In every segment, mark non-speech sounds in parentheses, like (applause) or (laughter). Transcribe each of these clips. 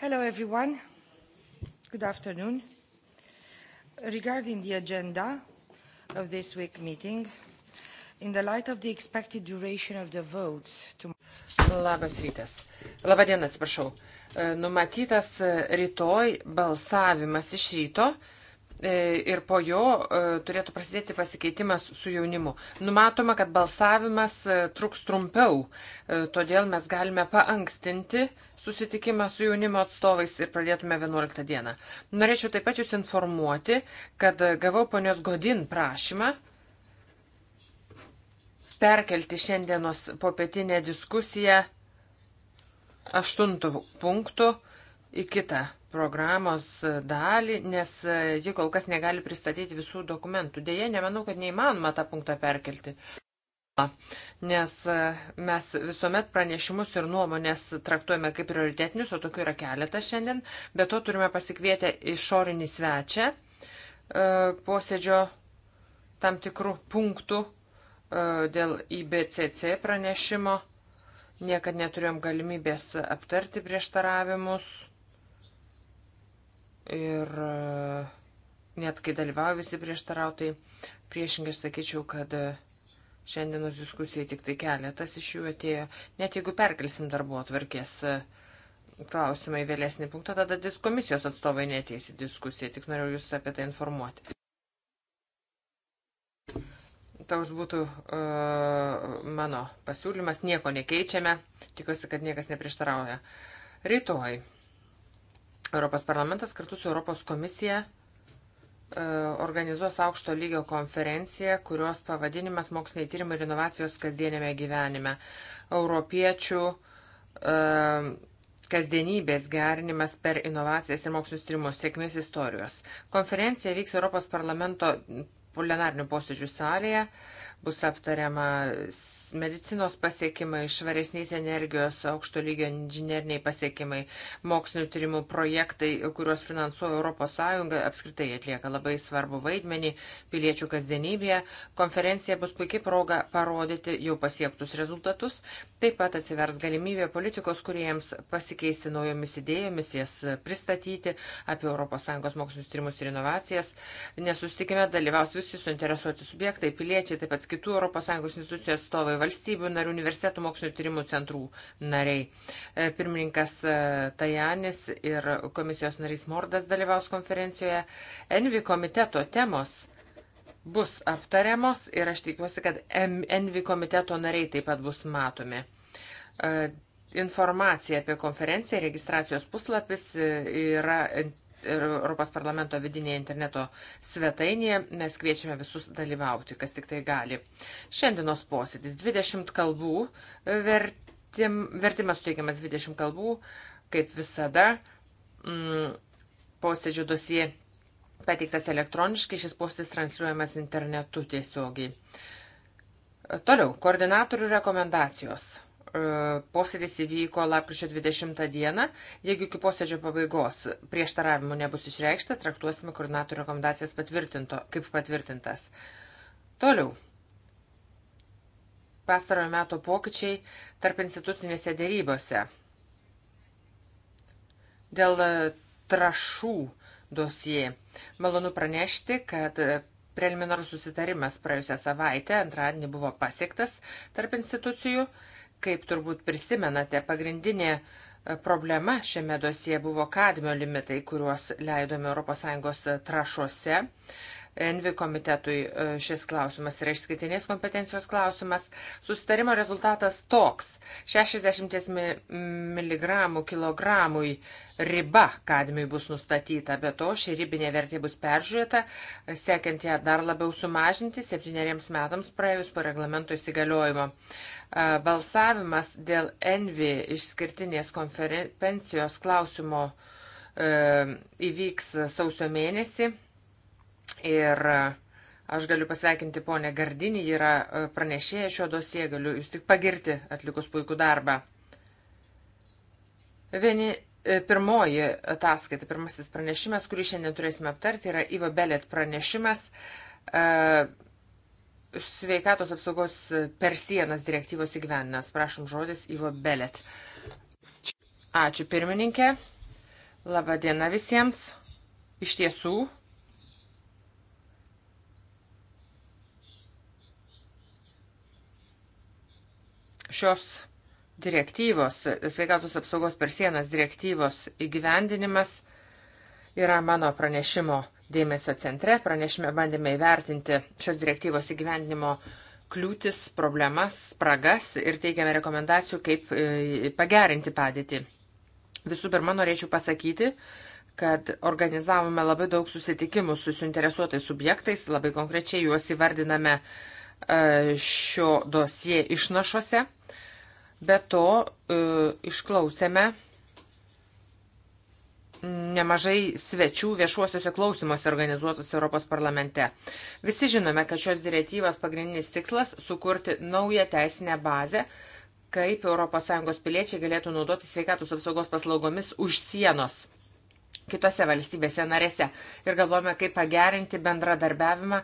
Hello, everyone. Good afternoon. Regarding the agenda of this week meeting, in the light of the expected duration of the votes to... Labas rytas. Labą dieną, atsiprašau. E, numatytas e, rytoj balsavimas iš ryto E, ir po jo e, turėtų prasidėti pasikeitimas su jaunimu. Numatoma, kad balsavimas e, truks trumpiau, todėl mes galime paankstinti susitikimą su jaunimo atstovais ir pradėtume 11 dieną. Norėčiau taip pat jūs informuoti, kad gavau ponios Godin prašymą perkelti šiandienos popietinę diskusiją aštuntų punktų į kitą programos dalį, nes e, ji kol kas negali pristatyti visų dokumentų. Deja, nemanau, kad neįmanoma tą punktą perkelti. Nes e, mes visuomet pranešimus ir nuomonės traktuojame kaip prioritetinius, o tokių yra keletas šiandien. Be to turime pasikvietę išorinį svečią e, posėdžio tam tikrų punktų dėl IBCC pranešimo. Niekad neturėjom galimybės aptarti prieštaravimus ir e, net kai dalyvauja visi prieštarautai, priešingai aš sakyčiau, kad e, šiandienos diskusijai tik tai keletas iš jų atėjo. Net jeigu perkelsim darbo atvarkės e, klausimą į vėlesnį punktą, tada komisijos atstovai neteis į diskusiją, tik norėjau jūs apie tai informuoti. Toks būtų uh, mano pasiūlymas, nieko nekeičiame, tikiuosi, kad niekas neprieštarauja. Rytoj Europos parlamentas kartu su Europos komisija e, organizuos aukšto lygio konferenciją, kurios pavadinimas Moksliniai tyrimai ir inovacijos kasdienėme gyvenime. Europiečių e, kasdienybės gerinimas per inovacijas ir mokslinius tyrimus sėkmės istorijos. Konferencija vyks Europos parlamento plenarnių posėdžių salėje, bus aptariama medicinos pasiekimai, švaresnės energijos, aukšto lygio inžinieriniai pasiekimai, mokslinio tyrimų projektai, kuriuos finansuoja ES, apskritai atlieka labai svarbu vaidmenį piliečių kasdienybėje. Konferencija bus puikiai proga parodyti jau pasiektus rezultatus. Taip pat atsivers galimybė politikos kuriems pasikeisti naujomis idėjomis, jas pristatyti apie ES mokslinius tyrimus ir inovacijas. Nesusitikime dalyvaus visi suinteresuoti subjektai, piliečiai, taip pat kitų ES institucijų atstovai valstybių narių universitetų mokslinio tyrimų centrų nariai. E, pirmininkas e, Tajanis ir komisijos narys Mordas dalyvaus konferencijoje. Envi komiteto temos bus aptariamos ir aš tikiuosi, kad Envi komiteto nariai taip pat bus matomi. E, informacija apie konferenciją, registracijos puslapis yra ir Europos parlamento vidinėje interneto svetainėje. Mes kviečiame visus dalyvauti, kas tik tai gali. Šiandienos posėdis 20 kalbų, vertim, vertimas suteikiamas 20 kalbų, kaip visada. Mm, posėdžio dosie pateiktas elektroniškai, šis posėdis transliuojamas internetu tiesiogiai. Toliau, koordinatorių rekomendacijos. E, posėdis įvyko lapkričio 20 dieną. Jeigu iki posėdžio pabaigos prieštaravimų nebus išreikšta, traktuosime koordinatorių rekomendacijas patvirtinto, kaip patvirtintas. Toliau. Pastarojo meto pokyčiai tarp institucinėse dėrybose. Dėl e, trašų dosijai. Malonu pranešti, kad e, preliminarus susitarimas praėjusią savaitę antradienį buvo pasiektas tarp institucijų. Kaip turbūt prisimenate, pagrindinė e, problema šiame dosie buvo kadmio limitai, kuriuos leidome ES e, trašuose. Envi komitetui e, šis klausimas yra išskirtinės kompetencijos klausimas. Susitarimo rezultatas toks - 60 mg kilogramui riba kadmiui bus nustatyta, bet to ši ribinė vertė bus peržiūrėta, siekiant ją dar labiau sumažinti septyneriems metams praėjus po reglamento įsigaliojimo. Balsavimas dėl Envi išskirtinės konferencijos klausimo e, įvyks sausio mėnesį ir e, Aš galiu pasveikinti ponę Gardinį, ji yra e, pranešėja šio dosie, galiu jūs tik pagirti atlikus puikų darbą. Vieni pirmoji ataskaita, pirmasis pranešimas, kurį šiandien turėsime aptarti, yra Ivo Belėt pranešimas. Uh, sveikatos apsaugos per sienas direktyvos įgyvendinas. Prašom žodis Ivo Belet. Ačiū pirmininkė. Labadiena visiems. Iš tiesų. Šios direktyvos, sveikatos apsaugos per sienas direktyvos įgyvendinimas yra mano pranešimo dėmesio centre. Pranešime bandėme įvertinti šios direktyvos įgyvendinimo kliūtis, problemas, spragas ir teikiame rekomendacijų, kaip e, pagerinti padėtį. Visų pirma, norėčiau pasakyti, kad organizavome labai daug susitikimų su suinteresuotais subjektais, labai konkrečiai juos įvardiname e, šio dosie išnašose. Be to, e, išklausėme nemažai svečių viešuosiuose klausimuose organizuotus Europos parlamente. Visi žinome, kad šios direktyvos pagrindinis tikslas - sukurti naują teisinę bazę, kaip ES piliečiai galėtų naudoti sveikatos apsaugos paslaugomis už sienos kitose valstybėse narėse. Ir galvojame, kaip pagerinti bendradarbiavimą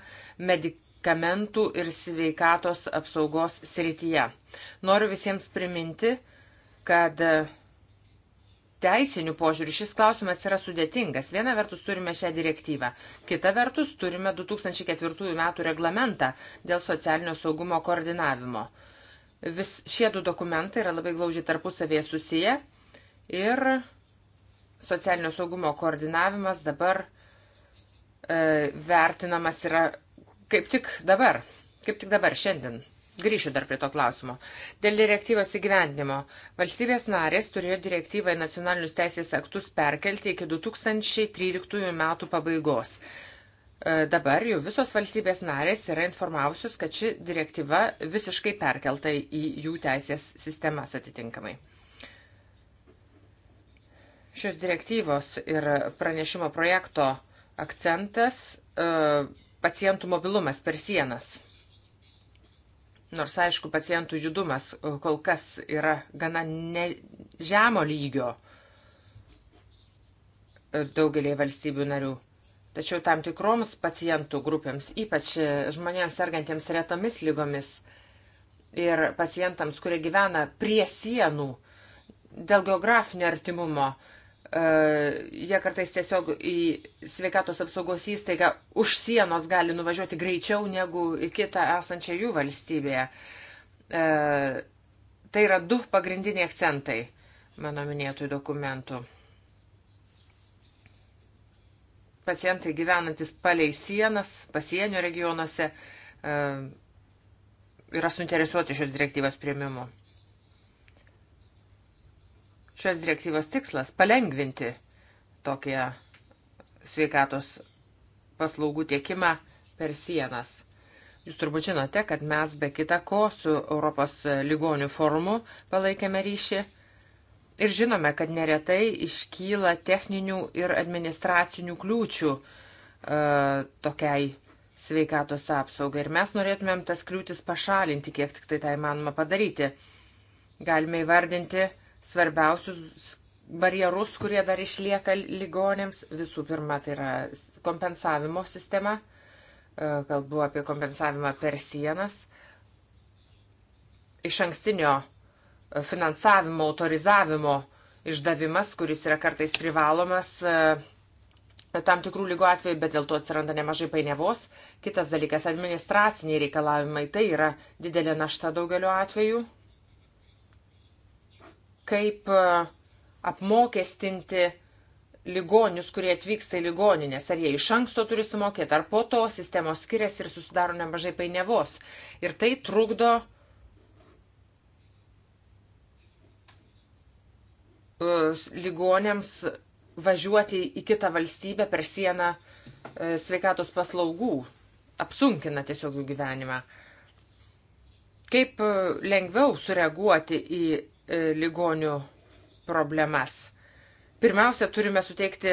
medikamentų ir sveikatos apsaugos srityje. Noriu visiems priminti, kad teisinių požiūrių šis klausimas yra sudėtingas. Viena vertus turime šią direktyvą, kita vertus turime 2004 metų reglamentą dėl socialinio saugumo koordinavimo. Vis šie du dokumentai yra labai glaužiai tarpusavėje susiję ir socialinio saugumo koordinavimas dabar e, vertinamas yra kaip tik dabar, kaip tik dabar šiandien. Grįšiu dar prie to klausimo. Dėl direktyvos įgyvendimo. Valstybės narės turėjo direktyvą į nacionalinius teisės aktus perkelti iki 2013 metų pabaigos. E, dabar jau visos valstybės narės yra informavusios, kad ši direktyva visiškai perkelta į jų teisės sistemas atitinkamai. Šios direktyvos ir pranešimo projekto akcentas e, pacientų mobilumas per sienas Nors aišku, pacientų judumas e, kol kas yra gana ne, žemo lygio e, daugelį valstybių narių. Tačiau tam tikroms pacientų grupėms, ypač e, žmonėms sergantiems retomis lygomis ir pacientams, kurie gyvena prie sienų, dėl geografinio artimumo jie kartais tiesiog į sveikatos apsaugos įstaigą už sienos gali nuvažiuoti greičiau negu į kitą esančią jų valstybėje. E, tai yra du pagrindiniai akcentai mano minėtų dokumentų. Pacientai gyvenantis palei sienas, pasienio regionuose e, yra suinteresuoti šios direktyvos prieimimu šios direktyvos tikslas - palengvinti tokią sveikatos paslaugų tiekimą per sienas. Jūs turbūt žinote, kad mes be kita ko su Europos ligonių forumu palaikėme ryšį ir žinome, kad neretai iškyla techninių ir administracinių kliūčių e, tokiai sveikatos apsaugai. Ir mes norėtumėm tas kliūtis pašalinti, kiek tik tai tai manoma padaryti. Galime įvardinti, svarbiausius barjerus, kurie dar išlieka ligonėms. Visų pirma, tai yra kompensavimo sistema. E, kalbu apie kompensavimą per sienas. Iš ankstinio finansavimo, autorizavimo išdavimas, kuris yra kartais privalomas e, tam tikrų lygų atveju, bet dėl to atsiranda nemažai painiavos. Kitas dalykas - administraciniai reikalavimai. Tai yra didelė našta daugeliu atveju kaip e, apmokestinti ligonius, kurie atvyksta į ligoninės, ar jie iš anksto turi sumokėti, ar po to sistemos skiriasi ir susidaro nemažai painiavos. Ir tai trukdo e, ligonėms važiuoti į kitą valstybę per sieną e, sveikatos paslaugų. Apsunkina tiesiog jų gyvenimą. Kaip lengviau sureaguoti į E, ligonių problemas. Pirmiausia, turime suteikti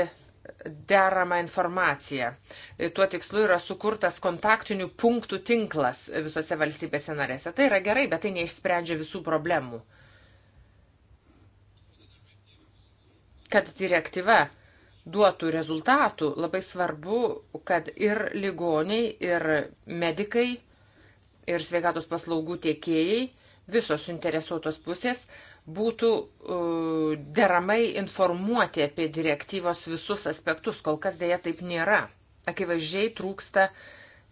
deramą informaciją. E, tuo tikslu yra sukurtas kontaktinių punktų tinklas visose valstybėse narėse. Tai yra gerai, bet tai neišsprendžia visų problemų. Kad direktyva duotų rezultatų, labai svarbu, kad ir ligoniai, ir medikai, ir sveikatos paslaugų tiekėjai visos suinteresuotos pusės būtų uh, deramai informuoti apie direktyvos visus aspektus. Kol kas dėja taip nėra. Akivaizdžiai trūksta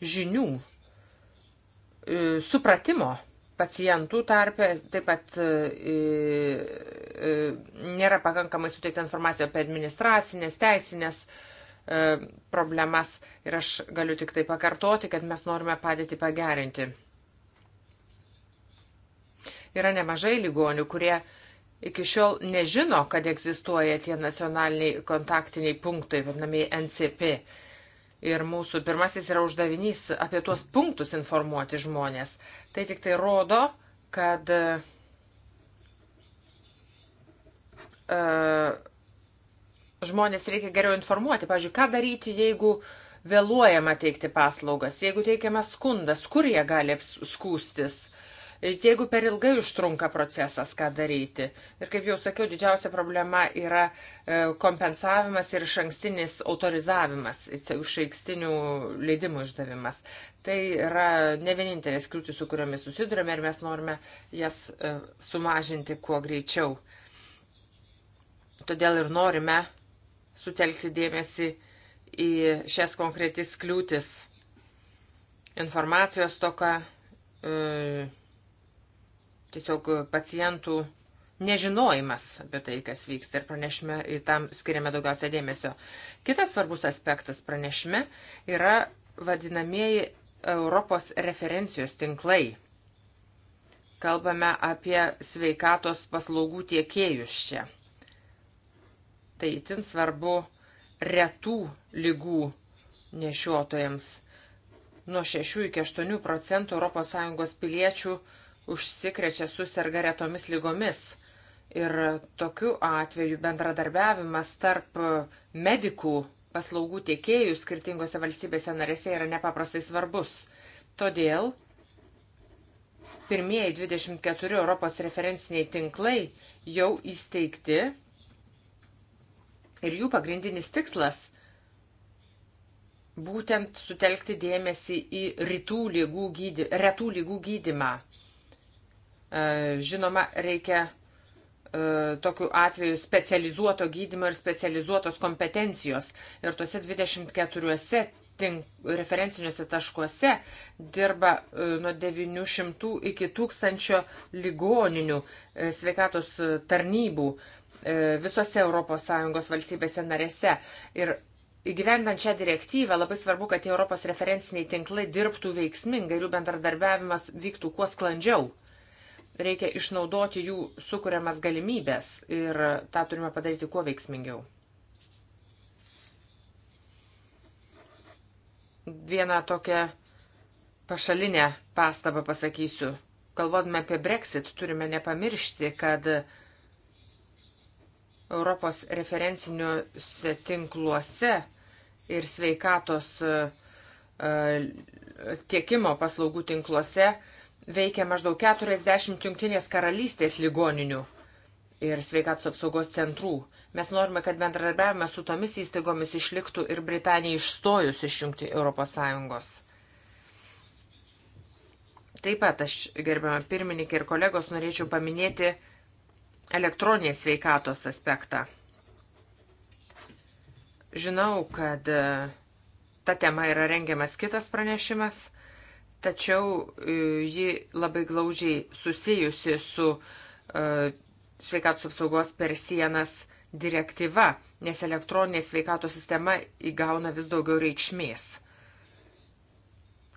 žinių, uh, supratimo pacientų tarpe, taip pat uh, nėra pakankamai suteikta informacija apie administracinės, teisinės problemas ir aš galiu tik tai pakartoti, kad mes norime padėti pagerinti. Yra nemažai ligonių, kurie iki šiol nežino, kad egzistuoja tie nacionaliniai kontaktiniai punktai, vadinamieji NCP. Ir mūsų pirmasis yra uždavinys apie tuos punktus informuoti žmonės. Tai tik tai rodo, kad uh, žmonės reikia geriau informuoti. Pavyzdžiui, ką daryti, jeigu vėluojama teikti paslaugas, jeigu teikiama skundas, kur jie gali skūstis jeigu per ilgai užtrunka procesas, ką daryti. Ir kaip jau sakiau, didžiausia problema yra e, kompensavimas ir iš ankstinis autorizavimas, iš ankstinių leidimų išdavimas. Tai yra ne vienintelės kliūtis, su kuriomis susidurime ir mes norime jas e, sumažinti kuo greičiau. Todėl ir norime sutelkti dėmesį į šias konkretis kliūtis informacijos toka, e, tiesiog pacientų nežinojimas apie tai, kas vyksta ir pranešime į tam skiriame daugiausia dėmesio. Kitas svarbus aspektas pranešime yra vadinamieji Europos referencijos tinklai. Kalbame apie sveikatos paslaugų tiekėjus čia. Tai itin svarbu retų lygų nešiotojams. Nuo 6 iki 8 procentų ES piliečių uh, užsikrečia, susirga retomis lygomis. Ir tokiu atveju bendradarbiavimas tarp medikų paslaugų tiekėjų skirtingose valstybėse narėse yra nepaprastai svarbus. Todėl pirmieji 24 Europos referenciniai tinklai jau įsteigti ir jų pagrindinis tikslas būtent sutelkti dėmesį į rytų lygų gydy, retų lygų gydymą. E, žinoma, reikia e, tokiu atveju specializuoto gydimo ir specializuotos kompetencijos. Ir tuose 24 tink, referenciniuose taškuose dirba e, nuo 900 iki 1000 ligoninių sveikatos tarnybų visose ES valstybėse narėse. Ir įgyvendant šią direktyvą labai svarbu, kad Europos referenciniai tinklai dirbtų veiksmingai ir jų bendradarbiavimas vyktų kuo sklandžiau. Reikia išnaudoti jų sukūriamas galimybės ir tą turime padaryti kuo veiksmingiau. Vieną tokią pašalinę pastabą pasakysiu. Kalvodami apie Brexit, turime nepamiršti, kad Europos referenciniuose tinkluose ir sveikatos e, tiekimo paslaugų tinkluose uh, veikia maždaug 40 jungtinės karalystės ligoninių ir sveikatos apsaugos centrų. Mes norime, kad bendradarbiavimas su tomis įstaigomis išliktų ir Britanija išstojus iš jungti Europos Sąjungos. Taip pat aš, gerbiamą pirmininkę ir kolegos, norėčiau paminėti elektroninės sveikatos aspektą. Žinau, kad e, ta tema yra rengiamas kitas pranešimas – tačiau e, ji labai glaužiai susijusi su e, sveikatos apsaugos per sienas direktyva, nes elektroninė sveikatos sistema įgauna vis daugiau reikšmės.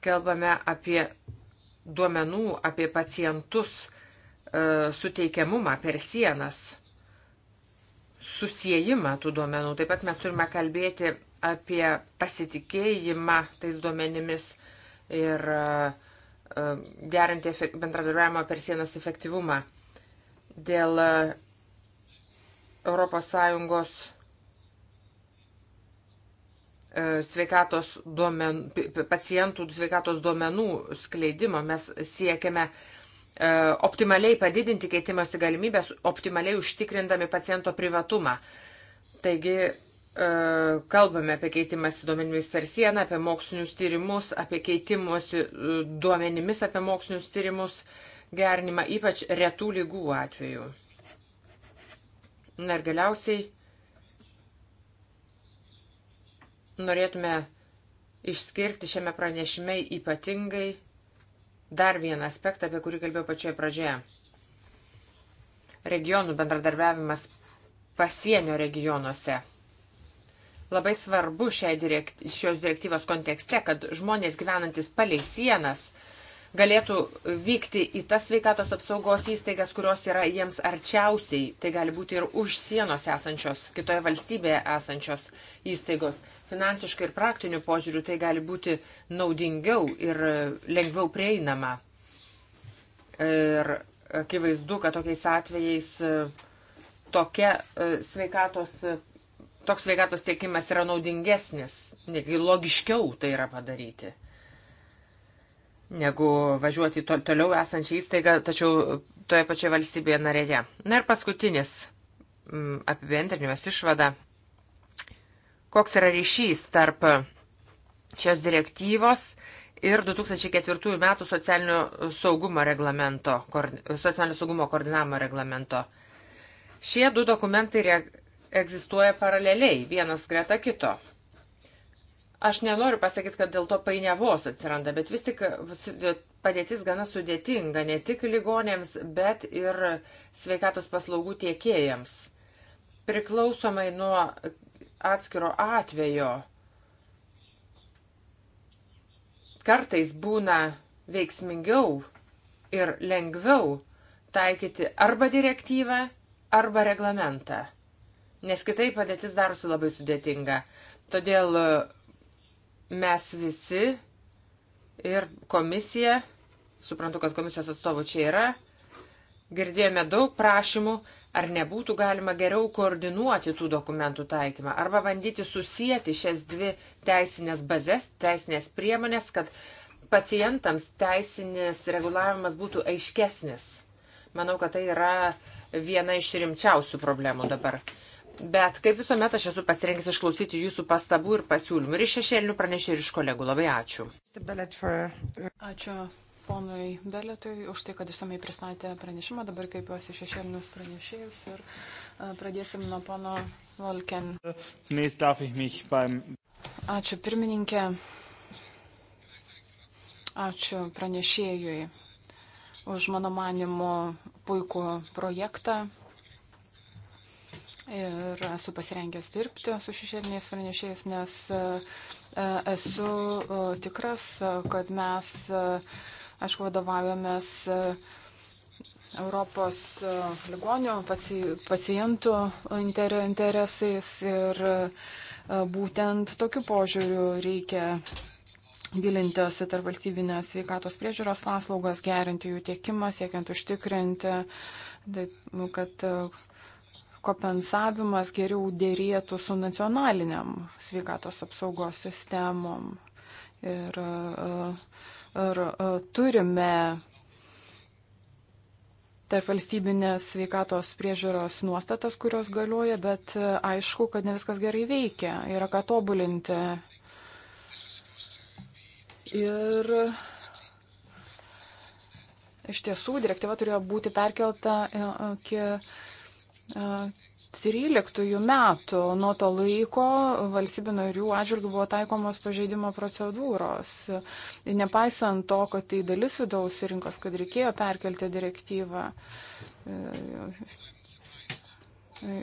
Kalbame apie duomenų, apie pacientus e, suteikiamumą per sienas, susijimą tų duomenų. Taip pat mes turime kalbėti apie pasitikėjimą tais duomenimis ir e, e, gerinti bendradarbiavimo per sienas efektyvumą. Dėl ES e, sveikatos duomen, pacientų sveikatos duomenų skleidimo mes siekiame optimaliai padidinti keitimosi galimybės, optimaliai užtikrindami paciento privatumą. Taigi E, kalbame apie keitimąsi duomenimis per sieną, apie mokslinius tyrimus, apie keitimuosi e, duomenimis apie mokslinius tyrimus gerinimą, ypač retų lygų atveju. Na ir galiausiai norėtume išskirti šiame pranešime ypatingai dar vieną aspektą, apie kurį kalbėjau pačioje pradžioje. Regionų bendradarbiavimas pasienio regionuose – labai svarbu direkt, šios direktyvos kontekste, kad žmonės gyvenantis palei sienas galėtų vykti į tas sveikatos apsaugos įstaigas, kurios yra jiems arčiausiai. Tai gali būti ir už sienos esančios, kitoje valstybėje esančios įstaigos. Finansiškai ir praktiniu požiūriu tai gali būti naudingiau ir lengviau prieinama. Ir akivaizdu, kad tokiais atvejais tokia e, sveikatos toks sveikatos tiekimas yra naudingesnis, netgi logiškiau tai yra padaryti, negu važiuoti to, toliau esančią įstaigą, tačiau toje pačioje valstybėje narėje. Na ir paskutinis mm, apibendrinimas išvada. Koks yra ryšys tarp šios direktyvos ir 2004 metų socialinio saugumo, reglamento, socialinio saugumo koordinavimo reglamento. Šie du dokumentai egzistuoja paraleliai, vienas greta kito. Aš nenoriu pasakyti, kad dėl to painiavos atsiranda, bet vis tik padėtis gana sudėtinga ne tik ligonėms, bet ir sveikatos paslaugų tiekėjams. Priklausomai nuo atskiro atvejo, kartais būna veiksmingiau ir lengviau taikyti arba direktyvą, arba reglamentą nes kitaip padėtis darosi labai sudėtinga. Todėl e, mes visi ir komisija, suprantu, kad komisijos atstovų čia yra, girdėjome daug prašymų, ar nebūtų galima geriau koordinuoti tų dokumentų taikymą, arba bandyti susijęti šias dvi teisinės bazės, teisinės priemonės, kad pacientams teisinis reguliavimas būtų aiškesnis. Manau, kad tai yra viena iš rimčiausių problemų dabar. Bet kaip visuomet aš esu pasirengęs išklausyti jūsų pastabų ir pasiūlymų ir iš šešėlinių pranešėjų ir iš kolegų. Labai ačiū. Ačiū ponui Beletui už tai, kad išsamei pristatė pranešimą. Dabar kreipiuosi šešėlinius pranešėjus ir e, pradėsim nuo pono Volken. Ačiū pirmininkė. Ačiū pranešėjui už mano manimo puikų projektą Ir esu pasirengęs dirbti su šešėliniais pranešėjais, nes e, esu e, tikras, kad mes, e, aišku, vadovaujamės Europos ligonių pacientų interesais ir būtent tokiu požiūriu reikia gilintis į tarvalstybinės sveikatos priežiūros paslaugas, gerinti jų tiekimą, siekiant užtikrinti, taip, nu, kad kompensavimas geriau dėrėtų su nacionaliniam sveikatos apsaugos sistemom. Ir ar e, e, turime tarp valstybinės sveikatos priežiūros nuostatas, kurios galioja, bet e, aišku, kad ne viskas gerai veikia, yra ką tobulinti. Ir iš tiesų direktyva turėjo būti perkelta iki. Uh, 13 metų nuo to laiko valstybių narių atžvilgių buvo taikomos pažeidimo procedūros. Nepaisant to, kad tai dalis vidaus rinkos, kad reikėjo perkelti direktyvą.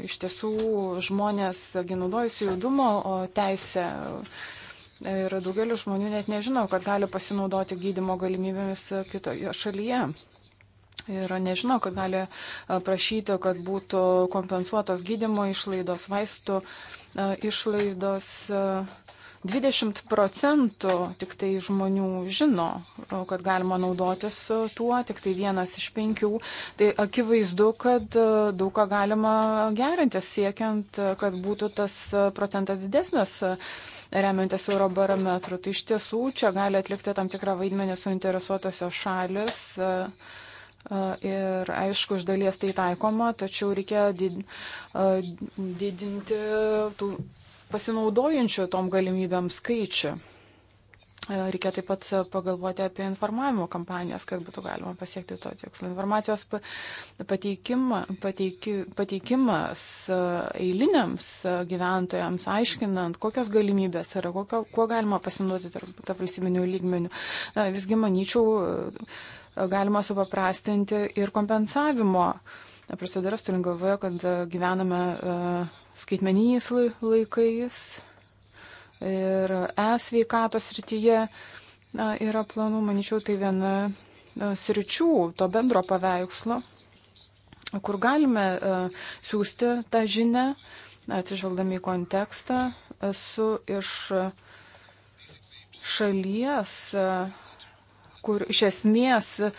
Iš tiesų žmonės genaudojusi judumo teisę ir daugelis žmonių net nežino, kad gali pasinaudoti gydimo galimybėmis kitoje šalyje. Ir nežinau, kad gali prašyti, kad būtų kompensuotos gydimo išlaidos, vaistų išlaidos. 20 procentų tik tai žmonių žino, kad galima naudotis tuo, tik tai vienas iš penkių. Tai akivaizdu, kad daug ką galima gerinti, siekiant, kad būtų tas procentas didesnis remiantis eurobarometru. Tai iš tiesų čia gali atlikti tam tikrą vaidmenį suinteresuotosios šalis. Uh, Ir aišku, iš dalies tai taikoma, tačiau reikia didinti tų pasinaudojančių tom galimybėm skaičių. Reikia taip pat pagalvoti apie informavimo kampanijas, kad būtų galima pasiekti to tikslo. Informacijos pateikima, pateiki, pateikimas eiliniams gyventojams, aiškinant, kokios galimybės yra, kokio, kuo galima pasinaudoti tarp, tarp valstybinių lygmenių. Visgi manyčiau, galima supaprastinti ir kompensavimo procedūras, turint galvoje, kad e, gyvename e, skaitmeniniais laikais ir e-sveikatos rytyje yra planų, manyčiau, tai viena e, sričių to bendro paveikslo, kur galime siūsti tą žinę, atsižvelgdami į kontekstą, esu iš šalies, kur iš esmės e,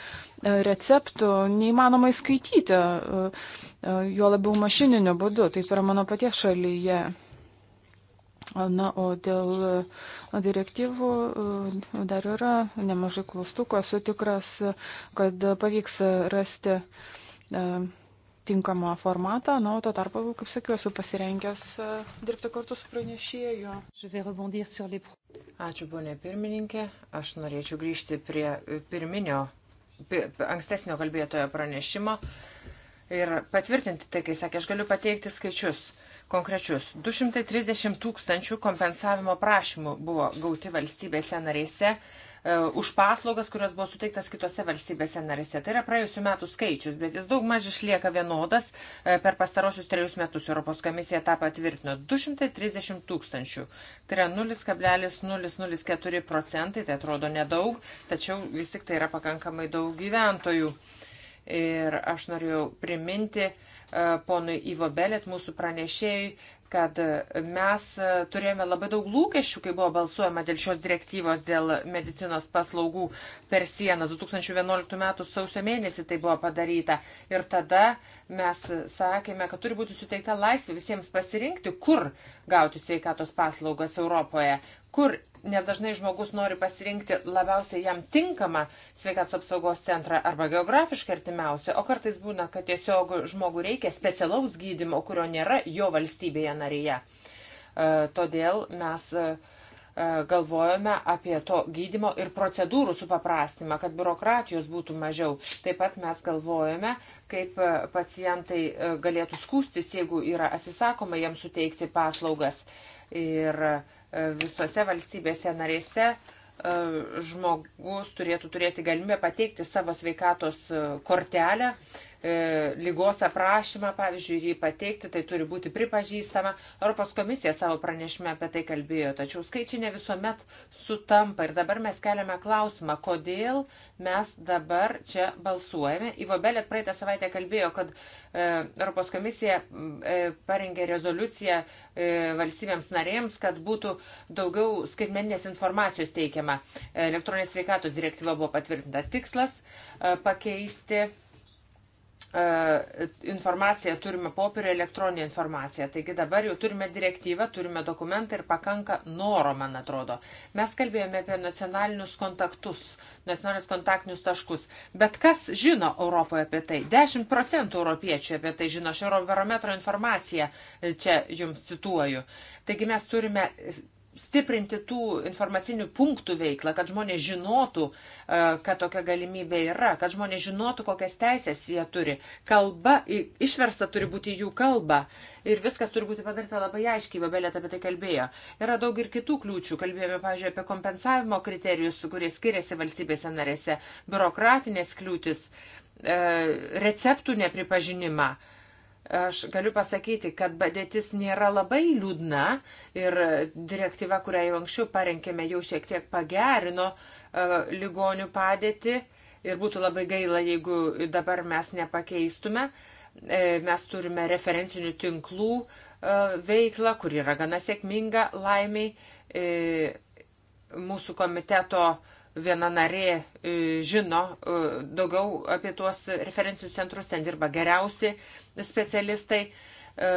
receptų neįmanoma įskaityti, e, e, juo labiau mašininiu būdu, taip yra mano paties šalyje. Na, o dėl direktyvų dar yra nemažai klaustukų, esu tikras, kad pavyks rasti tinkamą formatą, na, o tuo tarpu, kaip sakiau, esu pasirengęs e, dirbti kartu su pranešėju. Ačiū, ponė pirmininkė. Aš norėčiau grįžti prie e, pirminio, ankstesnio kalbėtojo pranešimo ir patvirtinti tai, kai sakė, aš galiu pateikti skaičius konkrečius. 230 tūkstančių kompensavimo prašymų buvo gauti valstybėse narėse E, už paslaugas, kurios buvo suteiktas kitose valstybėse narėse. Tai yra praėjusių metų skaičius, bet jis daug maž išlieka vienodas. E, per pastarosius trejus metus Europos komisija tą patvirtino 230 tūkstančių. Tai yra 0,004 procentai, tai atrodo nedaug, tačiau vis tik tai yra pakankamai daug gyventojų. Ir aš norėjau priminti, e, ponui Ivo Belet, mūsų pranešėjai, kad mes turėjome labai daug lūkesčių, kai buvo balsuojama dėl šios direktyvos dėl medicinos paslaugų per sienas. 2011 m. sausio mėnesį tai buvo padaryta. Ir tada mes sakėme, kad turi būti suteikta laisvė visiems pasirinkti, kur gauti sveikatos paslaugas Europoje, kur nes dažnai žmogus nori pasirinkti labiausiai jam tinkamą sveikatos apsaugos centrą arba geografiškai artimiausią, o kartais būna, kad tiesiog žmogų reikia specialaus gydimo, kurio nėra jo valstybėje narėje. E, todėl mes e, e, galvojame apie to gydimo ir procedūrų supaprastymą, kad biurokratijos būtų mažiau. Taip pat mes galvojame, kaip pacientai galėtų skūstis, jeigu yra atsisakoma jiems suteikti paslaugas. Ir uh, visose valstybėse narėse e, žmogus turėtų turėti galimybę pateikti savo sveikatos e, kortelę E, lygos aprašymą, pavyzdžiui, ir jį pateikti, tai turi būti pripažįstama. Europos komisija savo pranešime apie tai kalbėjo, tačiau skaičiai ne visuomet sutampa. Ir dabar mes keliame klausimą, kodėl mes dabar čia balsuojame. Ivo Belėt praeitą savaitę kalbėjo, kad e, Europos komisija e, parengė rezoliuciją e, valstybėms narėms, kad būtų daugiau skaitmeninės informacijos teikiama. Elektroninės sveikatos direktyva buvo patvirtinta tikslas e, pakeisti E, informaciją turime popierį, elektroninę informaciją. Taigi dabar jau turime direktyvą, turime dokumentą ir pakanka noro, man atrodo. Mes kalbėjome apie nacionalinius kontaktus, nacionalinius kontaktinius taškus. Bet kas žino Europoje apie tai? 10 procentų europiečių apie tai žino. Aš Eurobarometro informaciją čia jums cituoju. Taigi mes turime stiprinti tų informacinių punktų veiklą, kad žmonės žinotų, e, kad tokia galimybė yra, kad žmonės žinotų, kokias teisės jie turi. Kalba, išversta turi būti jų kalba ir viskas turi būti padaryta labai aiškiai, Babelėt apie tai kalbėjo. Yra daug ir kitų kliūčių, kalbėjome, pavyzdžiui, apie kompensavimo kriterijus, kurie skiriasi valstybėse narėse, biurokratinės kliūtis, e, receptų nepripažinimą Aš galiu pasakyti, kad padėtis nėra labai liūdna ir direktyva, kurią jau anksčiau parengėme, jau šiek tiek pagerino e, ligonių padėtį ir būtų labai gaila, jeigu dabar mes nepakeistume. E, mes turime referencinių tinklų e, veiklą, kur yra gana sėkminga laimiai. Mūsų komiteto uh, viena narė e, žino e, daugiau apie tuos referencijų centrus, ten dirba geriausi specialistai. E,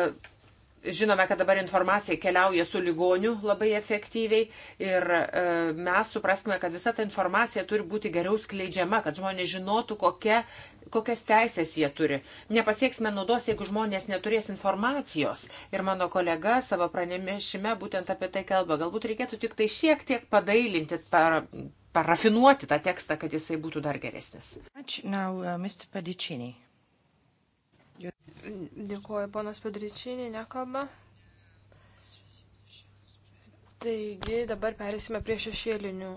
žinome, kad dabar informacija keliauja su ligoniu labai efektyviai ir mes supraskime, kad visa ta informacija turi būti geriau skleidžiama, kad žmonės žinotų, kokia, kokias teisės jie turi. Nepasieksime naudos, jeigu žmonės neturės informacijos. Ir mano kolega savo pranešime būtent apie tai kalba. Galbūt reikėtų tik tai šiek tiek padailinti. Par, parafinuoti tą tekstą, kad jisai būtų dar geresnis. Ačiū, now, uh, Mr. Padičinį. Dėkuoju, ponas Padičinį, nekalba. Taigi, dabar perėsime prie šešėlinių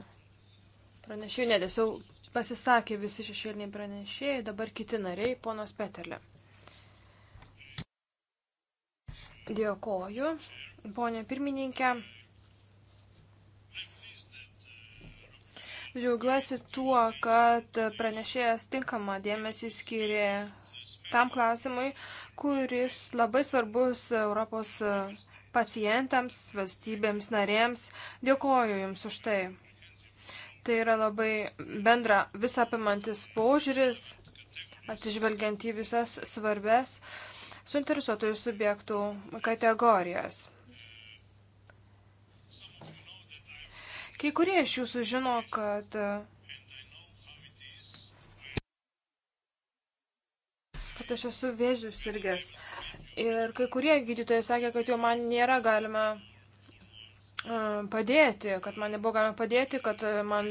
pranešėjų. Ne, tiesiog pasisakė visi šešėliniai pranešėjai, dabar kiti nariai, ponas Peterle. Dėkuoju, ponė pirmininkė. Džiaugiuosi tuo, kad pranešėjas tinkamą dėmesį skiria tam klausimui, kuris labai svarbus Europos pacientams, valstybėms, narėms. Dėkoju Jums už tai. Tai yra labai bendra visapimantis požiūris, atsižvelgiant į visas svarbes suinteresuotųjų subjektų kategorijas. Kai kurie iš jūsų žino, kad kad aš esu vėžių sirgęs. Ir kai kurie gydytojai sakė, kad jau man nėra galima e, padėti, kad man nebuvo galima padėti, kad e, man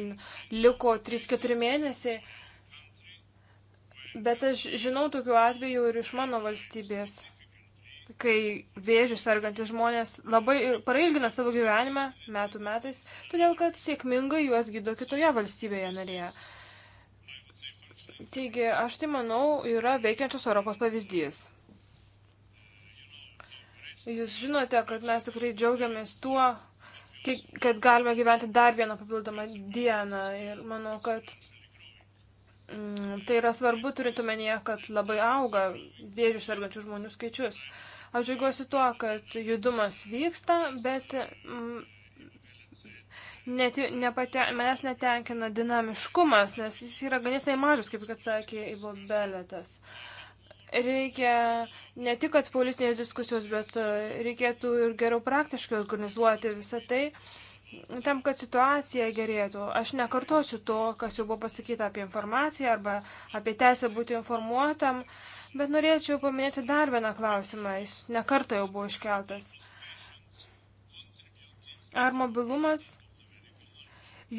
liko 3-4 mėnesiai. Bet aš žinau tokių atvejų ir iš mano valstybės kai vėžių sergantis žmonės labai prailgina savo gyvenimą metų metais, todėl kad sėkmingai juos gydo kitoje valstybėje narėje. Taigi, aš tai manau, yra veikiančios Europos pavyzdys. Jūs žinote, kad mes tikrai džiaugiamės tuo, kad galime gyventi dar vieną papildomą dieną ir manau, kad mm, Tai yra svarbu turint omenyje, kad labai auga vėžių sergančių žmonių skaičius. Aš džiaugiuosi tuo, kad judumas vyksta, bet mm, net, nepate, manęs netenkina dinamiškumas, nes jis yra ganėtinai mažas, kaip kad sakė Ivo Beletas. Reikia ne tik, kad politinės diskusijos, bet e, reikėtų ir geriau praktiškai organizuoti visą tai. Uh, tam, kad situacija gerėtų. Aš nekartosiu to, kas jau buvo pasakyta apie informaciją arba apie teisę būti informuotam, bet norėčiau paminėti dar vieną klausimą. Jis nekartą jau buvo iškeltas. Ar mobilumas,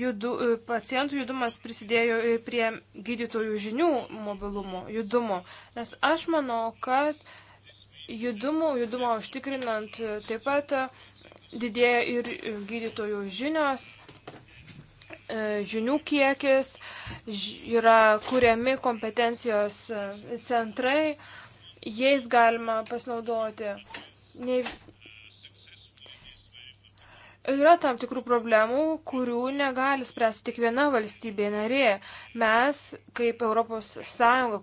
judu, pacientų judumas prisidėjo ir prie gydytojų žinių mobilumo, judumo? Nes aš manau, kad judumo, judumo užtikrinant taip pat didėja ir gydytojų žinios, e, žinių kiekis, yra kuriami kompetencijos e, centrai, jais galima pasinaudoti. Ne... Yra tam tikrų problemų, kurių negali spręsti tik viena valstybė narė. Mes, kaip ES,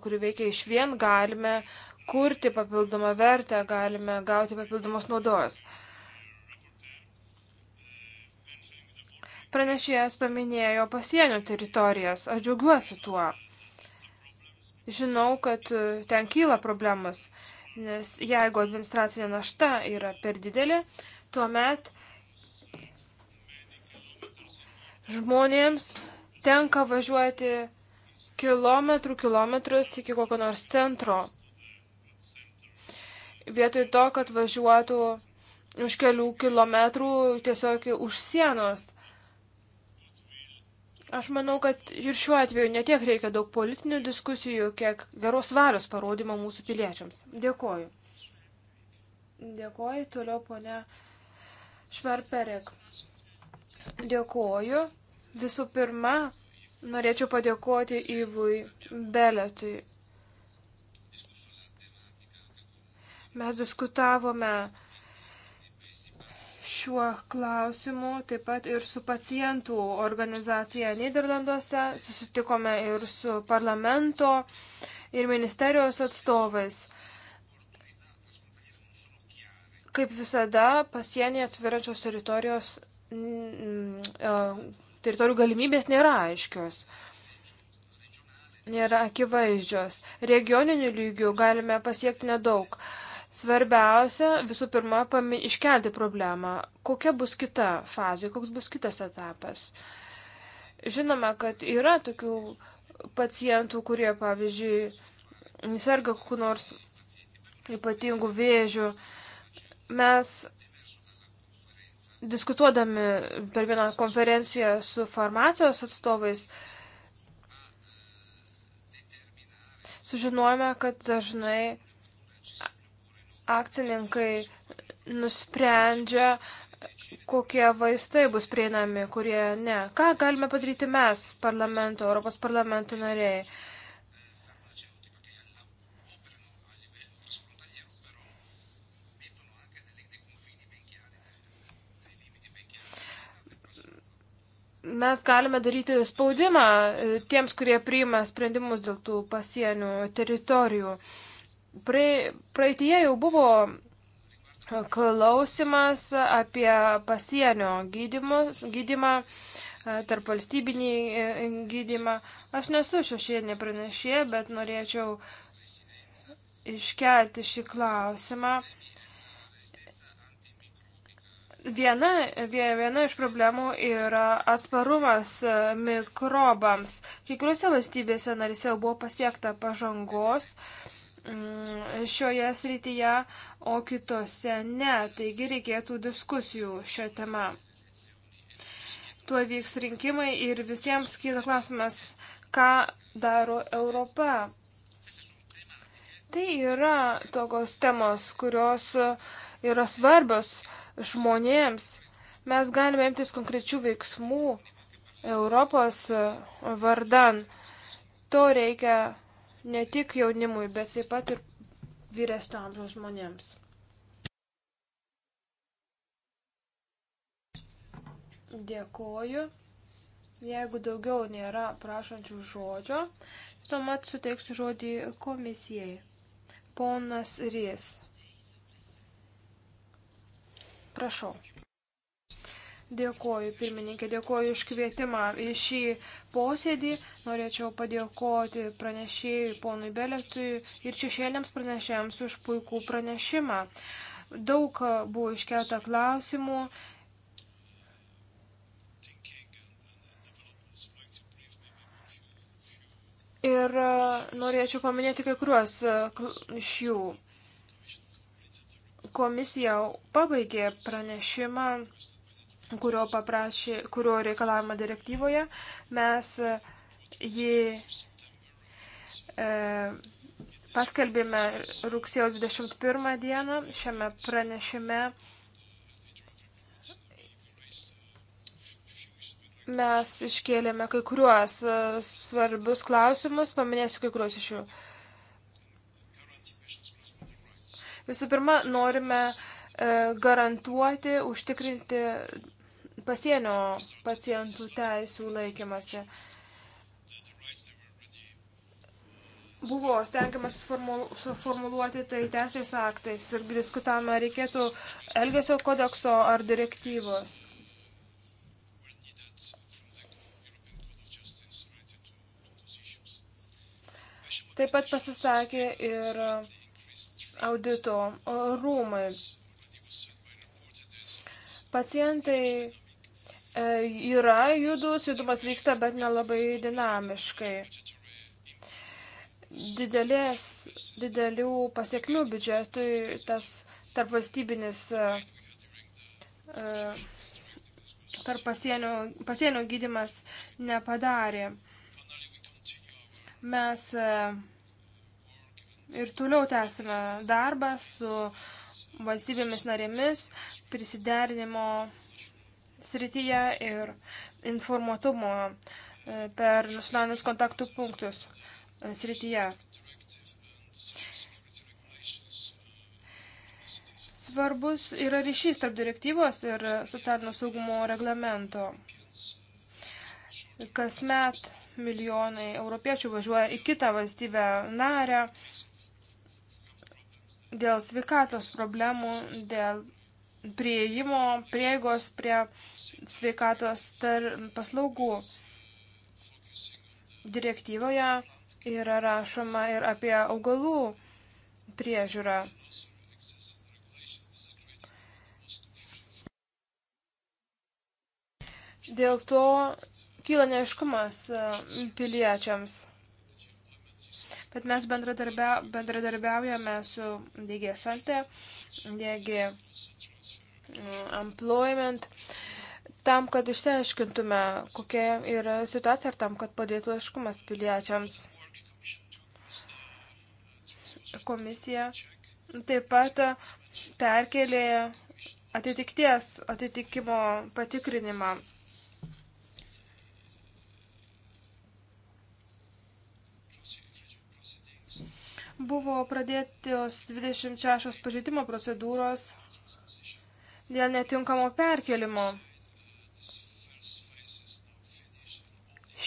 kuri veikia iš vien, galime kurti papildomą vertę, galime gauti papildomos naudos. Uh, Pranešėjas paminėjo pasienio teritorijas. Aš džiaugiuosi tuo. Žinau, kad e, ten kyla problemas, nes jeigu administracinė našta yra per didelė, tuomet žmonėms tenka važiuoti kilometrų kilometrus iki kokio nors centro. Vietoj to, kad važiuotų už kelių kilometrų tiesiog už sienos. Aš manau, kad ir šiuo atveju netiek reikia daug politinių diskusijų, kiek geros valios parodymo mūsų piliečiams. Dėkoju. Dėkoju, toliau ponia Šverperek. Dėkoju. Visų pirma, norėčiau padėkoti Įvui Beletui. Mes diskutavome uh, šiuo klausimu, taip pat ir su pacientų organizacija Niderlanduose, susitikome ir su parlamento ir ministerijos atstovais. Kaip visada, pasienį atsviračios teritorijos, e, teritorijų galimybės nėra aiškios nėra akivaizdžios. Regioninių lygių galime pasiekti nedaug. Svarbiausia visų pirma pami, iškelti problemą. Kokia bus kita fazė, koks bus kitas etapas. Žinoma, kad yra tokių pacientų, kurie, pavyzdžiui, serga kokiu nors ypatingu vėžiu. Mes diskutuodami per vieną konferenciją su farmacijos atstovais sužinojome, kad dažnai akcininkai nusprendžia, kokie vaistai bus prieinami, kurie ne. Ką galime padaryti mes, parlamento, Europos parlamento nariai? Mes galime daryti spaudimą e, tiems, kurie priima sprendimus dėl tų pasienių teritorijų. Uh, Praeitie jau buvo klausimas apie pasienio gydymus, gydymą, e, tarp valstybinį e, gydymą. Aš nesu šešėlinė pranešė, bet norėčiau iškelti šį klausimą. Viena, viena iš problemų yra atsparumas e, mikrobams. Kai kuriuose valstybėse narise jau buvo pasiekta pažangos. Uh, Mm, šioje srityje, o kitose ne. Taigi reikėtų diskusijų šią temą. Tuo vyks rinkimai ir visiems kyla klausimas, ką daro Europa. Tai yra tokios temos, kurios yra svarbios žmonėms. Mes galime imtis konkrečių veiksmų Europos vardan. To reikia ne tik jaunimui, bet taip pat ir vyresnio amžiaus žmonėms. Dėkoju. Jeigu daugiau nėra prašančių žodžio, tuomet suteiksiu žodį komisijai. Ponas Rys. Prašau. Dėkoju, pirmininkė, dėkoju už kvietimą į šį posėdį. Norėčiau padėkoti pranešėjui ponui Belektui ir šešėliams pranešėjams už puikų pranešimą. Daug buvo iškelta klausimų. Ir e, norėčiau paminėti kai kuriuos e, iš jų. Komisija pabaigė pranešimą kurio, paprašė, kurio reikalavimą direktyvoje, mes e, jį e, paskelbėme rugsėjo 21 dieną šiame pranešime. Mes iškėlėme kai kuriuos e, svarbius klausimus, paminėsiu kai kuriuos iš jų. Visų pirma, norime e, garantuoti, užtikrinti pasienio pacientų teisų laikymasi. Buvo stengiamas suformuluoti tai teisės aktais ir diskutavome, reikėtų Elgesio kodekso ar direktyvos. Taip pat pasisakė ir audito rūmai. Pacientai E, yra judus, judumas vyksta, bet nelabai dinamiškai. Didelės, didelių pasiekmių biudžetui tas tarp valstybinis, e, e, tarp pasienio, pasienio gydimas nepadarė. Mes ir toliau tęsime darbą su valstybėmis narėmis prisiderinimo srityje ir informuotumo e, per žuslanus kontaktų punktus e, srityje. Svarbus yra ryšys tarp direktyvos ir socialinio saugumo reglamento. Kasmet milijonai europiečių važiuoja į kitą valstybę narę dėl sveikatos problemų, dėl prieimo, prieigos prie sveikatos tar, paslaugų. Direktyvoje yra rašoma ir apie augalų priežiūrą. Dėl to kyla neiškumas e, piliečiams bet mes bendradarbia, bendradarbiaujame su DG Sante, DG mm, Employment, tam, kad išsiaiškintume, kokia yra situacija ir tam, kad padėtų aiškumas piliečiams. Komisija taip pat perkelė atitikties atitikimo patikrinimą Buvo pradėtos 26 pažeidimo procedūros dėl netinkamo perkelimo.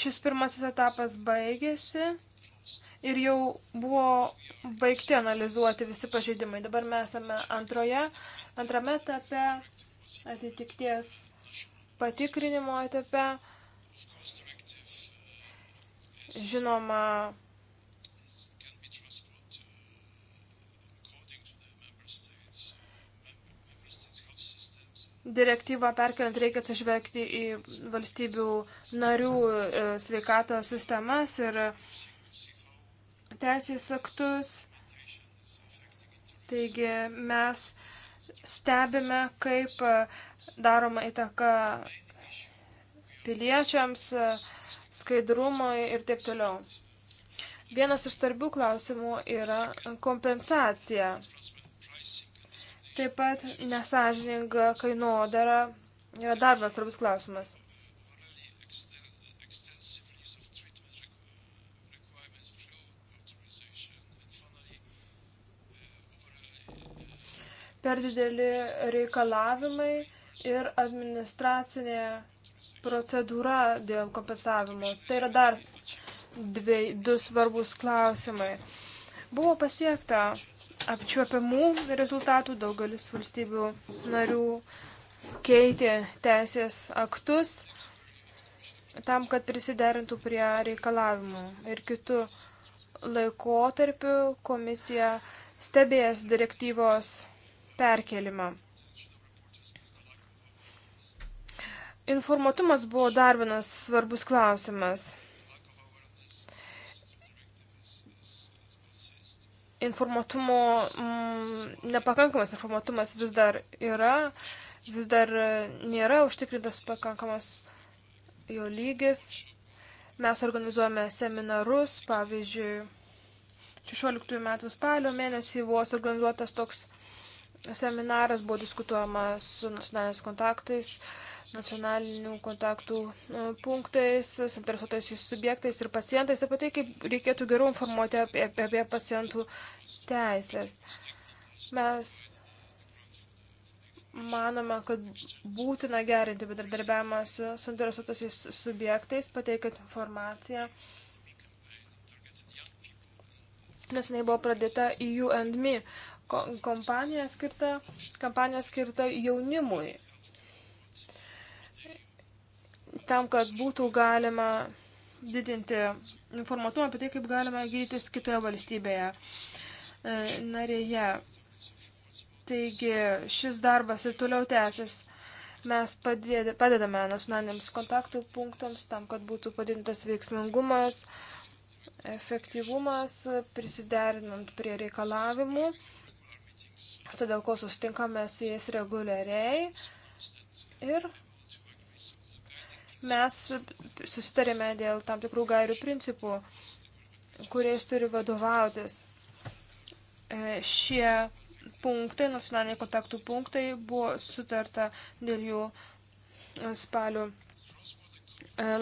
Šis pirmasis etapas baigėsi ir jau buvo baigti analizuoti visi pažeidimai. Dabar mes esame antroje, antrame etape, atitikties patikrinimo etape. Žinoma, direktyvą perkeliant reikia atsižvelgti į valstybių narių e, sveikatos sistemas ir teisės aktus. Taigi mes stebime, kaip e, daroma įtaka piliečiams, e, skaidrumui ir taip toliau. Vienas iš svarbių klausimų yra kompensacija. Taip pat nesažininga kainodara yra dar vienas svarbus klausimas. Per dideli reikalavimai ir administracinė procedūra dėl kompensavimo. Tai yra dar dviej, du svarbus klausimai. Buvo pasiekta apčiuopiamų rezultatų, daugelis valstybių narių keitė teisės aktus tam, kad prisiderintų prie reikalavimų. Ir kitų laikotarpių komisija stebės direktyvos perkelimą. Informatumas buvo dar vienas svarbus klausimas. informatumo, mm, nepakankamas informatumas vis dar yra, vis dar e, nėra užtikrintas pakankamas jo lygis. Mes organizuojame seminarus, pavyzdžiui, 16 metų spalio mėnesį buvo organizuotas toks seminaras buvo diskutuojama su nacionaliniais kontaktais, nacionalinių kontaktų e, punktais, suinteresuotais subjektais ir pacientais apie tai, kaip reikėtų geriau informuoti apie, apie, apie pacientų teisės. Mes manome, kad būtina gerinti bendradarbiavimą su suinteresuotais subjektais, pateikiant informaciją. Nesinai buvo pradėta EU and Me uh, kompanija skirta, kampanija skirta jaunimui. Tam, kad būtų galima didinti informatumą apie tai, kaip galima gydytis kitoje valstybėje e, narėje. Taigi šis darbas ir toliau tęsis. Mes padedame nacionaliniams kontaktų punktams tam, kad būtų padidintas veiksmingumas, efektyvumas, prisiderinant prie reikalavimų todėl ko sustinkame su jais reguliariai. Ir mes susitarėme dėl tam tikrų gairių principų, kuriais turi vadovautis. E, šie punktai, nacionaliniai kontaktų punktai, buvo sutarta dėl jų spalio e,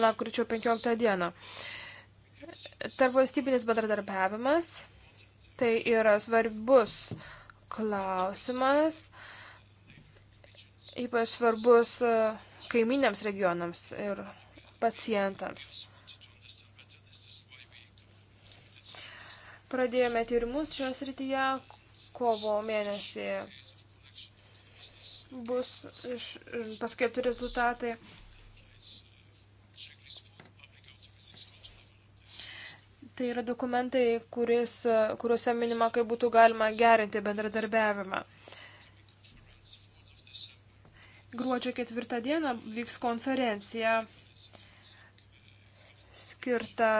lapkričio 15 dieną. Tarp valstybinis bendradarbiavimas tai yra svarbus uh, klausimas, ypač svarbus e, kaiminiams regionams ir pacientams. Pradėjome tyrimus šios rytyje kovo mėnesį bus iš, paskelbti rezultatai. Tai yra dokumentai, kuris, kuriuose minima, kaip būtų galima gerinti bendradarbiavimą. Gruodžio ketvirtą dieną vyks konferencija skirta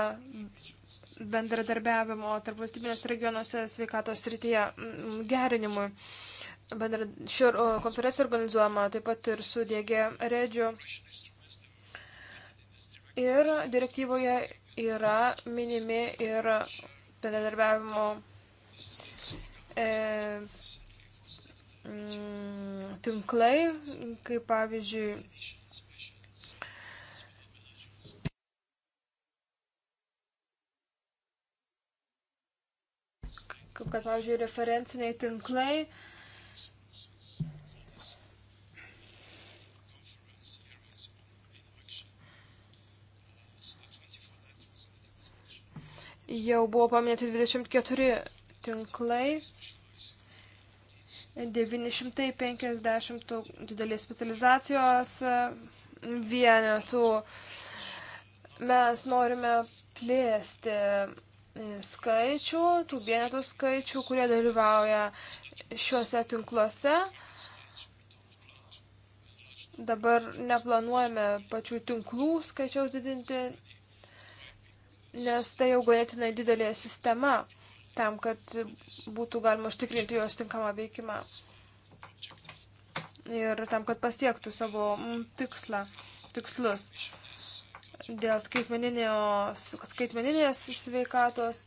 bendradarbiavimo tarp valstybinės regionuose sveikatos srityje mm, gerinimui. Bendra, ši konferencija organizuojama taip pat ir su DG Redžiu. Ir direktyvoje yra minimi ir bendradarbiavimo e, m, mm, tinklai, kaip pavyzdžiui, kaip kad, pavyzdžiui, referenciniai tinklai, Jau buvo paminėti 24 tinklai, 950 didelės specializacijos e, vienetų. Mes norime plėsti e, skaičių, tų vienetų skaičių, kurie dalyvauja šiuose tinkluose. Dabar neplanuojame pačių tinklų skaičiaus didinti, nes tai jau ganėtinai didelė sistema tam, kad būtų galima užtikrinti jos tinkamą veikimą ir tam, kad pasiektų savo mm, tikslą, tikslus. Dėl skaitmeninės sveikatos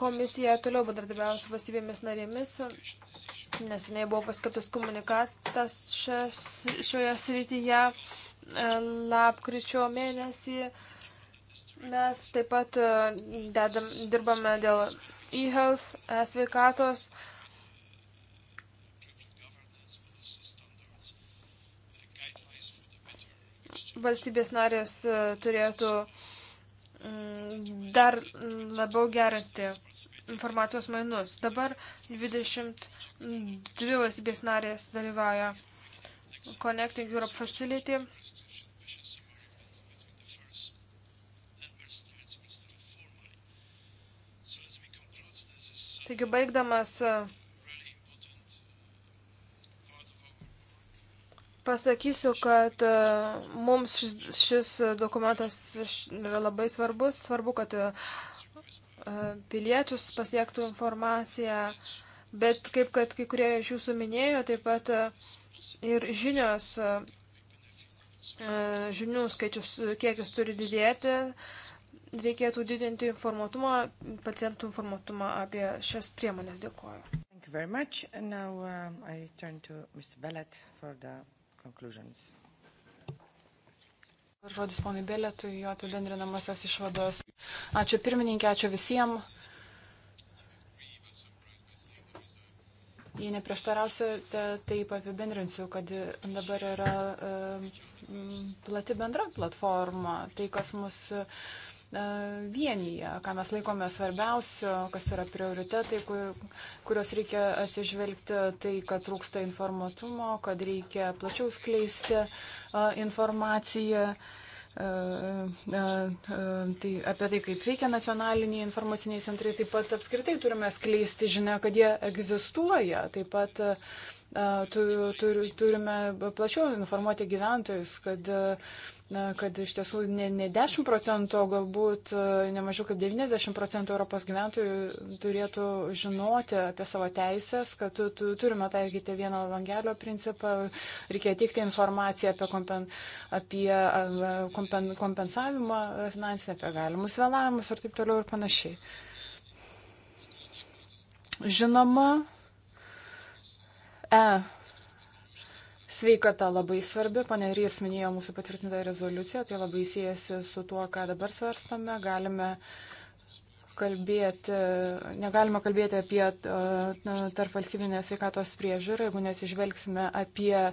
komisija toliau bendradarbiavo su valstybėmis narėmis, nes jinai buvo paskaptas komunikatas šias, šioje srityje e, lapkričio mėnesį. Mes taip pat e, dedam, dirbame dėl e-health, e-sveikatos. Valstybės narės e, turėtų mm, dar labiau gerinti informacijos mainus. Dabar 22 valstybės narės dalyvauja Connecting Europe Facility Taigi baigdamas pasakysiu, kad e, mums šis, šis dokumentas yra labai svarbus. Svarbu, kad e, piliečius pasiektų informaciją, bet kaip kad kai kurie iš jūsų minėjo, taip pat e, ir žinios, žinių skaičius, kiekis turi didėti, reikėtų didinti informatumą, pacientų informatumą apie šias priemonės. Dėkuoju. Thank you very much. And now um, I turn to Mr. Bellet for the conclusions. Žodis ponui Belėtui, jo apibendrinamosios išvados. Ačiū pirmininkė, ačiū visiems. Jei neprieštarausite, taip apibendrinsiu, kad dabar yra uh, plati bendra platforma. Tai, kas mus E, vienyje, ką mes laikome svarbiausiu, kas yra prioritetai, kur, kurios reikia atsižvelgti, tai, kad trūksta informatumo, kad reikia plačiau skleisti e, informaciją. E, tai apie tai, kaip veikia nacionaliniai informaciniai centrai, taip pat apskritai turime skleisti žinę, kad jie egzistuoja. Taip pat turime plačiau informuoti gyventojus, kad na, kad iš tiesų ne, ne 10 procentų, o galbūt e, ne mažiau kaip 90 procentų Europos gyventojų turėtų žinoti apie savo teisės, kad tu, tu, turime taikyti vieno langelio principą, reikia teikti informaciją apie, kompen, apie e, kompen, kompensavimą finansinį, apie galimus vėlavimus ir taip toliau ir panašiai. Žinoma, e, Sveikata labai svarbi, ponė Rys minėjo mūsų patvirtintą rezoliuciją, tai labai siejasi su tuo, ką dabar svarstame. Galime uh, kalbėti, negalima kalbėti apie e, tarp valstybinę sveikatos priežiūrą, jeigu nesižvelgsime apie e,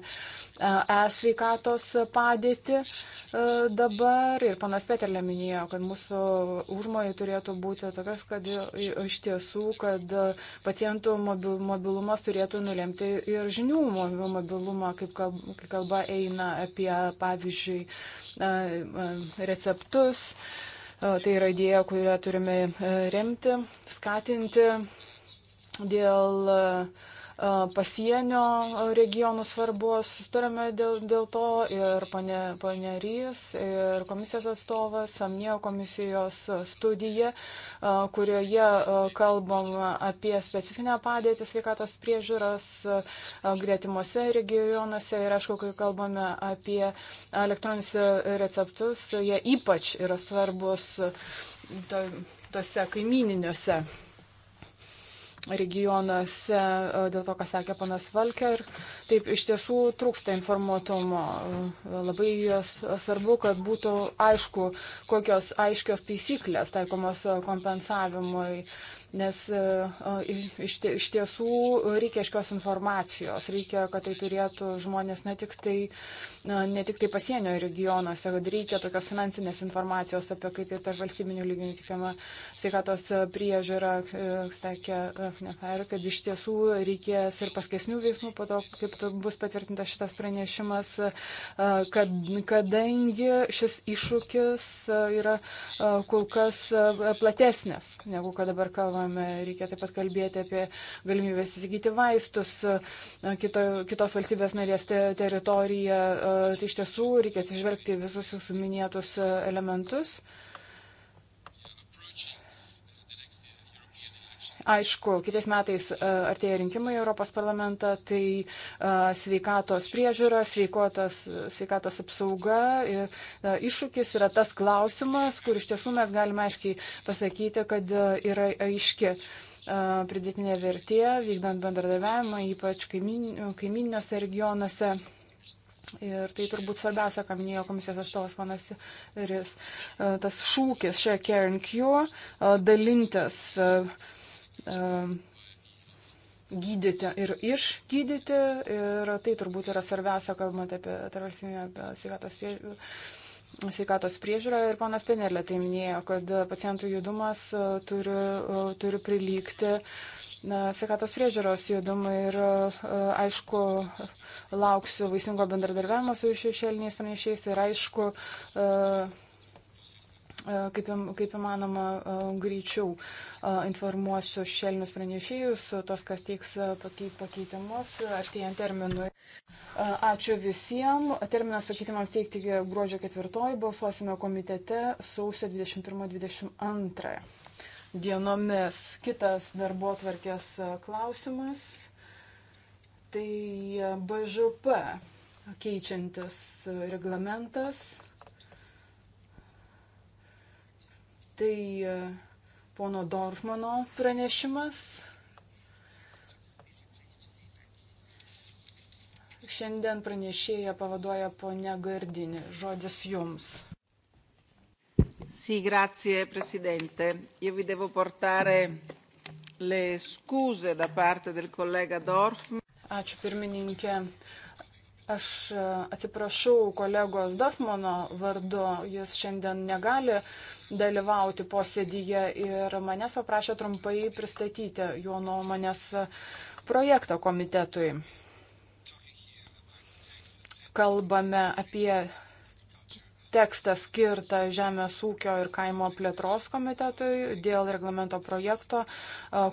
e-sveikatos padėtį e, dabar. Ir panas Peterlė minėjo, kad mūsų užmojai turėtų būti tokias, kad iš tiesų, kad pacientų mobilumas turėtų nulemti ir žinių mobilumą, kaip kalba eina apie, pavyzdžiui, receptus. Uh, Tai yra idėja, kurią turime e, remti, skatinti dėl uh, pasienio regionų svarbu, sustarėme dėl, dėl to ir pane, pane Rys, ir komisijos atstovas, Samnėjo komisijos studija, kurioje kalbam apie specifinę padėtį sveikatos priežiūros greitimuose regionuose ir aišku, kai kalbame apie elektroninius receptus, jie ypač yra svarbus tose kaimininiuose regionuose, e, dėl to, ką sakė panas Valker. Taip, iš tiesų trūksta informatumo. E, labai svarbu, kad būtų aišku, kokios aiškios taisyklės taikomos e, kompensavimui. Nes e, iš, iš tiesų reikia aiškios informacijos, reikia, kad tai turėtų žmonės ne tik tai, ne tik tai pasienio regionuose, kad reikia tokios finansinės informacijos apie kai tai tarp valstybinių lyginių tikiama sveikatos priežiūra, e, sakė, e, ne, ir kad iš tiesų reikės ir paskesnių veiksmų po to, kaip bus patvirtintas šitas pranešimas, kad, kadangi šis iššūkis yra kol kas platesnis, negu kad dabar kalbame vartojame. Reikia taip pat kalbėti apie galimybės įsigyti vaistus e, kito, kitos valstybės narės te, teritoriją. E, tai iš tiesų reikia atsižvelgti visus jūsų minėtus e, elementus. Uh, Aišku, kitais metais e, artėja rinkimai Europos parlamentą, tai e, sveikatos priežiūra, sveikotos, sveikatos apsauga ir e, iššūkis yra tas klausimas, kur iš tiesų mes galime aiškiai pasakyti, kad yra aiški pridėtinė vertė, vykdant bendradarbiavimą, ypač kaimininiuose regionuose. Ir tai turbūt svarbiausia, ką minėjo komisijos atstovas panas Ris, tas šūkis, share care and cure, dalintis gydyti ir išgydyti. Ir tai turbūt yra svarbiausia, kalbant apie tarpvalstybinę sveikatos priežiūrą. Sveikatos priežiūra ir panas Penelė tai minėjo, kad pacientų judumas e, turi, e, turi prilygti na, sveikatos priežiūros judumą ir e, aišku lauksiu vaisingo bendradarbiavimo su šešėliniais pranešiais ir aišku E, kaip, kaip įmanoma e, greičiau e, informuosiu šelnius pranešėjus, tos, kas teiks pakeitimus, artėjant terminui. Ačiū visiems. Terminas pakeitimams teikti gruodžio ketvirtoji, balsuosime komitete sausio 21-22 dienomis. Kitas darbo tvarkės klausimas. Tai BŽP keičiantis reglamentas Tai e, pono Dorfmano pranešimas. Šiandien pranešėja pavaduoja ponia Gardinė. Žodis jums. Sì, grazie Presidente. Io vi devo portare le scuse da parte del collega Dorfman. Ačiū pirmininkė. Aš e, atsiprašau kolegos Dorfmano vardu, jis šiandien negali dalyvauti posėdyje ir manęs paprašė trumpai pristatyti jo nuomonės projektą komitetui. Kalbame apie tekstą skirtą Žemės ūkio ir kaimo plėtros komitetui dėl reglamento projekto,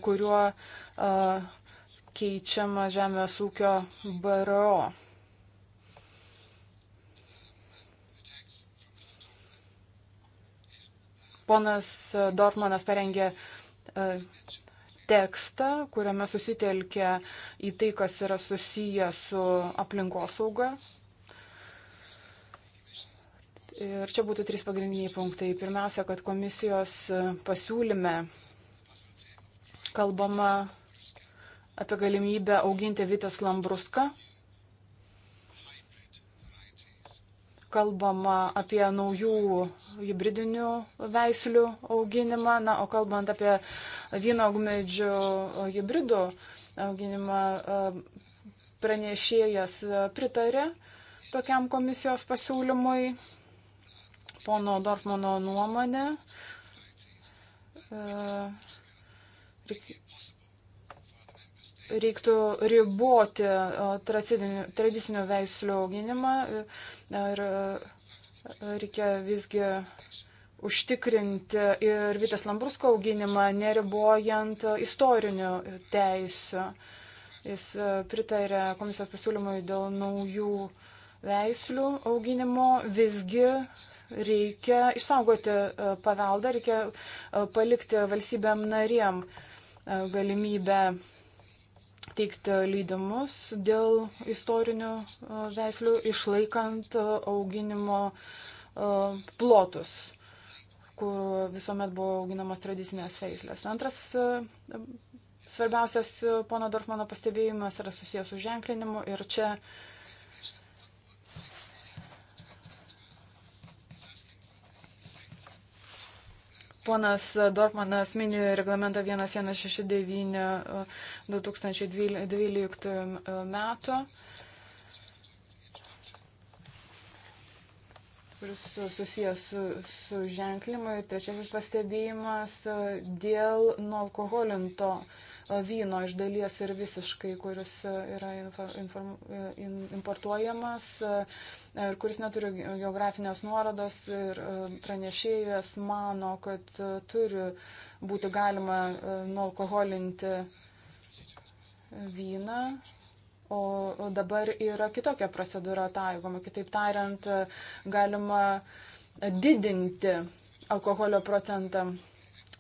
kuriuo keičiama Žemės ūkio BRO. Ponas Dortmanas parengė e, tekstą, kuriame susitelkė į tai, kas yra susiję su aplinkosauga. Ir čia būtų trys pagrindiniai punktai. Pirmiausia, kad komisijos pasiūlyme kalbama apie galimybę auginti Vitas Lambruską kalbama apie naujų hybridinių veislių auginimą, na, o kalbant apie vynogmedžių hybridų auginimą, e, pranešėjas pritarė tokiam komisijos pasiūlymui. Pono Dorfmano nuomonė. E, reiktų riboti e, tradicinių veislių auginimą e, ir e, reikia visgi užtikrinti ir Vitės Lambrusko auginimą, neribojant istorinių teisų. Jis pritarė komisijos pasiūlymui dėl naujų veislių auginimo, visgi reikia išsaugoti paveldą, reikia palikti valstybėm narėm galimybę teikti leidimus dėl istorinių e, veislių, išlaikant e, auginimo e, plotus, kur visuomet buvo auginamos tradicinės veislės. Antras svarbiausias pono Dorfmano pastebėjimas yra susijęs su ženklinimu ir čia uh, Ponas Dortmanas mini reglamentą 1169 2012 e, e, metų, kuris susijęs su, su ženklimu. Ir trečiasis pastebėjimas e, dėl nualkoholinto. Uh, vyno iš dalies ir visiškai, kuris yra inform, importuojamas ir kuris neturi geografinės nuorodos ir e, pranešėjas mano, kad e, turi būti galima e, nualkoholinti vyną. O dabar yra kitokia procedūra taikoma. Kitaip tariant, galima didinti alkoholio procentą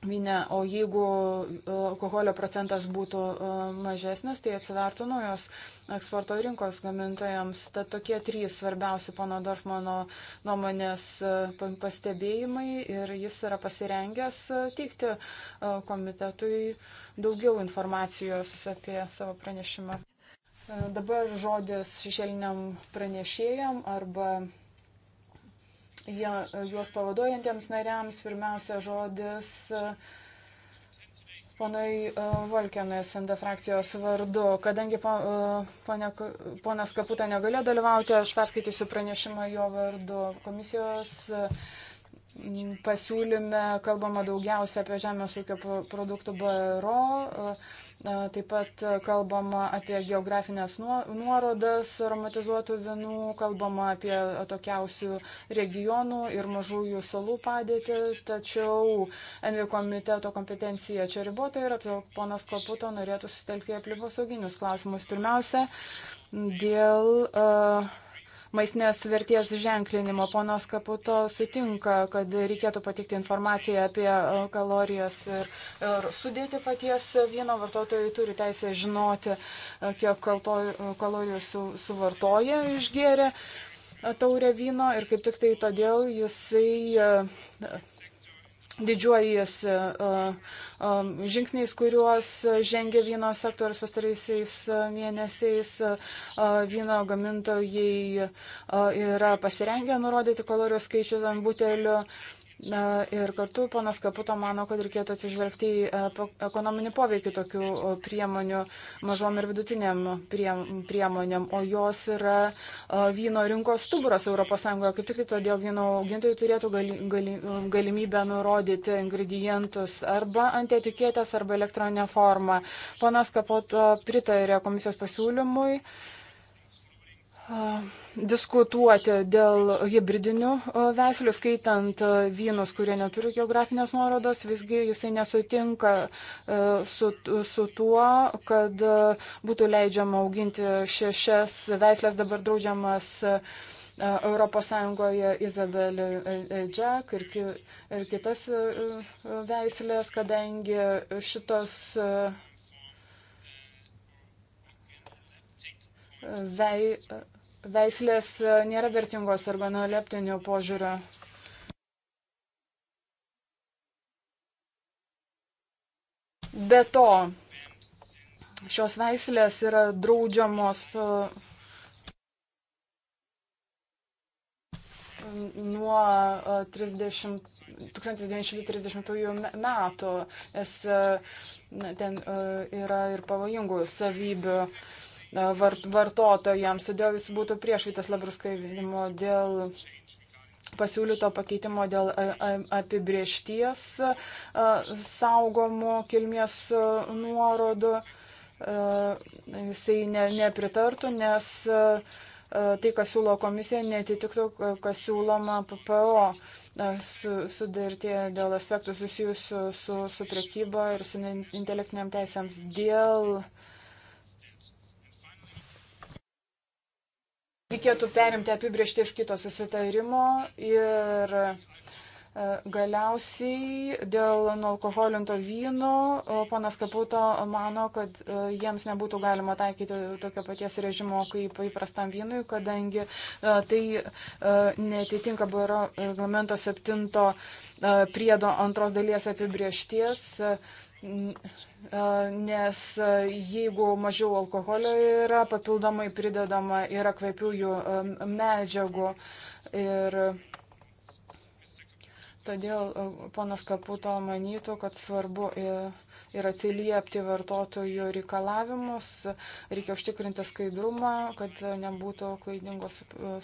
vyne, o jeigu e, alkoholio procentas būtų e, mažesnis, tai atsivertų naujos eksporto rinkos gamintojams. Tad tokie trys svarbiausi pono Dorfmano nuomonės e, pastebėjimai ir jis yra pasirengęs teikti komitetui daugiau informacijos apie savo pranešimą. Dabar žodis šešėliniam pranešėjam arba ja, juos pavaduojantiems nariams pirmiausia žodis e, ponai e, Valkenai SND frakcijos vardu. Kadangi e, ponė, ponas Kaputė negalėjo dalyvauti, aš perskaitysiu pranešimą jo vardu. Komisijos pasiūlyme kalbama daugiausia apie žemės ūkio produktų BRO, taip pat kalbama apie geografinės nuorodas aromatizuotų vinų, kalbama apie tokiausių regionų ir mažųjų salų padėtį, tačiau NV komiteto kompetencija čia ribota ir ponas Kaputo norėtų susitelkti aplinkosauginius klausimus. Pirmiausia, dėl uh, maistinės vertės ženklinimo. Ponas Kaputo sutinka, kad reikėtų patikti informaciją apie e, kalorijas ir, ir sudėti paties vieno vartotojai turi teisę žinoti, e, kiek e, kalorijų su, suvartoja išgėrė taurę vyno ir kaip tik tai todėl jisai didžiuojasi e, e, e, žingsniais, kuriuos žengia vyno sektorius pastaraisiais mėnesiais. Vyno gamintojai yra pasirengę nurodyti kalorijų skaičių ant butelio. Ir kartu ponas Kaputo mano, kad reikėtų atsižvelgti į e, ekonominį poveikį tokių priemonių mažom ir vidutiniam priemonėm, o jos yra vyno rinkos stuburas ES, kaip tik tai todėl vyno augintojai turėtų gali, gali, galimybę nurodyti ingredientus arba ant etiketės, arba elektroninę formą. Ponas Kaputo pritarė komisijos pasiūlymui diskutuoti dėl hybridinių e, veislių, skaitant e, vynus, kurie neturi geografinės nuorodos, visgi jisai nesutinka e, su, su tuo, kad būtų leidžiama auginti šešias veislės dabar draudžiamas. Europos Sąjungoje Izabelė Jack ir, ki, ir kitas veislės, kadangi šitos vei, veislės e, nėra vertingos organoleptinio požiūrio. Be to, šios veislės yra draudžiamos e, nuo 30, e, 1930 metų, nes ten yra ir pavojingų savybių vartotojams. Todėl jis būtų prieš vietas labrus skaivimo dėl pasiūlyto pakeitimo dėl apibriešties saugomų kilmės nuorodų. Jisai ne, nepritartų, nes tai, kas siūlo komisija, netitiktų, kas siūloma PPO sudartė dėl aspektų susijusių su, su, su priekyba ir su intelektinėm teisėms. Dėl uh, reikėtų perimti apibriežti iš kito susitarimo ir e, Galiausiai dėl nualkoholinto vyno e, ponas Kaputo mano, kad e, jiems nebūtų galima taikyti tokio paties režimo kaip įprastam vynui, kadangi tai netitinka BRO reglamento septinto priedo antros dalies apibriešties. Nes jeigu mažiau alkoholio yra, papildomai pridedama yra kvepiųjų medžiagų. Ir todėl ponas Kaputo manytų, kad svarbu e, ir atsiliepti vartotojų reikalavimus. Reikia užtikrinti skaidrumą, kad nebūtų klaidingo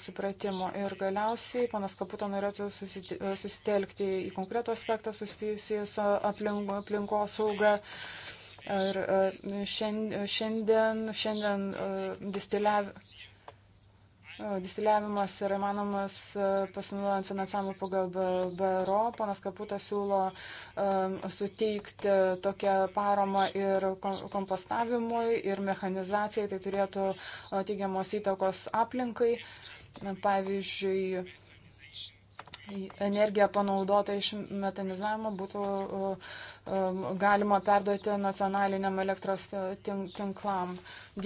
supratimo. Ir galiausiai panas Kaputo norėtų susitelkti į konkretų aspektą susijusį su aplinko, aplinkos sauga. Ir e, šiandien, šiandien e, distiliavimas Distiliavimas yra įmanomas e, pasinaudojant finansavimą pagal BRO. Panas Kaputas siūlo um, suteikti tokią paramą ir kompostavimui, ir mechanizacijai. Tai turėtų teigiamos įtakos aplinkai. Pavyzdžiui, energija panaudota iš metanizavimo būtų um, galima perduoti nacionaliniam elektros e, tinklam.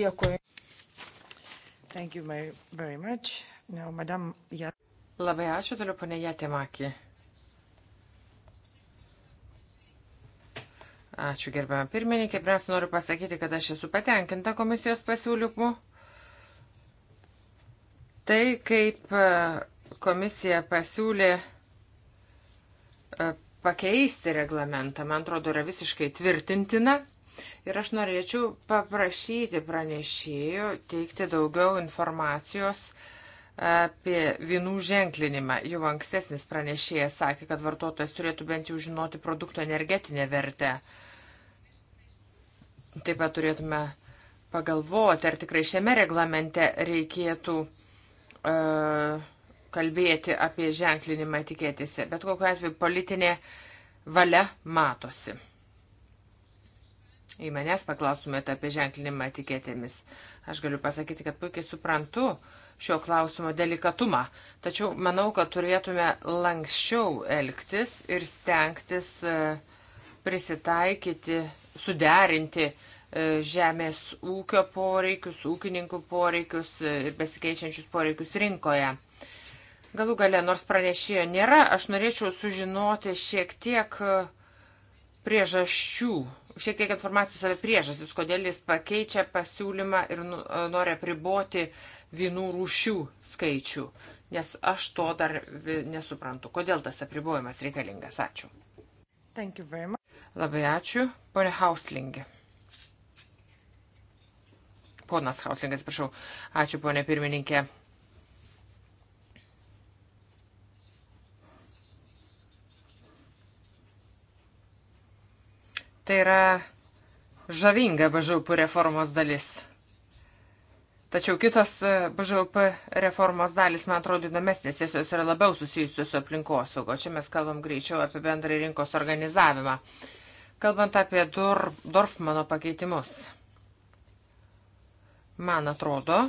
Dėkui. Thank you very much. Now, Madame Jat. Labai ačiū toliau, ponė Jatimaki. Ačiū gerbiamą pirmininkę. Pirmiausia, noriu pasakyti, kad aš esu patenkinta komisijos pasiūlymu. Tai, kaip e, komisija pasiūlė e, pakeisti reglamentą, man atrodo, yra visiškai tvirtintina. Ir aš norėčiau paprašyti pranešėjų teikti daugiau informacijos apie vynų ženklinimą. Jau ankstesnis pranešėjas sakė, kad vartotojas turėtų bent jau žinoti produkto energetinę vertę. Taip pat turėtume pagalvoti, ar tikrai šiame reglamente reikėtų uh, kalbėti apie ženklinimą etiketėse. Bet kokiu atveju politinė valia matosi. Jei manęs paklausumėte apie ženklinimą etiketėmis, aš galiu pasakyti, kad puikiai suprantu šio klausimo delikatumą, tačiau manau, kad turėtume lankščiau elgtis ir stengtis e, prisitaikyti, suderinti e, žemės ūkio poreikius, ūkininkų poreikius e, ir besikeičiančius poreikius rinkoje. Galų gale, nors pranešėjo nėra, aš norėčiau sužinoti šiek tiek priežasčių šiek tiek informacijos apie priežastis, kodėl jis pakeičia pasiūlymą ir nu, e, nori apriboti vynų rūšių skaičių, nes aš to dar nesuprantu. Kodėl tas apribojimas reikalingas? Ačiū. Labai ačiū, ponė Hauslingi. Ponas Hauslingas, prašau. Ačiū, ponė pirmininkė. Tai yra žavinga BŽP reformos dalis. Tačiau kitos e, BŽP reformos dalis, man atrodo, įdomesnės, nes jos yra labiau susijusios su aplinkosaugo. Čia mes kalbam greičiau apie bendrą rinkos organizavimą. Kalbant apie Dor, Dorfmano pakeitimus, man atrodo,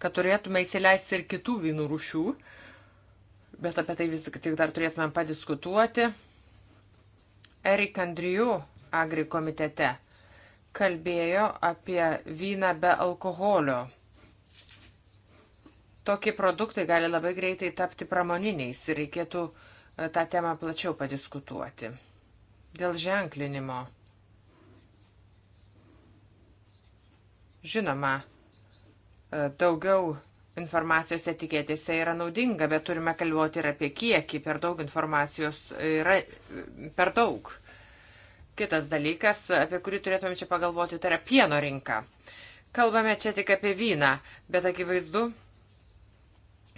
kad turėtume įsileisti ir kitų vynų rušių, bet apie tai vis tik dar turėtumėm padiskutuoti. Erik Andriju Agri komitete kalbėjo apie vyną be alkoholio. Tokie produktai gali labai greitai tapti pramoniniais ir reikėtų e, tą temą plačiau padiskutuoti. Dėl ženklinimo. Žinoma, e, daugiau informacijos etiketėse yra naudinga, bet turime kalbėti ir apie kiekį. Per daug informacijos yra e, per daug. Kitas dalykas, apie kurį turėtume čia pagalvoti, tai yra pieno rinka. Kalbame čia tik apie vyną, bet akivaizdu,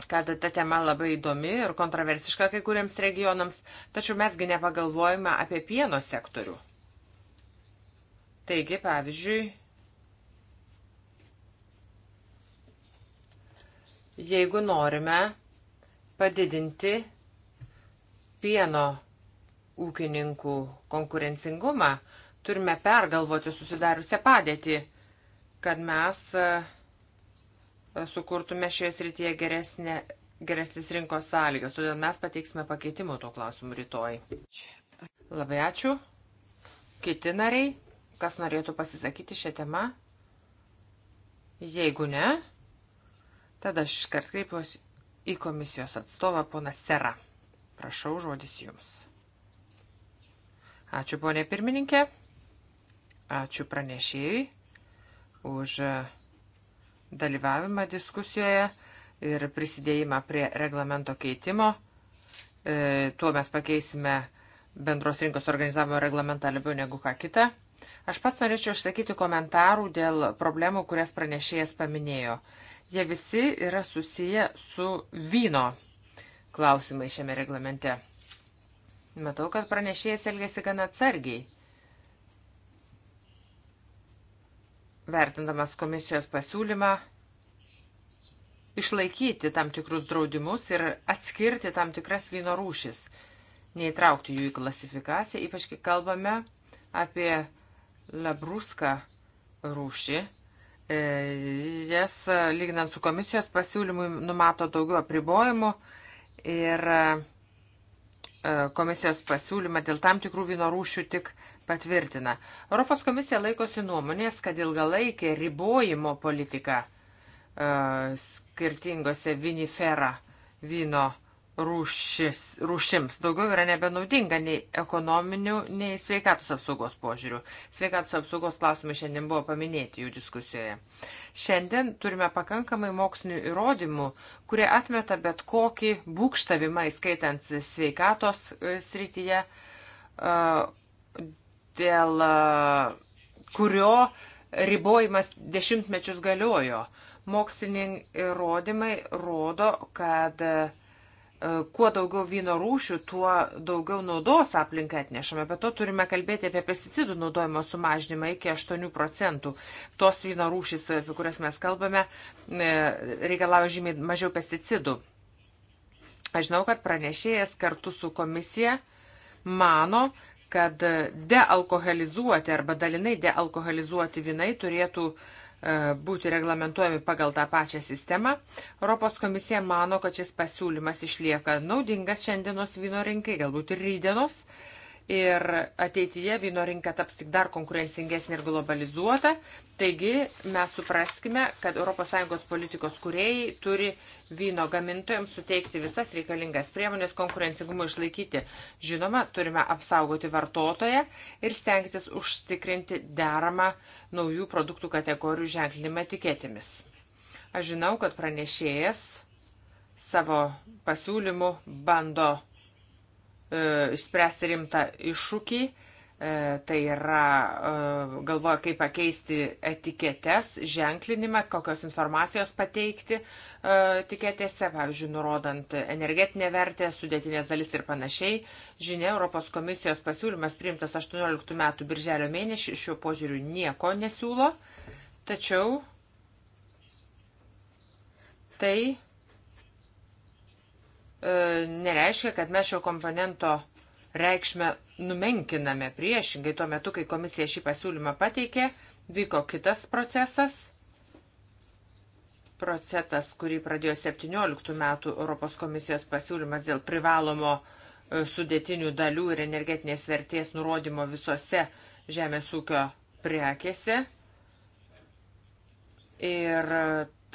kad ta tema labai įdomi ir kontroversiška kai kuriems regionams, tačiau mesgi nepagalvojame apie pieno sektorių. Taigi, pavyzdžiui, jeigu norime padidinti pieno ūkininkų konkurencingumą, turime pergalvoti susidariusią padėtį, kad mes e, sukurtume šioje srityje geresnė, geresnės rinkos sąlygas. Todėl mes pateiksime pakeitimų tuo klausimu rytoj. Labai ačiū. Kiti nariai, kas norėtų pasisakyti šią temą? Jeigu ne, Tada aš iškart kreipiuosi į komisijos atstovą poną Serą. Prašau, žodis jums. Ačiū ponė pirmininkė, ačiū pranešėjai už dalyvavimą diskusijoje ir prisidėjimą prie reglamento keitimo. E, tuo mes pakeisime bendros rinkos organizavimo reglamentą labiau negu ką kitą. Aš pats norėčiau išsakyti komentarų dėl problemų, kurias pranešėjas paminėjo. Jie visi yra susiję su vyno klausimai šiame reglamente. Matau, kad pranešėjas elgėsi gana atsargiai. Vertindamas komisijos pasiūlymą išlaikyti tam tikrus draudimus ir atskirti tam tikras vyno rūšis, neįtraukti jų į klasifikaciją, ypač kai kalbame apie labruską rūšį, E, jas, lyginant su komisijos pasiūlymu, numato daugiau apribojimų ir e, komisijos pasiūlymą dėl tam tikrų vyno rūšių tik patvirtina. Europos komisija laikosi nuomonės, kad ilgalaikė ribojimo politika e, skirtingose vinifera vyno rūšis, rūšims daugiau yra nebenaudinga nei ekonominių, nei sveikatos apsaugos požiūrių. Sveikatos apsaugos klausimai šiandien buvo paminėti jų diskusijoje. Šiandien turime pakankamai mokslinių įrodymų, kurie atmeta bet kokį būkštavimą, įskaitant sveikatos e, srityje, e, dėl e, kurio ribojimas dešimtmečius galiojo. Moksliniai įrodymai rodo, kad uh, E, kuo daugiau vyno rūšių, tuo daugiau naudos aplinkai atnešame. Bet to turime kalbėti apie pesticidų naudojimo sumažinimą iki 8 procentų. Tos vyno rūšys, apie kurias mes kalbame, e, reikalauja žymiai mažiau pesticidų. Aš žinau, kad pranešėjas kartu su komisija mano, kad dealkoholizuoti arba dalinai dealkoholizuoti vinai turėtų uh, E, būti reglamentuojami pagal tą pačią sistemą. Europos komisija mano, kad šis pasiūlymas išlieka naudingas šiandienos vyno rinkai, galbūt ir rydienos. Uh, ir ateityje vyno rinka taps tik dar konkurencingesnė ir globalizuota. Taigi mes supraskime, kad ES politikos kuriejai turi vyno gamintojams suteikti visas reikalingas priemonės konkurencingumui išlaikyti. Žinoma, turime apsaugoti vartotoją ir stengtis užtikrinti deramą naujų produktų kategorijų ženklinimą etiketėmis. Aš žinau, kad pranešėjas savo pasiūlymu bando E, išspręsti rimtą iššūkį. E, tai yra e, galvoja, kaip pakeisti etiketes, ženklinimą, kokios informacijos pateikti etiketėse, pavyzdžiui, nurodant energetinę vertę, sudėtinės dalis ir panašiai. Žinia, Europos komisijos pasiūlymas priimtas 18 metų birželio mėnesį šiuo požiūriu nieko nesiūlo, tačiau tai E, nereiškia, kad mes šio komponento reikšmę numenkiname. Priešingai, tuo metu, kai komisija šį pasiūlymą pateikė, vyko kitas procesas. Procesas, kurį pradėjo 17 metų Europos komisijos pasiūlymas dėl privalomo e, sudėtinių dalių ir energetinės vertės nurodymo visose žemės ūkio prekėse. Ir e,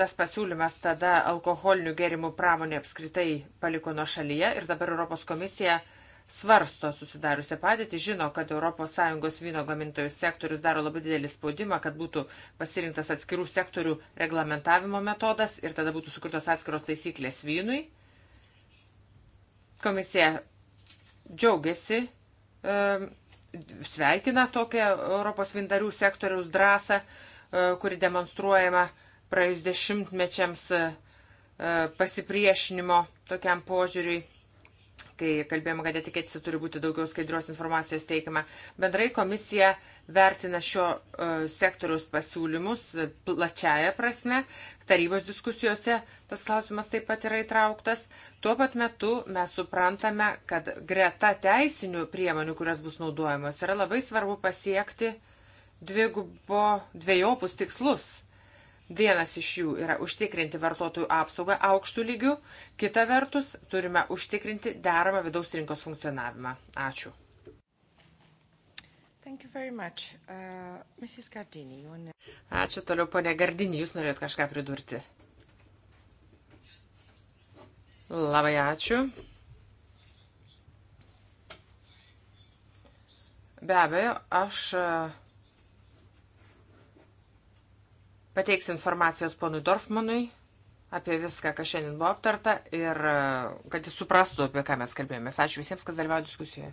tas pasiūlymas tada alkoholinių gėrimų pramonė apskritai paliko nuo šalyje ir dabar Europos komisija svarsto susidariusią padėtį, žino, kad ES vyno gamintojų sektorius daro labai didelį spaudimą, kad būtų pasirinktas atskirų sektorių reglamentavimo metodas ir tada būtų sukurtos atskiros taisyklės vynui. Komisija džiaugiasi, sveikina tokią Europos vindarių sektoriaus drąsą, e, kuri demonstruojama praėjus dešimtmečiams e, pasipriešinimo tokiam požiūriui kai kalbėjome, kad etiketėse turi būti daugiau skaidrios informacijos teikiama. Bendrai komisija vertina šio e, sektoriaus pasiūlymus e, plačiaja prasme. Tarybos diskusijose tas klausimas taip pat yra įtrauktas. Tuo pat metu mes suprantame, kad greta teisinių priemonių, kurios bus naudojamos, yra labai svarbu pasiekti dvigubo dviejopus tikslus. Vienas iš jų yra užtikrinti vartotojų apsaugą aukštų lygių, kita vertus turime užtikrinti deramą vidaus rinkos funkcionavimą. Ačiū. Uh, Gardini, ne... Ačiū toliau, ponė Gardinį, jūs norėjot kažką pridurti. Labai ačiū. Be abejo, aš uh, Pateiks informacijos ponui Dorfmanui apie viską, kas šiandien buvo aptarta ir e, kad jis suprastų, apie ką mes kalbėjomės. Ačiū visiems, kas dalyvavo diskusijoje.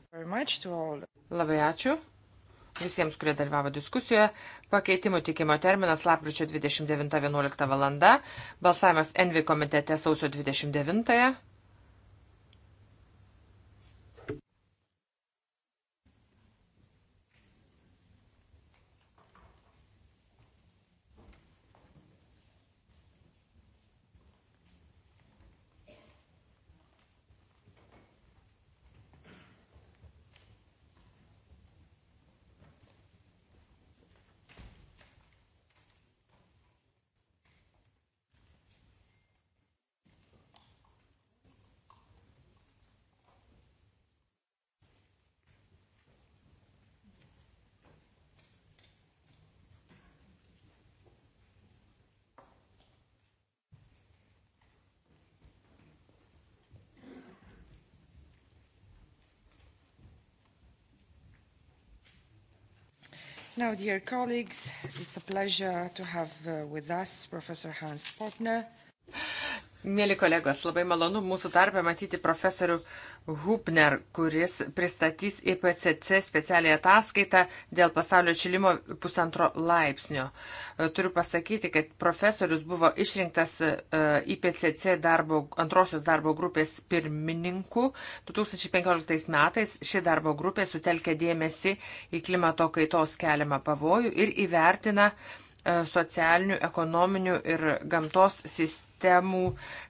Labai ačiū visiems, kurie dalyvavo diskusijoje. Pakeitimų tikimo terminas lapkričio 29.11 val. Balsavimas Envi komitete sausio 29. -ąją. Now, dear colleagues, it's a pleasure to have uh, with us Professor Hans Portner, Mėly kolegos, labai malonu mūsų darbę matyti profesorių Hubner, kuris pristatys IPCC specialiai ataskaitą dėl pasaulio šilimo pusantro laipsnio. E, turiu pasakyti, kad profesorius buvo išrinktas e, IPCC darbo, antrosios darbo grupės pirmininku 2015 metais. Ši darbo grupė sutelkia dėmesį į klimato kaitos keliamą pavojų ir įvertina e, socialinių, ekonominių ir gamtos sistemų sistemų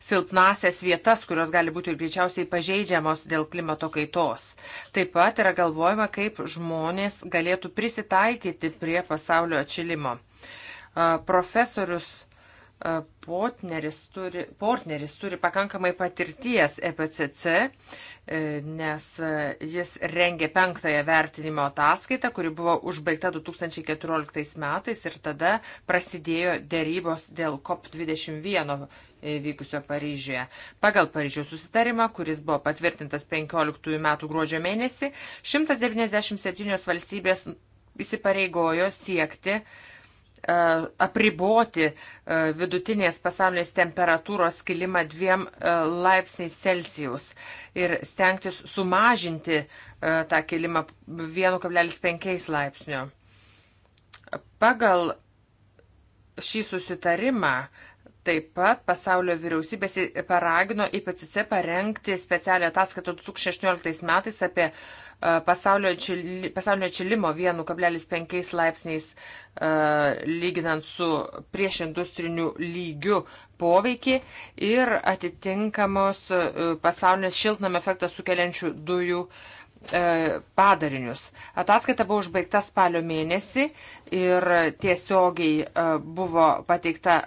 silpnasias vietas, kurios gali būti ir greičiausiai pažeidžiamos dėl klimato kaitos. Taip pat yra galvojama, kaip žmonės galėtų prisitaikyti prie pasaulio atšilimo. Profesorius Portneris turi, Portneris turi pakankamai patirties EPCC nes e, jis rengė penktąją vertinimo ataskaitą, kuri buvo užbaigta 2014 metais ir tada prasidėjo dėrybos dėl COP21 e, vykusio Paryžiuje. Pagal Paryžiaus susitarimą, kuris buvo patvirtintas 15 metų gruodžio mėnesį, 197 valstybės įsipareigojo siekti E, apriboti e, vidutinės pasaulinės temperatūros kilimą dviem e, laipsniais Celsijaus ir stengtis sumažinti tą kilimą 1,5 laipsnio. Pagal šį susitarimą uh, Taip pat pasaulio vyriausybės paragino IPCC parengti specialią ataskaitą 2016 metais apie e, pasaulio, čili, pasaulio čilimo 1,5 laipsniais e, lyginant su priešindustriniu lygiu poveikį ir atitinkamos e, pasaulinės šiltnamio efektą sukeliančių dujų padarinius. Ataskaita buvo užbaigta spalio mėnesį ir tiesiogiai buvo pateikta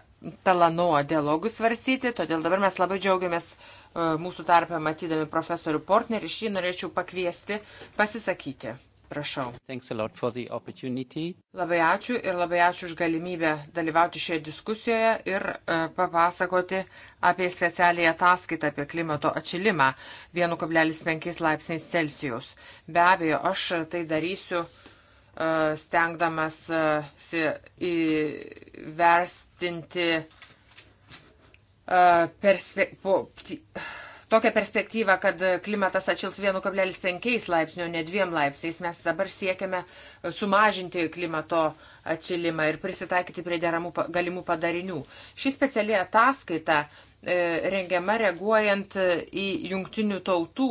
Talanoa dialogui svarsyti, todėl dabar mes labai džiaugiamės e, mūsų tarpę matydami profesorių Portnerį, iš jį norėčiau pakviesti pasisakyti. Prašau. Labai ačiū ir labai ačiū už galimybę dalyvauti šioje diskusijoje ir uh, papasakoti apie specialiai ataskaitą apie klimato atšilimą 1,5 laipsniais Celsius. Be abejo, aš tai darysiu uh, stengdamas įverstinti perspe... po... tokią perspektyvą, kad klimatas atšils 1,5 laipsnio, ne 2 laipsniais. Mes dabar siekiame sumažinti klimato atšilimą ir prisitaikyti prie deramų galimų padarinių. Ši speciali ataskaita e, rengiama reaguojant į jungtinių tautų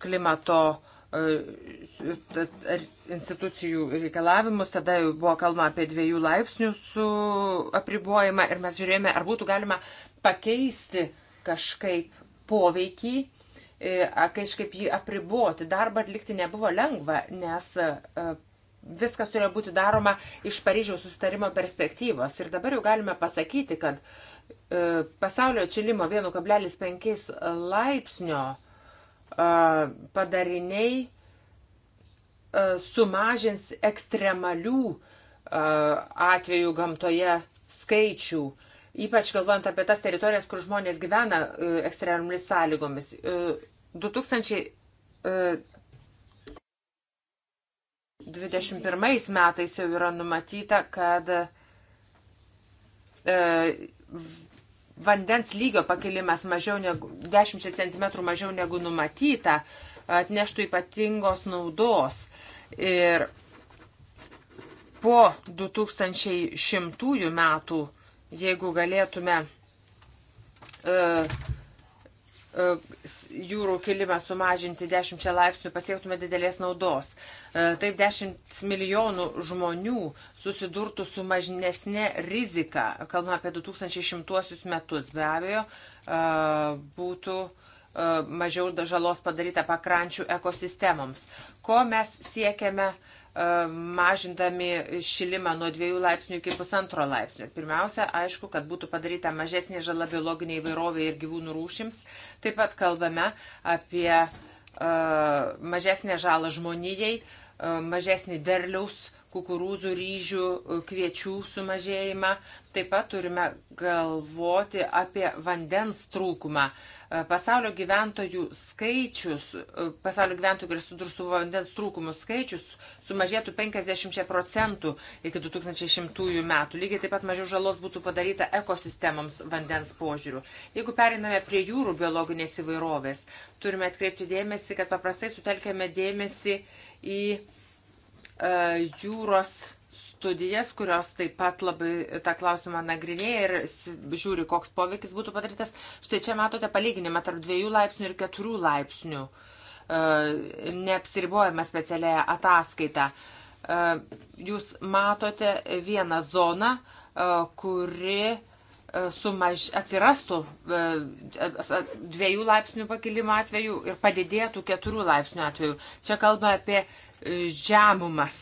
klimato E, institucijų reikalavimus, tada buvo kalba apie dviejų laipsnių su apribojimą ir mes žiūrėjome, ar būtų galima pakeisti kažkaip poveikį, e, kažkaip jį apriboti. Darbą atlikti nebuvo lengva, nes e, viskas turėjo būti daroma iš Paryžiaus sustarimo perspektyvos. Ir dabar jau galime pasakyti, kad pasaulio atšilimo 1,5 laipsnio padariniai sumažins ekstremalių atvejų gamtoje skaičių, ypač galvojant apie tas teritorijas, kur žmonės gyvena ekstremaliomis sąlygomis. 2021 metais jau yra numatyta, kad vandens lygio pakilimas mažiau negu 10 cm mažiau negu numatyta atneštų ypatingos naudos. Ir po 2100 metų, jeigu galėtume uh, E, jūrų kilimą sumažinti 10 laipsnių, pasiektume didelės naudos. E, taip 10 milijonų žmonių susidurtų su mažnesnė rizika, kalbame apie 2100 metus, be abejo, e, būtų mažiau žalos padaryta pakrančių ekosistemoms. Ko mes siekiame? E, mažindami šilimą nuo 2 laipsnių iki 1,5 laipsnių. Pirmiausia, aišku, kad būtų padaryta mažesnė žala biologiniai įvairoviai ir gyvūnų rūšims. Taip pat kalbame apie uh, mažesnę žalą žmonijai, uh, mažesnį derliaus, kukurūzų, ryžių, kviečių sumažėjimą. Taip pat turime galvoti apie vandens trūkumą. Uh, Pasaulio gyventojų skaičius, e, pasaulio gyventojų, kurie sudurs su vandens trūkumų skaičius, sumažėtų 50 procentų iki 2100 metų. Lygiai taip pat mažiau žalos būtų padaryta ekosistemoms vandens požiūrių. Jeigu periname prie jūrų biologinės įvairovės, turime atkreipti dėmesį, kad paprastai sutelkėme dėmesį į uh, jūros studijas, kurios taip pat labai tą klausimą nagrinėja ir žiūri, koks poveikis būtų padarytas. Štai čia matote palyginimą tarp dviejų laipsnių ir keturių laipsnių. E, neapsiribojama specialiaja ataskaita. E, jūs matote vieną zoną, e, kuri sumaž... atsirastų dviejų laipsnių pakilimo atveju ir padidėtų keturių laipsnių atveju. Čia kalba apie žemumas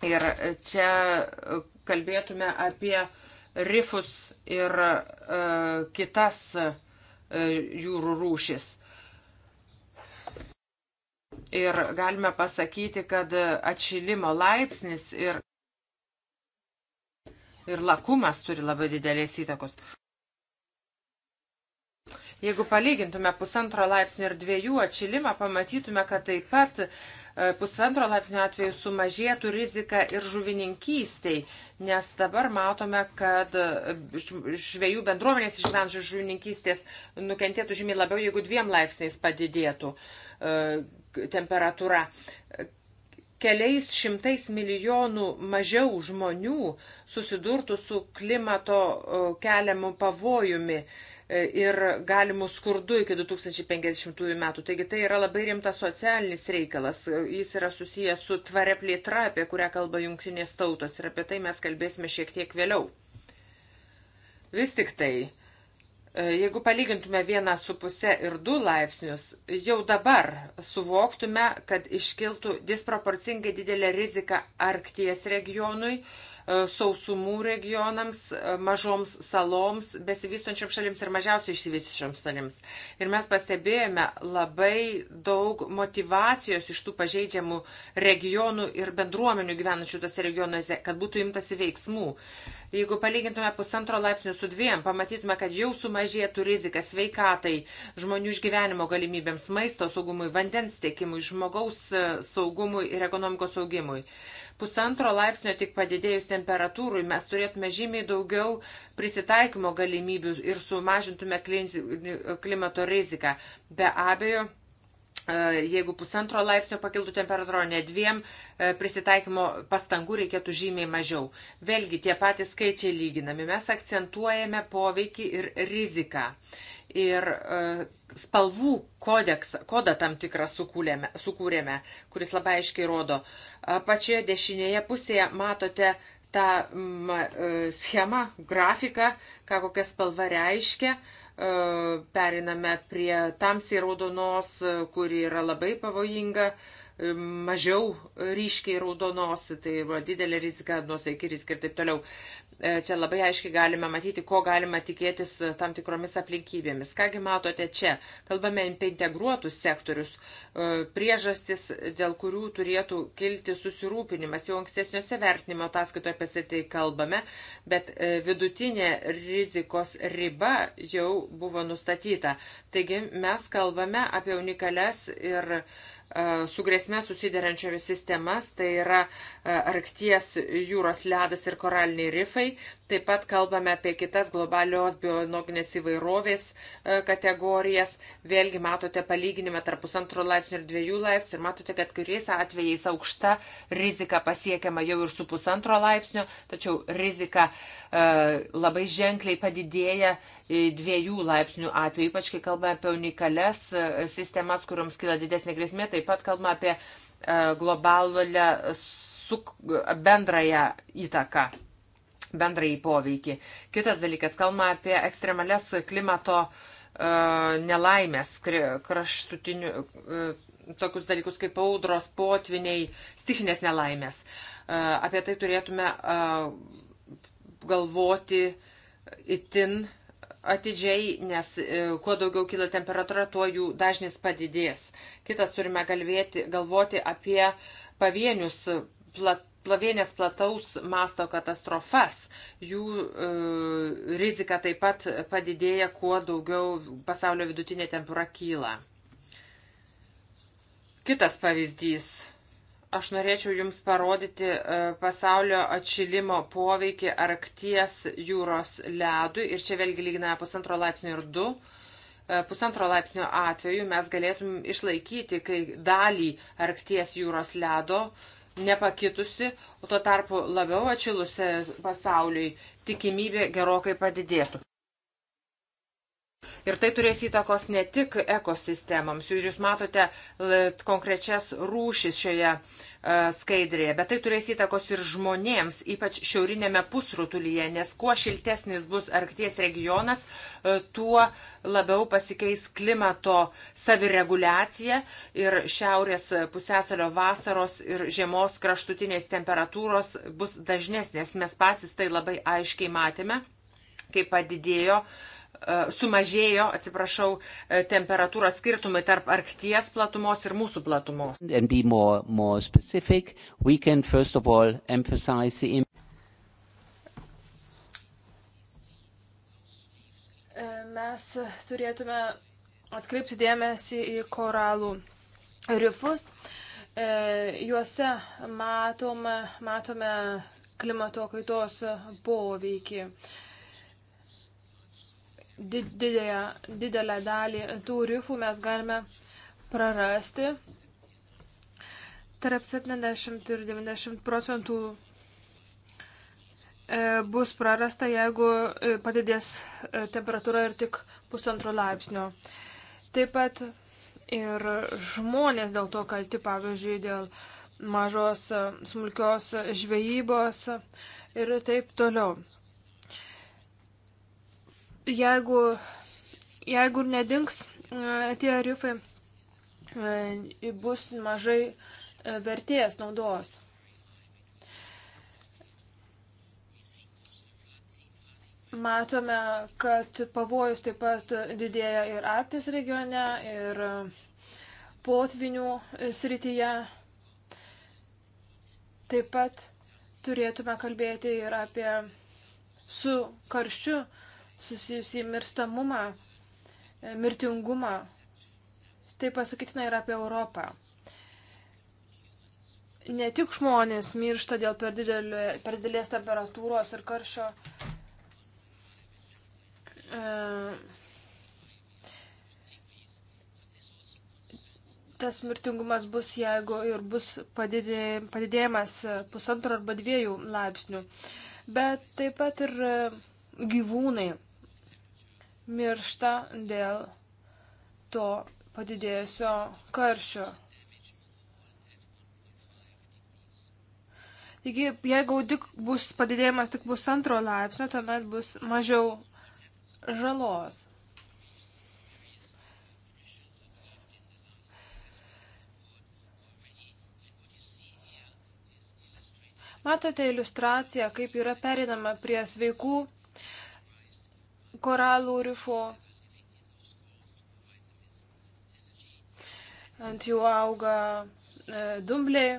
Ir čia e, kalbėtume apie rifus ir e, kitas e, jūrų rūšis. Ir galime pasakyti, kad atšilimo laipsnis ir, ir lakumas turi labai didelės įtakos. Jeigu palygintume pusantro laipsnio ir dviejų atšilimą, pamatytume, kad taip pat E, pusantro laipsnio atveju sumažėtų rizika ir žuvininkystiai, nes dabar matome, kad e, žvėjų bendruomenės išgyvenančių žuvininkystės nukentėtų žymiai labiau, jeigu dviem laipsniais padidėtų e, temperatūra keliais šimtais milijonų mažiau žmonių susidurtų su klimato keliamu pavojumi. E, ir galimų skurdų iki 2050 metų. Taigi tai yra labai rimtas socialinis reikalas. Jis yra susijęs su tvare plėtra, apie kurią kalba jungtinės tautos ir apie tai mes kalbėsime šiek tiek vėliau. Vis tik tai, e, jeigu palygintume vieną su pusę ir du laipsnius, jau dabar suvoktume, kad iškiltų disproporcingai didelė rizika Arkties regionui E, sausumų regionams, e, mažoms saloms, besivystančioms šalims ir mažiausiai išsivystančioms šalims. Ir mes pastebėjome labai daug motivacijos iš tų pažeidžiamų regionų ir bendruomenių gyvenančių tose regionuose, kad būtų imtasi veiksmų. Jeigu palygintume pusantro laipsnio su dviem, pamatytume, kad jau sumažėtų rizika sveikatai, žmonių išgyvenimo galimybėms, maisto saugumui, vandens tiekimui, žmogaus e, saugumui ir ekonomikos saugimui pusantro laipsnio tik padidėjus temperatūrui mes turėtume žymiai daugiau prisitaikymo galimybių ir sumažintume klimato riziką. Be abejo, e, jeigu pusantro laipsnio pakiltų temperatūra, ne dviem e, prisitaikymo pastangų reikėtų žymiai mažiau. Vėlgi tie patys skaičiai lyginami. Mes akcentuojame poveikį ir riziką ir e, spalvų kodeks, kodą tam tikrą sukūrėme, sukūrėme, kuris labai aiškiai rodo. E, pačioje dešinėje pusėje matote tą e, schemą, grafiką, ką kokia spalva reiškia. Periname prie tamsiai raudonos, kuri yra labai pavojinga, mažiau ryškiai raudonos, tai yra didelė rizika, nuosaiki rizika ir taip toliau. E, čia labai aiškiai galime matyti, ko galima tikėtis e, tam tikromis aplinkybėmis. Kągi matote čia, kalbame apie integruotus sektorius, e, priežastis, dėl kurių turėtų kilti susirūpinimas. Jau ankstesniuose vertinimo ataskaitoje apie tai kalbame, bet vidutinė rizikos riba jau buvo nustatyta. Taigi mes kalbame apie unikalias ir uh, E, su grėsme susiderančiomis sistemas, tai yra e, Arkties jūros ledas ir koraliniai rifai. Taip pat kalbame apie kitas globalios biologinės įvairovės e, kategorijas. Vėlgi matote palyginimą tarp pusantro laipsnio ir dviejų laipsnių ir matote, kad kuriais atvejais aukšta rizika pasiekiama jau ir su pusantro laipsnio, tačiau rizika labai ženkliai padidėja dviejų laipsnių atveju, ypač kai kalbame apie unikales sistemas, kuriuoms kyla didesnė grėsmė. Tai Taip pat kalbama apie e, globalę suk, bendrąją įtaką, bendrąjį poveikį. Kitas dalykas, kalbama apie ekstremales klimato e, nelaimės, kraštutinių, e, tokius dalykus kaip audros, potviniai, stichinės nelaimės. Apie tai turėtume galvoti itin atidžiai, nes e, kuo daugiau kyla temperatūra, tuo jų dažnis padidės. Kitas turime galvėti, galvoti apie pavienius plat, plavienės plataus masto katastrofas. Jų e, rizika taip pat padidėja, kuo daugiau pasaulio vidutinė temperatūra kyla. Kitas pavyzdys Aš norėčiau Jums parodyti e, pasaulio atšilimo poveikį Arkties jūros ledui. Ir čia vėlgi lyginame pusantro laipsnio ir du. E, pusantro laipsnio atveju mes galėtum išlaikyti, kai dalį Arkties jūros ledo nepakitusi, o tuo tarpu labiau atšilusi pasauliui tikimybė gerokai padidėtų. Ir tai turės įtakos ne tik ekosistemoms, jūs matote konkrečias rūšis šioje e, skaidrėje, bet tai turės įtakos ir žmonėms, ypač šiaurinėme pusrutulyje, nes kuo šiltesnis bus Arkties regionas, e, tuo labiau pasikeis klimato savireguliacija ir šiaurės pusėsalio vasaros ir žiemos kraštutinės temperatūros bus dažnesnės. Mes patys tai labai aiškiai matėme, kaip padidėjo uh, E, sumažėjo, atsiprašau, e, temperatūros skirtumai tarp Arkties platumos ir mūsų platumos. More, more specific, all, the... E, mes turėtume atkreipti dėmesį į koralų rifus. Juose matome, matome klimato kaitos poveikį. Po didelę, didelę dalį tų rifų mes galime prarasti. Tarp 70 ir 90 procentų e, bus prarasta, jeigu e, padidės e, temperatūra ir tik pusantro laipsnio. Taip pat ir žmonės dėl to kalti, pavyzdžiui, dėl mažos smulkios žvejybos ir taip toliau jeigu, jeigu nedings e, tie rifai, e, bus mažai e, vertės naudos. Matome, kad pavojus taip pat didėja ir Arktis regione, ir potvinių srityje. Taip pat turėtume kalbėti ir apie su karščiu uh, susijusi mirstamumą, e, mirtingumą. Tai pasakytina ir apie Europą. Ne tik žmonės miršta dėl per, didelį, per didelės temperatūros ir karšio. E, tas mirtingumas bus, jeigu ir bus padidė, padidėjimas pusantro arba dviejų laipsnių. Bet taip pat ir e, gyvūnai miršta dėl to padidėjusio karščio. Taigi, jeigu tik bus padidėjimas tik bus antro laipsnio, tuomet bus mažiau žalos. Matote iliustraciją, kaip yra perinama prie sveikų koralų rifų. Ant jų auga e, dumbliai.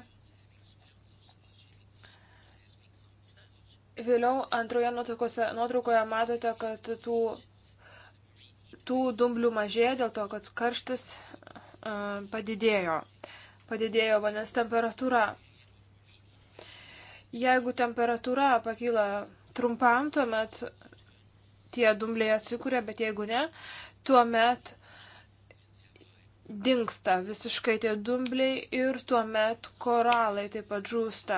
Vėliau antroje nuotraukoje matote, kad tų, tų dumblių mažėja dėl to, kad karštis e, padidėjo. Padidėjo vandens temperatūra. Jeigu temperatūra pakyla trumpam, tuomet tie dumbliai atsikuria, bet jeigu ne, tuomet dinksta visiškai tie dumbliai ir tuomet koralai taip pat žūsta.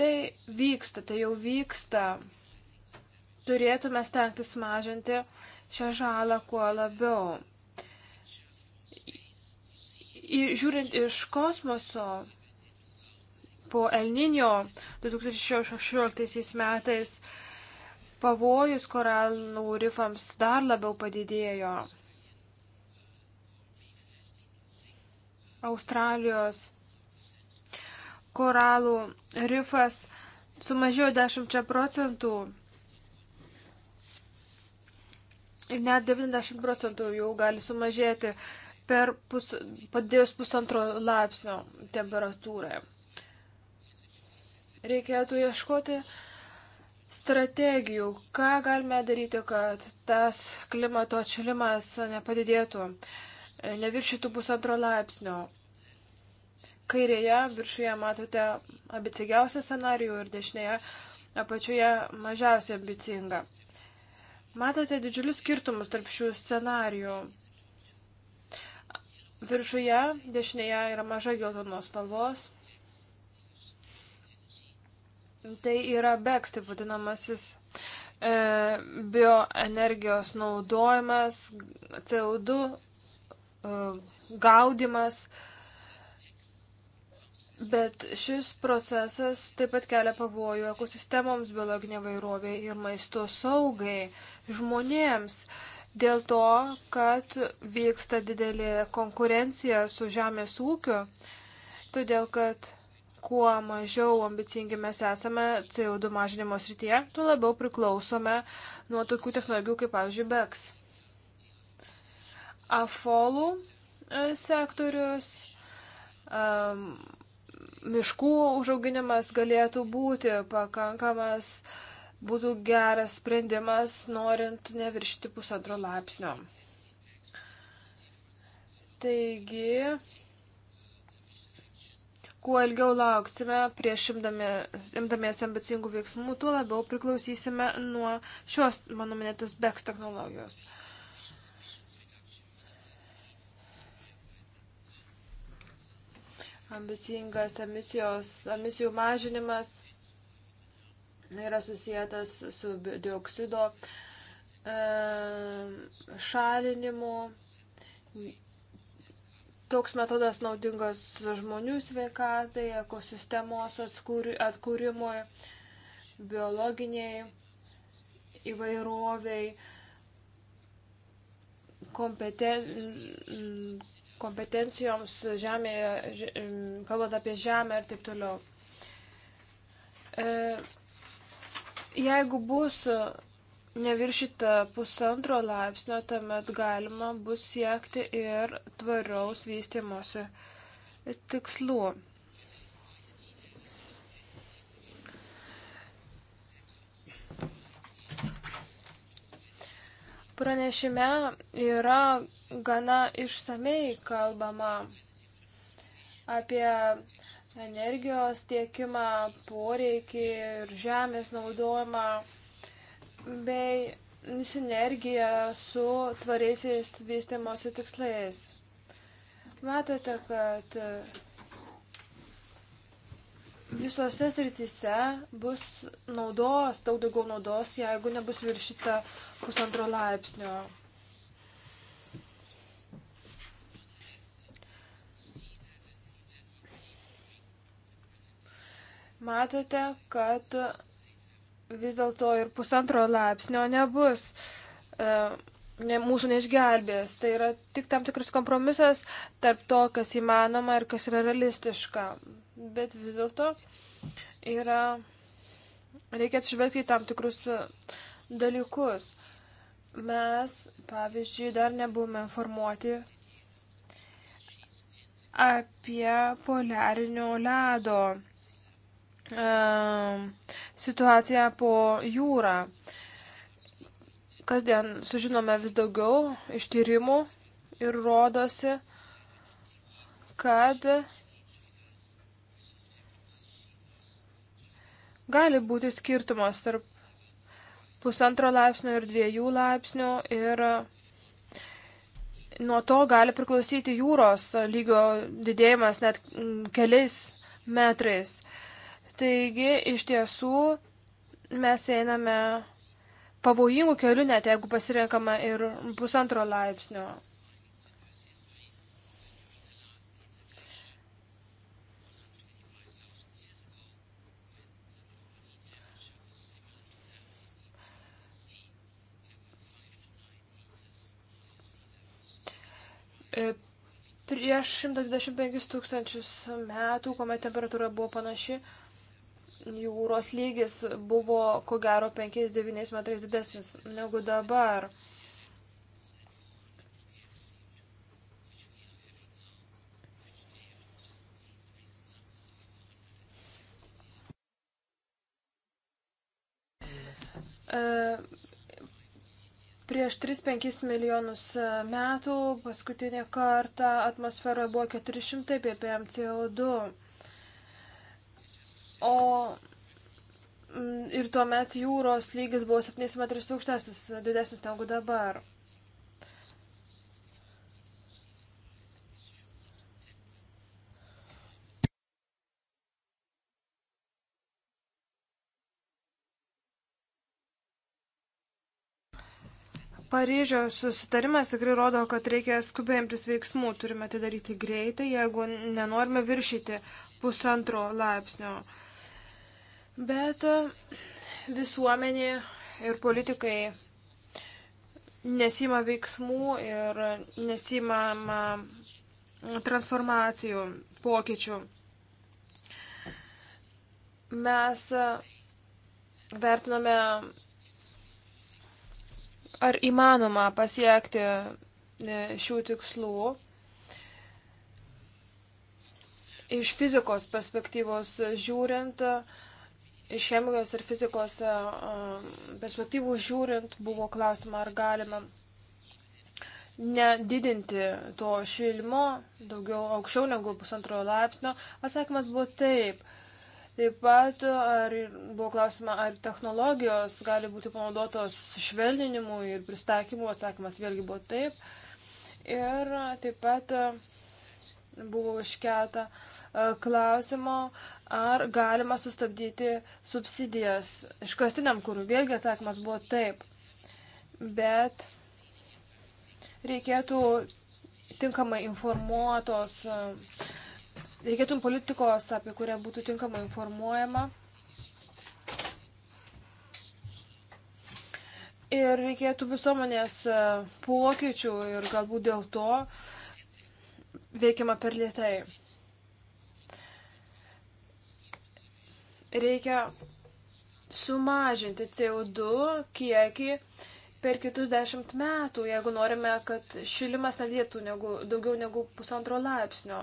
Tai vyksta, tai jau vyksta. Turėtume stengtis mažinti šią žalą kuo labiau. Žiūrint iš kosmoso, po Elninio 2016 metais pavojus koralų rifams dar labiau padidėjo. Australijos koralų rifas sumažėjo 10 procentų ir net 90 procentų jau gali sumažėti per pus, padėjus pusantro laipsnio temperatūroje. Reikėtų ieškoti uh, strategijų, ką galime daryti, kad tas klimato atšilimas nepadidėtų, neviršytų pusantro laipsnio. Kairėje viršuje matote ambicingiausią scenarijų ir dešinėje apačioje mažiausiai ambicingą. Matote didžiulius skirtumus tarp šių scenarijų. Viršuje dešinėje yra maža geltonos spalvos, Tai yra BEX, taip vadinamasis e, bioenergijos naudojimas, CO2 e, gaudimas. Bet šis procesas taip pat kelia pavojų ekosistemoms, biologinė vairovė ir maisto saugai žmonėms. Dėl to, kad vyksta didelė konkurencija su žemės ūkiu, todėl kad kuo mažiau ambicingi mes esame CO2 mažinimo srityje, tuo labiau priklausome nuo tokių technologijų kaip, pavyzdžiui, BEX. Afolų e, sektorius, um, miškų užauginimas galėtų būti pakankamas, būtų geras sprendimas, norint neviršti pusantro laipsnio. Taigi, kuo ilgiau lauksime prieš imdamiesi ambicingų veiksmų, tuo labiau priklausysime nuo šios mano minėtos BEX technologijos. Ambicingas emisijos, emisijų mažinimas yra susijęs su dioksido e, šalinimu Toks metodas naudingas žmonių sveikatai, ekosistemos atkūrimui, biologiniai įvairoviai, kompeten... kompetencijoms žemėje, kalbant apie žemę ir taip toliau. E, jeigu bus neviršyta pusantro laipsnio, tuomet galima bus siekti ir tvaraus vystimosi tikslų. Pranešime yra gana išsamei kalbama apie energijos tiekimą, poreikį ir žemės naudojimą bei sinergija su tvariaisiais vystimosi tikslais. Matote, kad visose srityse bus naudos, daug daugiau naudos, jeigu nebus viršita pusantro laipsnio. Matote, kad vis dėlto ir pusantro laipsnio nebus. E, ne, mūsų neišgelbės. Tai yra tik tam tikras kompromisas tarp to, kas įmanoma ir kas yra realistiška. Bet vis dėlto yra. Reikia atsižvelgti į tam tikrus e, dalykus. Mes, pavyzdžiui, dar nebuvome informuoti apie poliarinio ledo Ehm, situaciją po jūrą. Kasdien sužinome vis daugiau iš tyrimų ir rodosi, kad gali būti skirtumas tarp pusantro laipsnio ir dviejų laipsnių ir nuo to gali priklausyti jūros lygio didėjimas net keliais metrais. Uh, Taigi, iš tiesų, mes einame pavojingų kelių, net jeigu pasirenkama ir pusantro laipsnio. E, prieš 125 tūkstančius metų, kuomet temperatūra buvo panaši, jūros lygis buvo ko gero 5-9 metrais didesnis negu dabar. E, prieš 3-5 milijonus metų paskutinį kartą atmosferoje buvo 400 ppm CO2. O mm, ir tuomet jūros lygis buvo 7 metrus aukštesnis, didesnis negu dabar. Paryžiaus susitarimas tikrai rodo, kad reikia skubiai imtis veiksmų, turime tai daryti greitai, jeigu nenorime viršyti pusantro laipsnio. Uh, bet e, visuomenė ir politikai nesima veiksmų ir nesima transformacijų, pokyčių. Mes e, vertinome, ar įmanoma pasiekti e, šių tikslų. Iš fizikos perspektyvos žiūrint, uh, iš chemijos ir fizikos perspektyvų žiūrint buvo klausima, ar galima nedidinti to šilimo daugiau aukščiau negu pusantro laipsnio. Atsakymas buvo taip. Taip pat ar, buvo klausima, ar technologijos gali būti panaudotos švelninimui ir pristaikymui. Atsakymas vėlgi buvo taip. Ir taip pat buvo iškelta e, klausimo, ar galima sustabdyti subsidijas iškastiniam kūrui. Vėlgi atsakymas buvo taip, bet reikėtų tinkamai informuotos, e, reikėtų politikos, apie kurią būtų tinkamai informuojama. Ir reikėtų visuomenės e, pokyčių ir galbūt dėl to uh, veikiama per lietai. Reikia sumažinti CO2 kiekį per kitus dešimt metų, jeigu norime, kad šilimas nedėtų negu, daugiau negu pusantro laipsnio.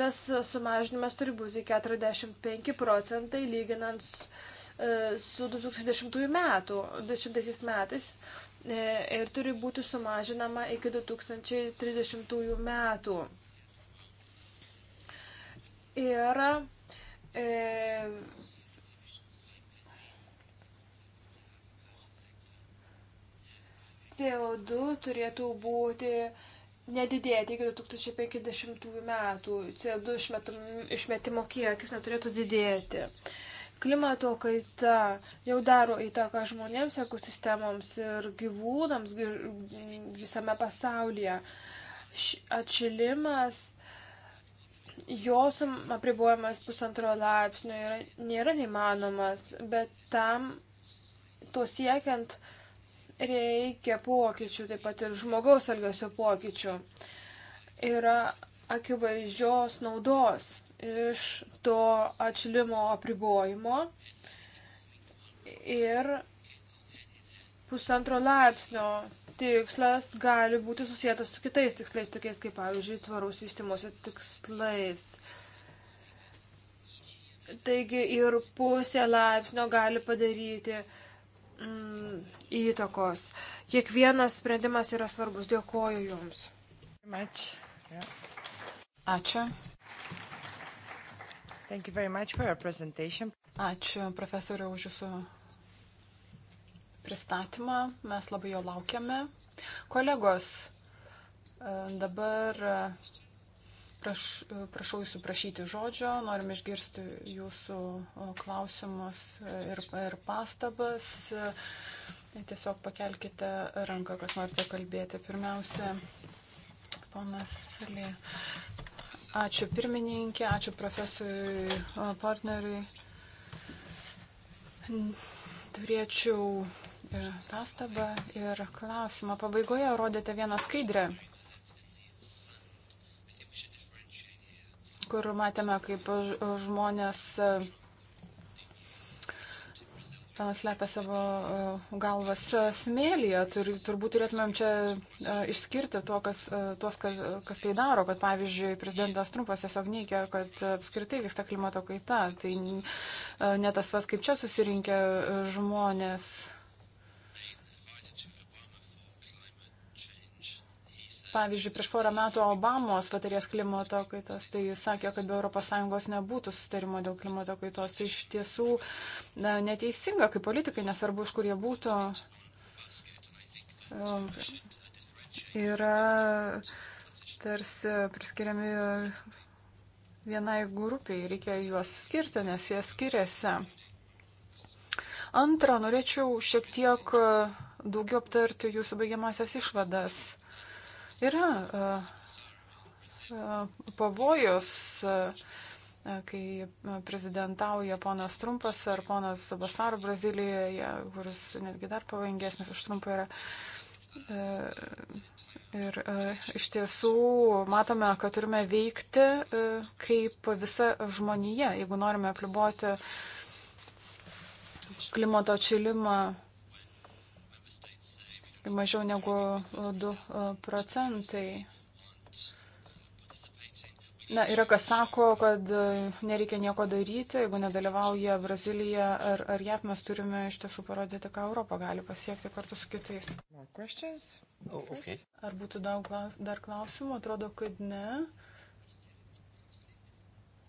Tas sumažinimas turi būti 45 procentai lyginant e, su 2010 metų, 2010 metais e, ir turi būti sumažinama iki 2030 metų ir e, CO2 turėtų būti nedidėti iki 2050 metų. CO2 išmetum, išmetimo kiekis neturėtų didėti. Klimato kaita jau daro įtaką žmonėms, ekosistemoms ir gyvūnams visame pasaulyje. Atšilimas jos apribojimas pusantro laipsnio yra, nėra neįmanomas, bet tam to siekiant reikia pokyčių, taip pat ir žmogaus elgesio pokyčių. Yra akivaizdžios naudos iš to atšilimo apribojimo ir pusantro laipsnio tikslas gali būti susijęs su kitais tikslais, tokiais kaip, pavyzdžiui, tvarus vystimosi tikslais. Taigi ir pusė laipsnio gali padaryti mm, įtakos. Kiekvienas sprendimas yra svarbus. Dėkoju Jums. Ačiū. Ačiū profesoriu už Jūsų pristatymą, mes labai jo laukiame. Kolegos, e, dabar e, praš, e, prašau jūsų prašyti žodžio, norim išgirsti jūsų klausimus ir, ir pastabas. Tiesiog pakelkite ranką, kas norite kalbėti. Pirmiausia, ponas Lė. Ačiū pirmininkė, ačiū profesoriui partneriui. Turėčiau pastabą ir klausimą. Pabaigoje rodėte vieną skaidrę, kur matėme, kaip žmonės e, slepia savo e, galvas e, smėlyje. Tur, turbūt turėtumėm čia išskirti to, kas, tos, kas, kas tai daro, kad pavyzdžiui prezidentas Trumpas tiesiog neikia, kad apskritai vyksta klimato kaita. Tai ne tas pas, kaip čia susirinkę žmonės. Pavyzdžiui, prieš porą metų Obamos patarės klimato kaitas, tai sakė, kad be ES nebūtų sutarimo dėl klimato kaitos. Tai iš tiesų na, neteisinga, kaip politikai, nesvarbu, iš kur jie būtų. Um, yra tarsi priskiriami vienai grupiai, reikia juos skirti, nes jie skiriasi. Antra, norėčiau šiek tiek uh, daugiau aptarti jūsų baigiamasias išvadas. Yra e, e, pavojus, e, kai prezidentauja ponas Trumpas ar ponas Basaro Brazilijoje, kuris netgi dar pavojingesnis už Trumpą yra. Ir iš tiesų matome, kad turime veikti kaip visa žmonija, jeigu norime apliboti klimato atšilimą mažiau negu 2 e, e, procentai. Na, yra kas sako, kad e, nereikia nieko daryti, jeigu nedalyvauja Brazilija ar, ar JAP, mes turime iš tiesų parodyti, ką Europą gali pasiekti kartu su kitais. Oh, okay. Ar būtų daug dar klausimų? Atrodo, kad ne.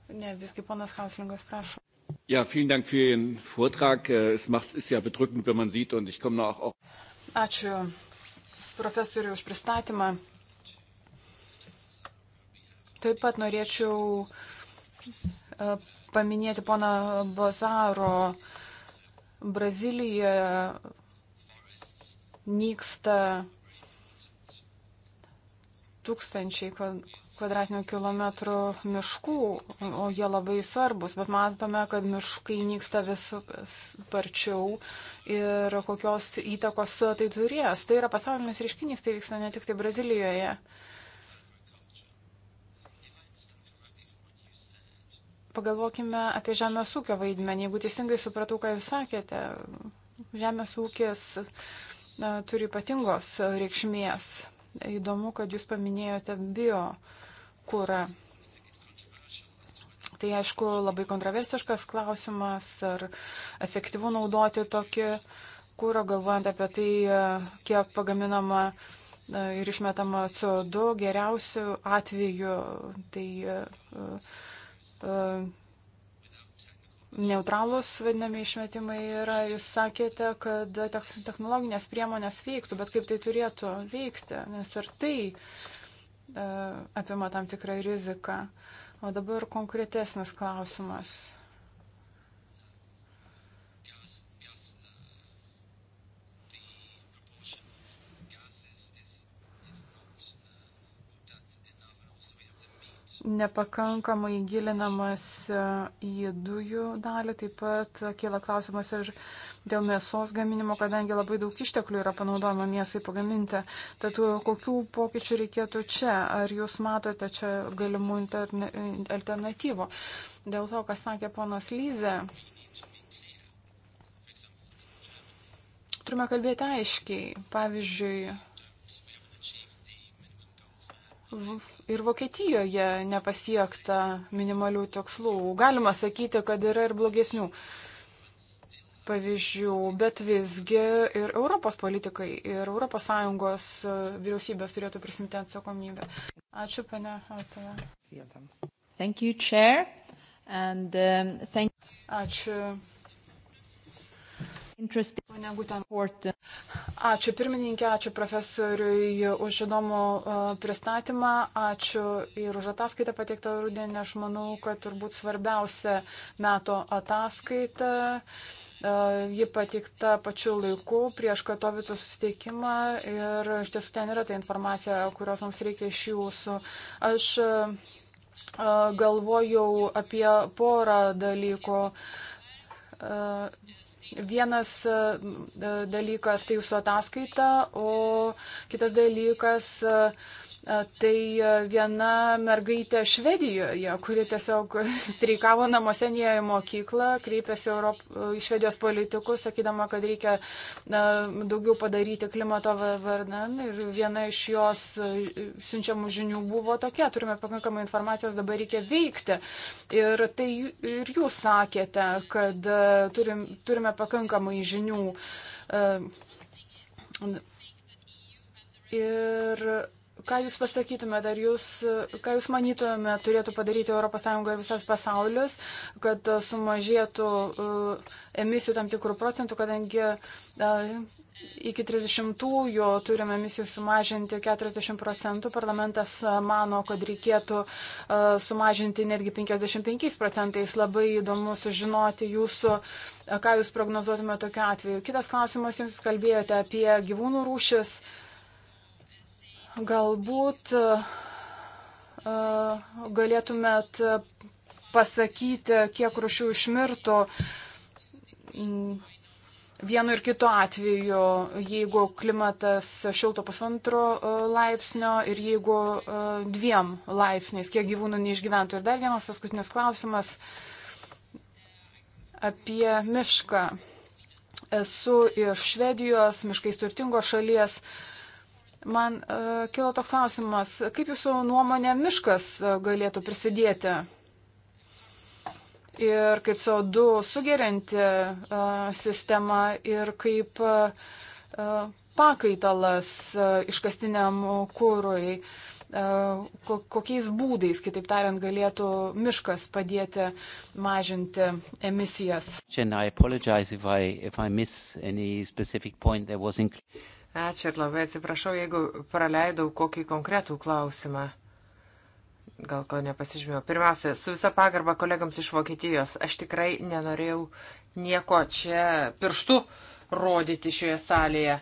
Ne, visgi ponas Hauslingas, prašau. Ja, vielen Dank für Ihren Vortrag. Äh, es macht es ja bedrückend, wenn man sieht, und ich komme auch. auch Ačiū profesoriu už pristatymą. Taip pat norėčiau e, paminėti pono Bozaro. Brazilijoje nyksta tūkstančiai kvadratinių kilometrų miškų, o jie labai svarbus, bet matome, kad miškai nyksta vis sparčiau ir kokios įtakos tai turės. Tai yra pasaulinis reiškinys, tai vyksta ne tik tai Brazilijoje. Pagalvokime apie žemės ūkio vaidmenį. Jeigu teisingai supratau, ką jūs sakėte, žemės ūkis na, turi ypatingos reikšmės. Įdomu, kad jūs paminėjote bio kūrą. Tai aišku, labai kontroversiškas klausimas, ar efektyvu naudoti tokį kūrą, galvojant apie tai, kiek pagaminama e, ir išmetama CO2 geriausių atvejų. Tai e, e, neutralūs vadinami išmetimai yra. Jūs sakėte, kad technologinės priemonės veiktų, bet kaip tai turėtų veikti, nes ir tai apima tam tikrą riziką. Uh, O dabar konkretesnis klausimas. nepakankamai gilinamas e, į dujų dalį, taip pat kyla klausimas ir dėl mėsos gaminimo, kadangi labai daug išteklių yra panaudojama mėsai pagaminti. Tad e, kokių pokyčių reikėtų čia? Ar jūs matote čia galimų interne, alternatyvų? Dėl to, kas sakė ponas Lyze, turime kalbėti aiškiai. Pavyzdžiui, ir Vokietijoje nepasiekta minimalių tikslų. Galima sakyti, kad yra ir blogesnių pavyzdžių, bet visgi ir Europos politikai, ir ES e, vyriausybės turėtų prisimti atsakomybę. Ačiū, pane Atala. Thank you, Chair. And, um, thank... Ačiū Ačiū pirmininkė, ačiū profesoriui už įdomų e, pristatymą, ačiū ir už ataskaitą pateiktą rudenį. Aš manau, kad turbūt svarbiausia metų ataskaita. E, ji pateikta pačiu laiku prieš Katovicų susitikimą ir iš tiesų ten yra ta informacija, kurios mums reikia iš jūsų. Aš e, galvojau apie porą dalykų Vienas e, e, dalykas tai jūsų ataskaita, o kitas dalykas e, Tai viena mergaitė Švedijoje, kuri tiesiog streikavo namuose, neėjo į mokyklą, kreipėsi Europ... į Švedijos politikus, sakydama, kad reikia daugiau padaryti klimato vardan. Ir viena iš jos siunčiamų žinių buvo tokia, turime pakankamai informacijos, dabar reikia veikti. Ir tai ir jūs sakėte, kad turim, turime pakankamai žinių. Ir Ką Jūs pasakytumėte, ar Jūs, ką Jūs manytumėte, turėtų padaryti ES ir visas pasaulis, kad sumažėtų uh, emisijų tam tikrų procentų, kadangi uh, iki 30-ųjų turime emisijų sumažinti 40 procentų, parlamentas uh, mano, kad reikėtų sumažinti netgi 55 procentais. Labai įdomu sužinoti jūsų, ką jūs prognozuotume tokiu atveju. Kitas klausimas, jūs kalbėjote apie gyvūnų rūšis. Uh, Galbūt e, galėtumėt pasakyti, kiek rušių išmirtų mm, vienu ir kitu atveju, jeigu klimatas šilto pusantro e, laipsnio ir jeigu e, dviem laipsniais, kiek gyvūnų neišgyventų. Ir dar vienas paskutinis klausimas apie mišką. Esu iš Švedijos, miškais turtingos šalies. Uh, Man uh, kilo toks klausimas, kaip jūsų nuomonė miškas e, galėtų prisidėti? Ir kaip CO2 sugerinti uh, e, sistemą ir kaip uh, pakaitalas uh, iškastiniam kūrui. Uh, kokiais būdais, kitaip tariant, galėtų miškas padėti mažinti emisijas. Jen, I if I, if I Ačiū ir labai atsiprašau, jeigu praleidau kokį konkretų klausimą. Gal ko nepasižymėjau. Pirmiausia, su visa pagarba kolegams iš Vokietijos, aš tikrai nenorėjau nieko čia pirštu rodyti šioje salėje.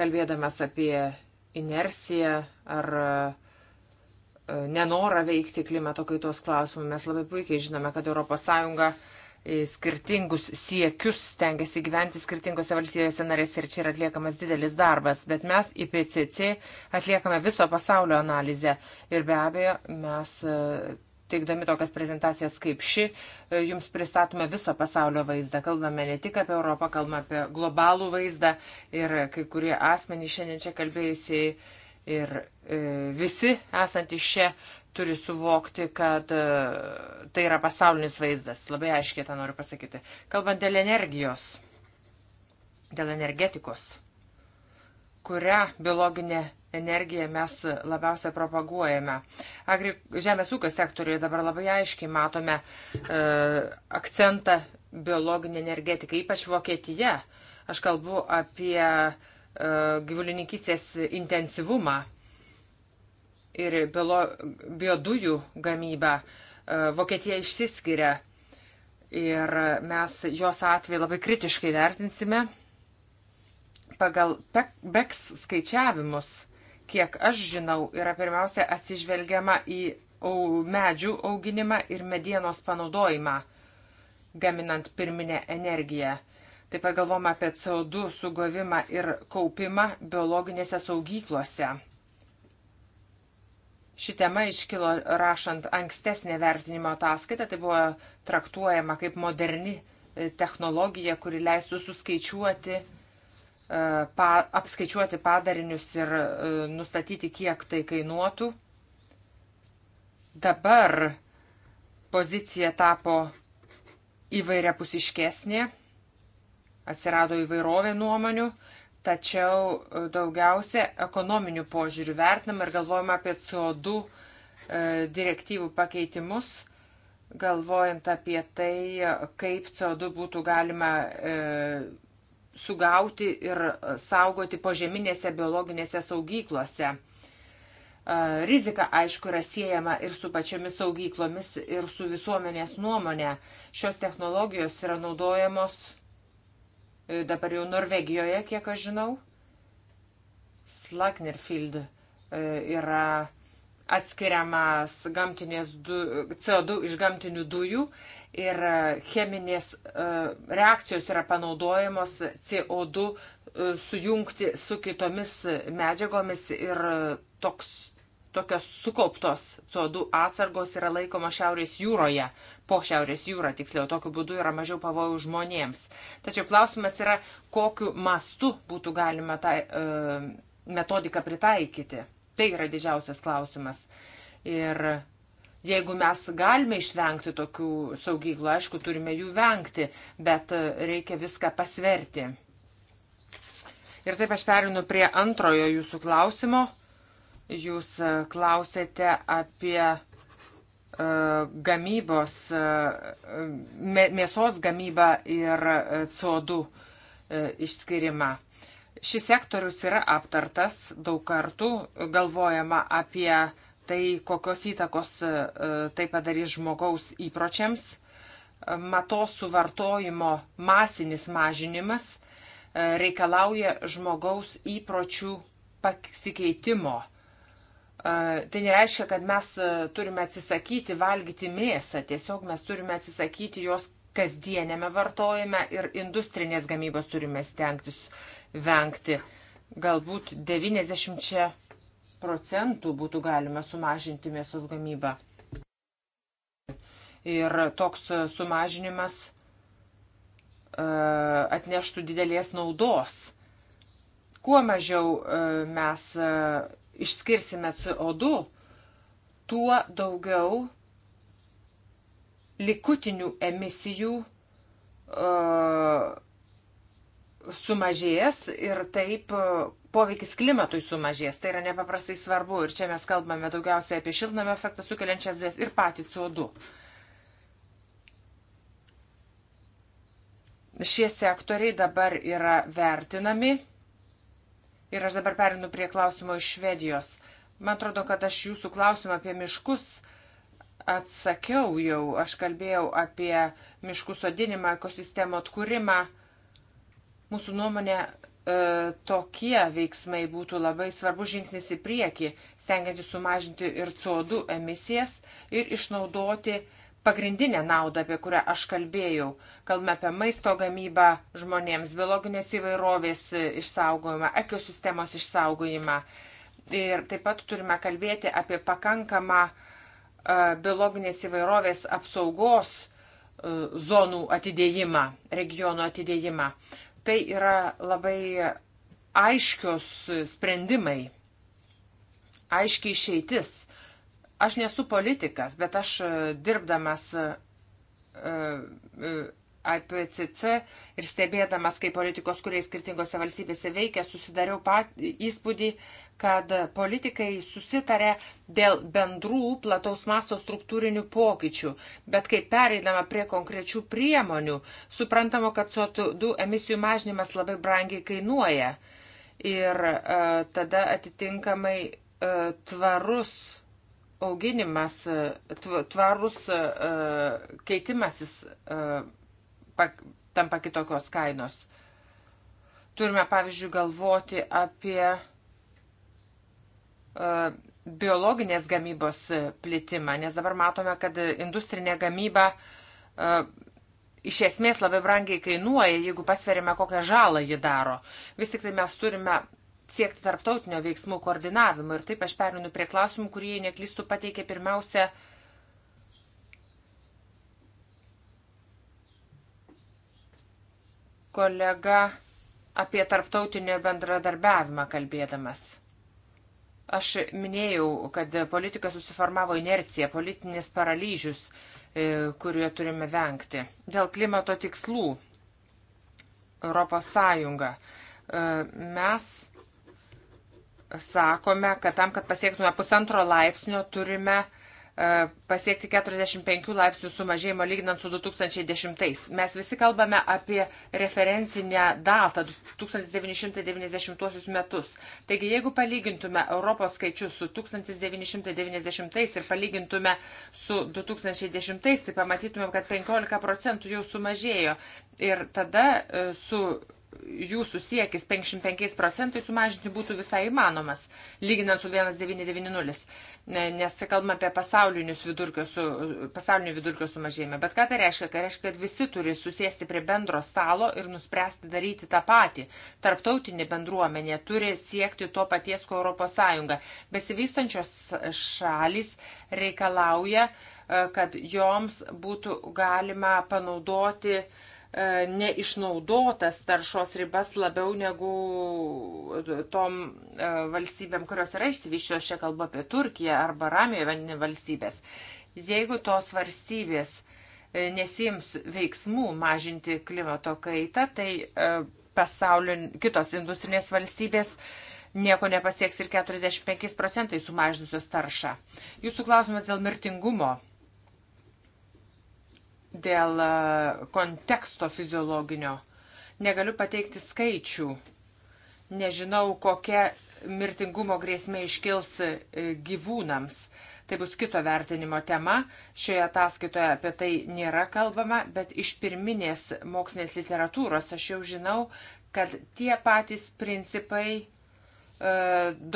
Kalbėdamas apie inerciją ar e, nenorą veikti klimato kaitos klausimų, mes labai puikiai žinome, kad ES skirtingus siekius stengiasi gyventi skirtingose valstybėse narėse ir čia yra atliekamas didelis darbas, bet mes IPCC atliekame viso pasaulio analizę ir be abejo mes e, teikdami tokias prezentacijas kaip ši, e, jums pristatome viso pasaulio vaizdą. Kalbame ne tik apie Europą, kalbame apie globalų vaizdą ir kai kurie asmenys šiandien čia kalbėjusiai ir e, visi esantys čia turi suvokti, kad e, tai yra pasaulinis vaizdas. Labai aiškiai tą noriu pasakyti. Kalbant dėl energijos, dėl energetikos, kurią biologinė energiją mes labiausiai propaguojame. Agri žemės ūkio sektoriuje dabar labai aiškiai matome e, akcentą biologinį energetiką, ypač Vokietija. Aš kalbu apie e, gyvulininkystės intensyvumą ir biodujų gamybą. E, Vokietija išsiskiria ir mes jos atveju labai kritiškai vertinsime. Pagal BEX skaičiavimus, kiek aš žinau, yra pirmiausia atsižvelgiama į medžių auginimą ir medienos panaudojimą, gaminant pirminę energiją. Taip pat galvom apie CO2 sugavimą ir kaupimą biologinėse saugyklose Ši tema iškilo rašant ankstesnę vertinimo ataskaitą, tai buvo traktuojama kaip moderni e, technologija, kuri leistų suskaičiuoti, e, pa, apskaičiuoti padarinius ir e, nustatyti, kiek tai kainuotų. Dabar pozicija tapo įvairiapusiškesnė, atsirado įvairovė nuomonių tačiau e, daugiausia ekonominių požiūrių vertinama ir galvojama apie CO2 e, direktyvų pakeitimus, galvojant apie tai, e, kaip CO2 būtų galima sugauti ir saugoti požeminėse biologinėse saugyklose. Rizika, aišku, yra siejama ir su pačiomis saugyklomis, ir su visuomenės nuomonė. Šios technologijos yra naudojamos E, dabar jau Norvegijoje, kiek aš žinau. Slaknerfield e, yra atskiriamas du, CO2 iš gamtinių dujų ir e, cheminės reakcijos yra panaudojamos CO2 sujungti su kitomis medžiagomis ir toks, tokios sukauptos CO2 atsargos yra laikomos Šiaurės jūroje. Uh, po Šiaurės jūrą, tiksliau, tokiu būdu yra mažiau pavojų žmonėms. Tačiau klausimas yra, kokiu mastu būtų galima tą tai, e, metodiką pritaikyti. Tai yra didžiausias klausimas. Ir jeigu mes galime išvengti tokių saugyklų, aišku, turime jų vengti, bet e, reikia viską pasverti. Ir taip aš perinu prie antrojo jūsų klausimo. Jūs e, klausėte apie E, gamybos, e, mėsos gamybą ir e, CO2 išskirimą. Šis sektorius yra aptartas daug kartų, galvojama apie tai, kokios įtakos tai padarys žmogaus įpročiams. Matos suvartojimo masinis mažinimas reikalauja žmogaus įpročių pasikeitimo Tai nereiškia, kad mes turime atsisakyti valgyti mėsą, tiesiog mes turime atsisakyti jos kasdienėme vartojime ir industrinės gamybos turime stengtis vengti. Galbūt 90 procentų būtų galima sumažinti mėsos gamybą. Ir toks sumažinimas atneštų didelės naudos. Kuo mažiau mes išskirsime CO2, tuo daugiau likutinių emisijų uh, sumažės ir taip e, poveikis klimatui sumažės. Tai yra nepaprastai svarbu ir čia mes kalbame daugiausiai apie šiltnamio efektą sukeliančias dujas ir patį CO2. Šie sektoriai dabar yra vertinami Ir aš dabar perinu prie klausimo iš Švedijos. Man atrodo, kad aš jūsų klausimą apie miškus atsakiau jau. Aš kalbėjau apie miškų sodinimą, ekosistemo atkūrimą. Mūsų nuomonė, e, tokie veiksmai būtų labai svarbus žingsnis į priekį, stengiantis sumažinti ir CO2 emisijas ir išnaudoti uh, pagrindinę naudą, apie kurią aš kalbėjau. Kalbame apie maisto gamybą žmonėms, biologinės įvairovės išsaugojimą, ekosistemos išsaugojimą. Ir taip pat turime kalbėti apie pakankamą e, biologinės įvairovės apsaugos e, zonų atidėjimą, regionų atidėjimą. Tai yra labai aiškios sprendimai, aiškiai išeitis Aš nesu politikas, bet aš e, dirbdamas e, e, IPCC ir stebėdamas, kaip politikos, kurie skirtingose valstybėse veikia, susidariau pat, įspūdį, kad politikai susitarė dėl bendrų plataus maso struktūrinių pokyčių, bet kai pereidama prie konkrečių priemonių, suprantama, kad CO2 emisijų mažinimas labai brangiai kainuoja. Ir uh, tada atitinkamai uh, tvarus auginimas, e, tvarus e, e, keitimasis tampa kitokios kainos. Turime, pavyzdžiui, galvoti apie biologinės gamybos plitimą, nes dabar matome, kad industrinė gamyba iš esmės labai brangiai kainuoja, jeigu pasverime, kokią žalą ji daro. Vis tik tai mes turime siekti tarptautinio veiksmų koordinavimo. Ir taip aš perinu prie klausimų, kurie neklystų pateikė pirmiausia. kolega apie tarptautinio bendradarbiavimą kalbėdamas. Aš minėjau, kad politika susiformavo inercija, politinis paralyžius, e, kurio turime vengti. Dėl klimato tikslų Europos Sąjunga e, mes sakome, kad tam, kad pasiektume pusantro laipsnio, turime e, pasiekti 45 laipsnių sumažėjimo lyginant su 2010. Mes visi kalbame apie referencinę datą 1990 metus. Taigi, jeigu palygintume Europos skaičius su 1990 ir palygintume su 2010, tai pamatytumėm, kad 15 procentų jau sumažėjo. Ir tada e, su jūsų siekis 55 procentai sumažinti būtų visai įmanomas, lyginant su 1990, nes kalbame apie pasaulinius vidurkio, su, pasaulinio vidurkio sumažėjimą. Bet ką tai reiškia? Tai reiškia, kad visi turi susėsti prie bendro stalo ir nuspręsti daryti tą patį. Tarptautinė bendruomenė turi siekti to paties, ko Europos Sąjunga. Besivystančios šalis reikalauja, e, kad joms būtų galima panaudoti uh, neišnaudotas taršos ribas labiau negu tom e, valstybėm, kurios yra išsivyščios, čia kalba apie Turkiją arba Ramijoje vandenį valstybės. Jeigu tos valstybės e, nesims veiksmų mažinti klimato kaitą, tai e, pasaulio kitos industrinės valstybės nieko nepasieks ir 45 procentai sumažinusios taršą. Jūsų klausimas dėl mirtingumo dėl e, konteksto fiziologinio. Negaliu pateikti skaičių. Nežinau, kokia mirtingumo grėsmė iškils e, gyvūnams. Tai bus kito vertinimo tema. Šioje ataskaitoje apie tai nėra kalbama, bet iš pirminės mokslinės literatūros aš jau žinau, kad tie patys principai E,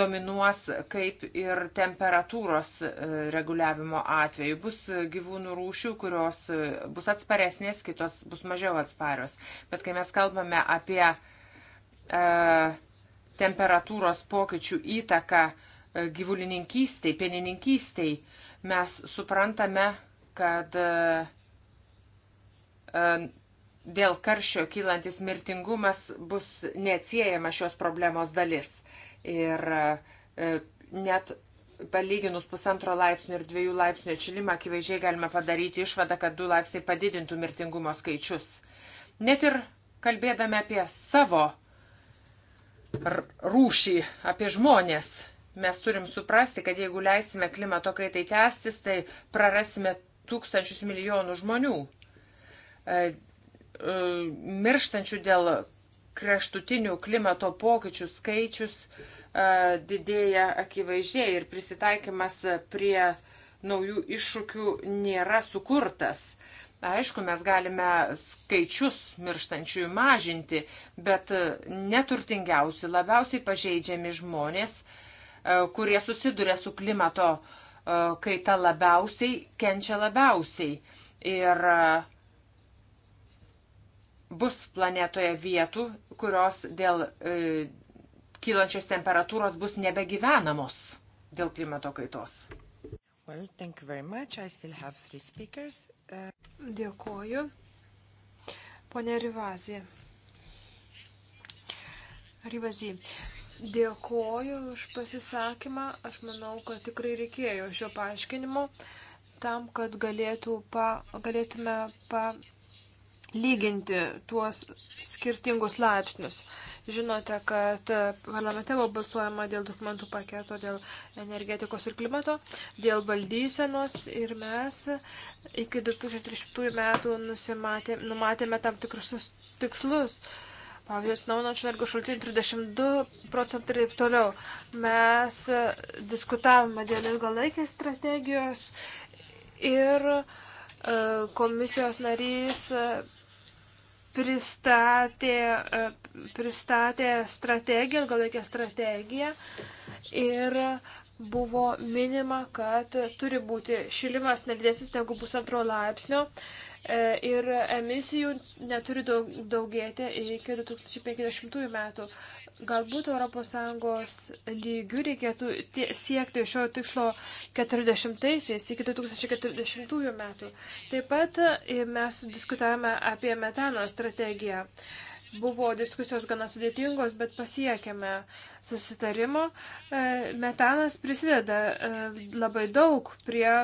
dominuos kaip ir temperatūros e, reguliavimo atveju. Bus gyvūnų rūšių, kurios e, bus atsparesnės, kitos bus mažiau atsparios. Bet kai mes kalbame apie temperatūros pokyčių įtaką gyvulininkystiai, pienininkystiai, mes suprantame, kad dėl karščio kylantis mirtingumas bus neatsiejama šios problemos dalis. Ir e, net palyginus pusantro laipsnio ir dviejų laipsnių atšilimą, akivaizdžiai galime padaryti išvadą, kad du laipsniai padidintų mirtingumo skaičius. Net ir kalbėdami apie savo rūšį, apie žmonės, mes turim suprasti, kad jeigu leisime klimato kaitai tęstis, tai prarasime tūkstančius milijonų žmonių e, e, mirštančių dėl kraštutinių klimato pokyčių skaičius e, didėja akivaizdžiai ir prisitaikymas prie naujų iššūkių nėra sukurtas. Aišku, mes galime skaičius mirštančiųjų mažinti, bet neturtingiausi, labiausiai pažeidžiami žmonės, e, kurie susiduria su klimato e, kaita labiausiai, kenčia labiausiai. Ir uh, bus planetoje vietų, kurios dėl e, kylančios temperatūros bus nebegyvenamos dėl klimato kaitos. Well, uh... Dėkoju. Pone Rivazė. Rivazė. Dėkoju už pasisakymą. Aš manau, kad tikrai reikėjo šio paaiškinimo tam, kad galėtų pa, galėtume pa, lyginti tuos skirtingus laipsnius. Žinote, kad parlamente buvo balsuojama dėl dokumentų paketo, dėl energetikos ir klimato, dėl valdysenos ir mes iki 2030 metų nusimatė, numatėme tam tikrus tikslus. Pavyzdžiui, atsinaunančių energijos šaltinių 32 procentai ir taip toliau. Mes diskutavome dėl ilgalaikės strategijos ir uh, E, komisijos narys e, pristatė, e, pristatė strategiją, ilgalaikę strategiją ir buvo minima, kad turi būti šilimas nedidesnis negu pusantro laipsnio ir emisijų neturi daugėti iki 2050 metų. Galbūt ES lygių reikėtų siekti šio tikslo 40-aisiais iki 2040 metų. Taip pat e, mes diskutavome apie metano strategiją. Buvo diskusijos gana sudėtingos, bet pasiekėme susitarimo. E, metanas prisideda e, labai daug prie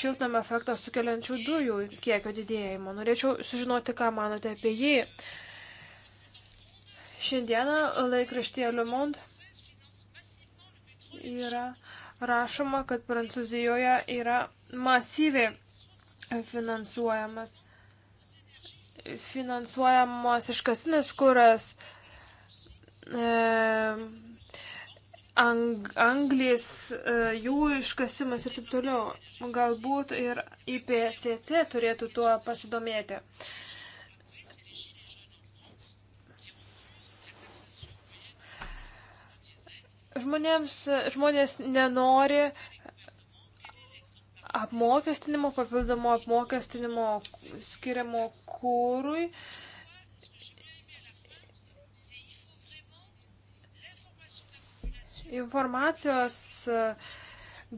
šiltnamio efektą sukeliančių dujų kiekio didėjimo. Norėčiau sužinoti, ką manote apie jį. Šiandieną laikraštyje Le Monde yra rašoma, kad Prancūzijoje yra masyviai finansuojamas finansuojamas iškasinis kuras, e, ang, anglis, e, jų iškasimas ir taip toliau. Galbūt ir IPCC turėtų tuo pasidomėti. E, Žmonėms, žmonės nenori apmokestinimo, papildomo apmokestinimo skiriamo kūrui. Informacijos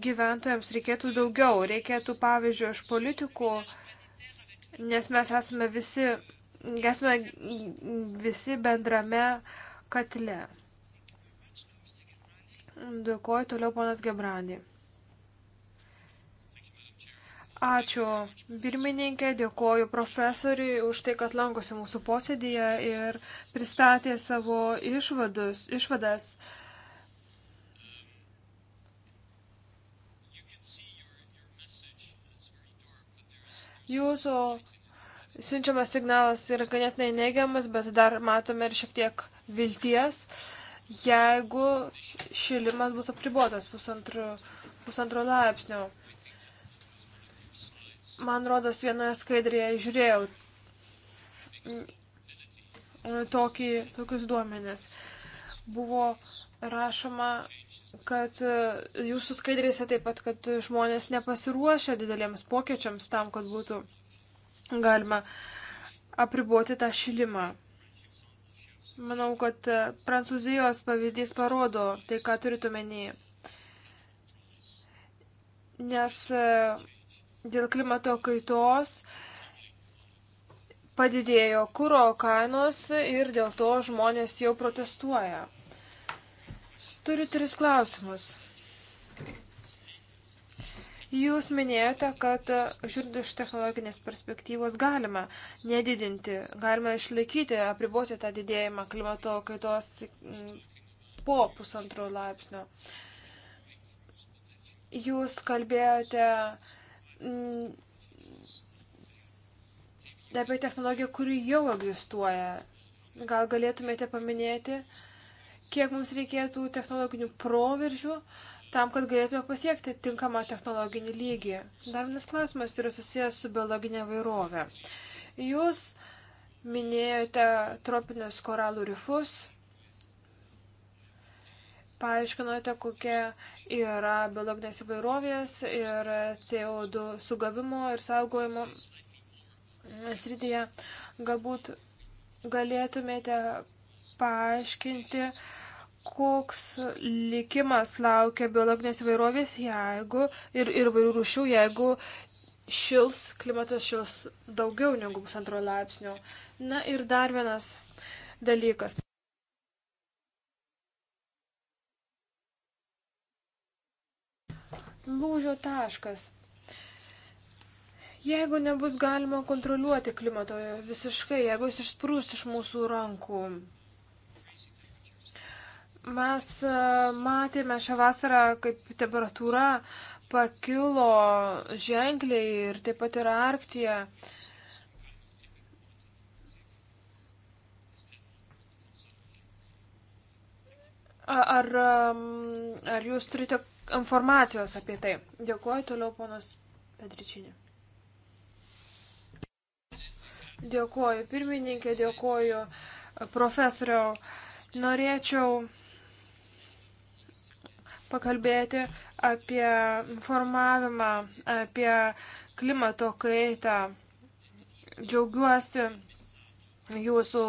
gyventojams reikėtų daugiau, reikėtų pavyzdžiui iš politikų, nes mes esame visi, esame visi bendrame katle. Dėkuoju toliau ponas Gebrandi. Ačiū pirmininkė, dėkoju profesoriui už tai, kad lankosi mūsų posėdėje ir pristatė savo išvadus, išvadas. Jūsų siunčiamas signalas yra ganėtinai neigiamas, bet dar matome ir šiek tiek vilties. Uh, jeigu šilimas bus apribotas pusantro, pusantro laipsnio. Man rodos, vienoje skaidrėje žiūrėjau tokį, tokius duomenis. Buvo rašoma, kad jūsų skaidrėse taip pat, kad žmonės nepasiruošia dideliems pokėčiams tam, kad būtų galima apriboti tą šilimą. Manau, kad e, Prancūzijos pavyzdys parodo tai, ką turite omenyje. Nes e, dėl klimato kaitos padidėjo kūro kainos ir dėl to žmonės jau protestuoja. Turiu tris klausimus. Jūs minėjote, kad žiūrint iš technologinės perspektyvos galima nedidinti, galima išlaikyti, apriboti tą didėjimą klimato kaitos mm, po pusantro laipsnio. Jūs kalbėjote mm, apie technologiją, kuri jau egzistuoja. Gal galėtumėte paminėti, kiek mums reikėtų technologinių proveržių, uh, tam, kad galėtume pasiekti tinkamą technologinį lygį. Dar vienas klausimas yra susijęs su biologinė vairovė. Jūs minėjote tropinius koralų rifus, paaiškinote, kokia yra biologinės įvairovės ir CO2 sugavimo ir saugojimo srityje. Galbūt galėtumėte paaiškinti, uh, koks likimas laukia biologinės įvairovės, jeigu ir, ir vairių rūšių, jeigu šils, klimatas šils daugiau negu pusantro laipsnio. Na ir dar vienas dalykas. Lūžio taškas. Jeigu nebus galima kontroliuoti klimato visiškai, jeigu jis išsprūs iš mūsų rankų, Mes e, matėme šią vasarą, kaip temperatūra pakilo ženkliai ir taip pat yra Arktija. Ar, ar jūs turite informacijos apie tai? Dėkuoju toliau, ponas Pedričinė. Dėkuoju pirmininkė, dėkuoju profesoriau. Norėčiau pakalbėti apie formavimą, apie klimato kaitą. Džiaugiuosi jūsų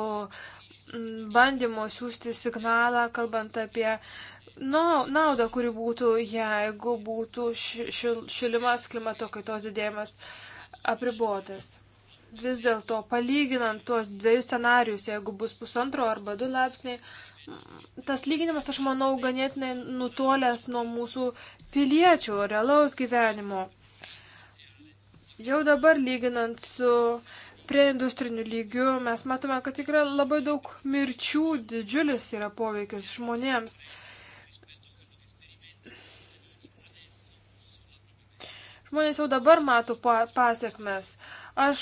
bandymo siūsti signalą, kalbant apie naudą, kuri būtų, jeigu būtų šilimas, klimato kaitos didėjimas apribotas. Vis dėlto, palyginant tuos dviejus scenarius, jeigu bus pusantro arba du laipsniai, tas lyginimas, aš manau, ganėtinai nutolęs nuo mūsų piliečių, realaus gyvenimo. Jau dabar lyginant su prieindustriniu lygiu, mes matome, kad tikrai labai daug mirčių, didžiulis yra poveikis žmonėms. Žmonės jau dabar mato pasiekmes. Aš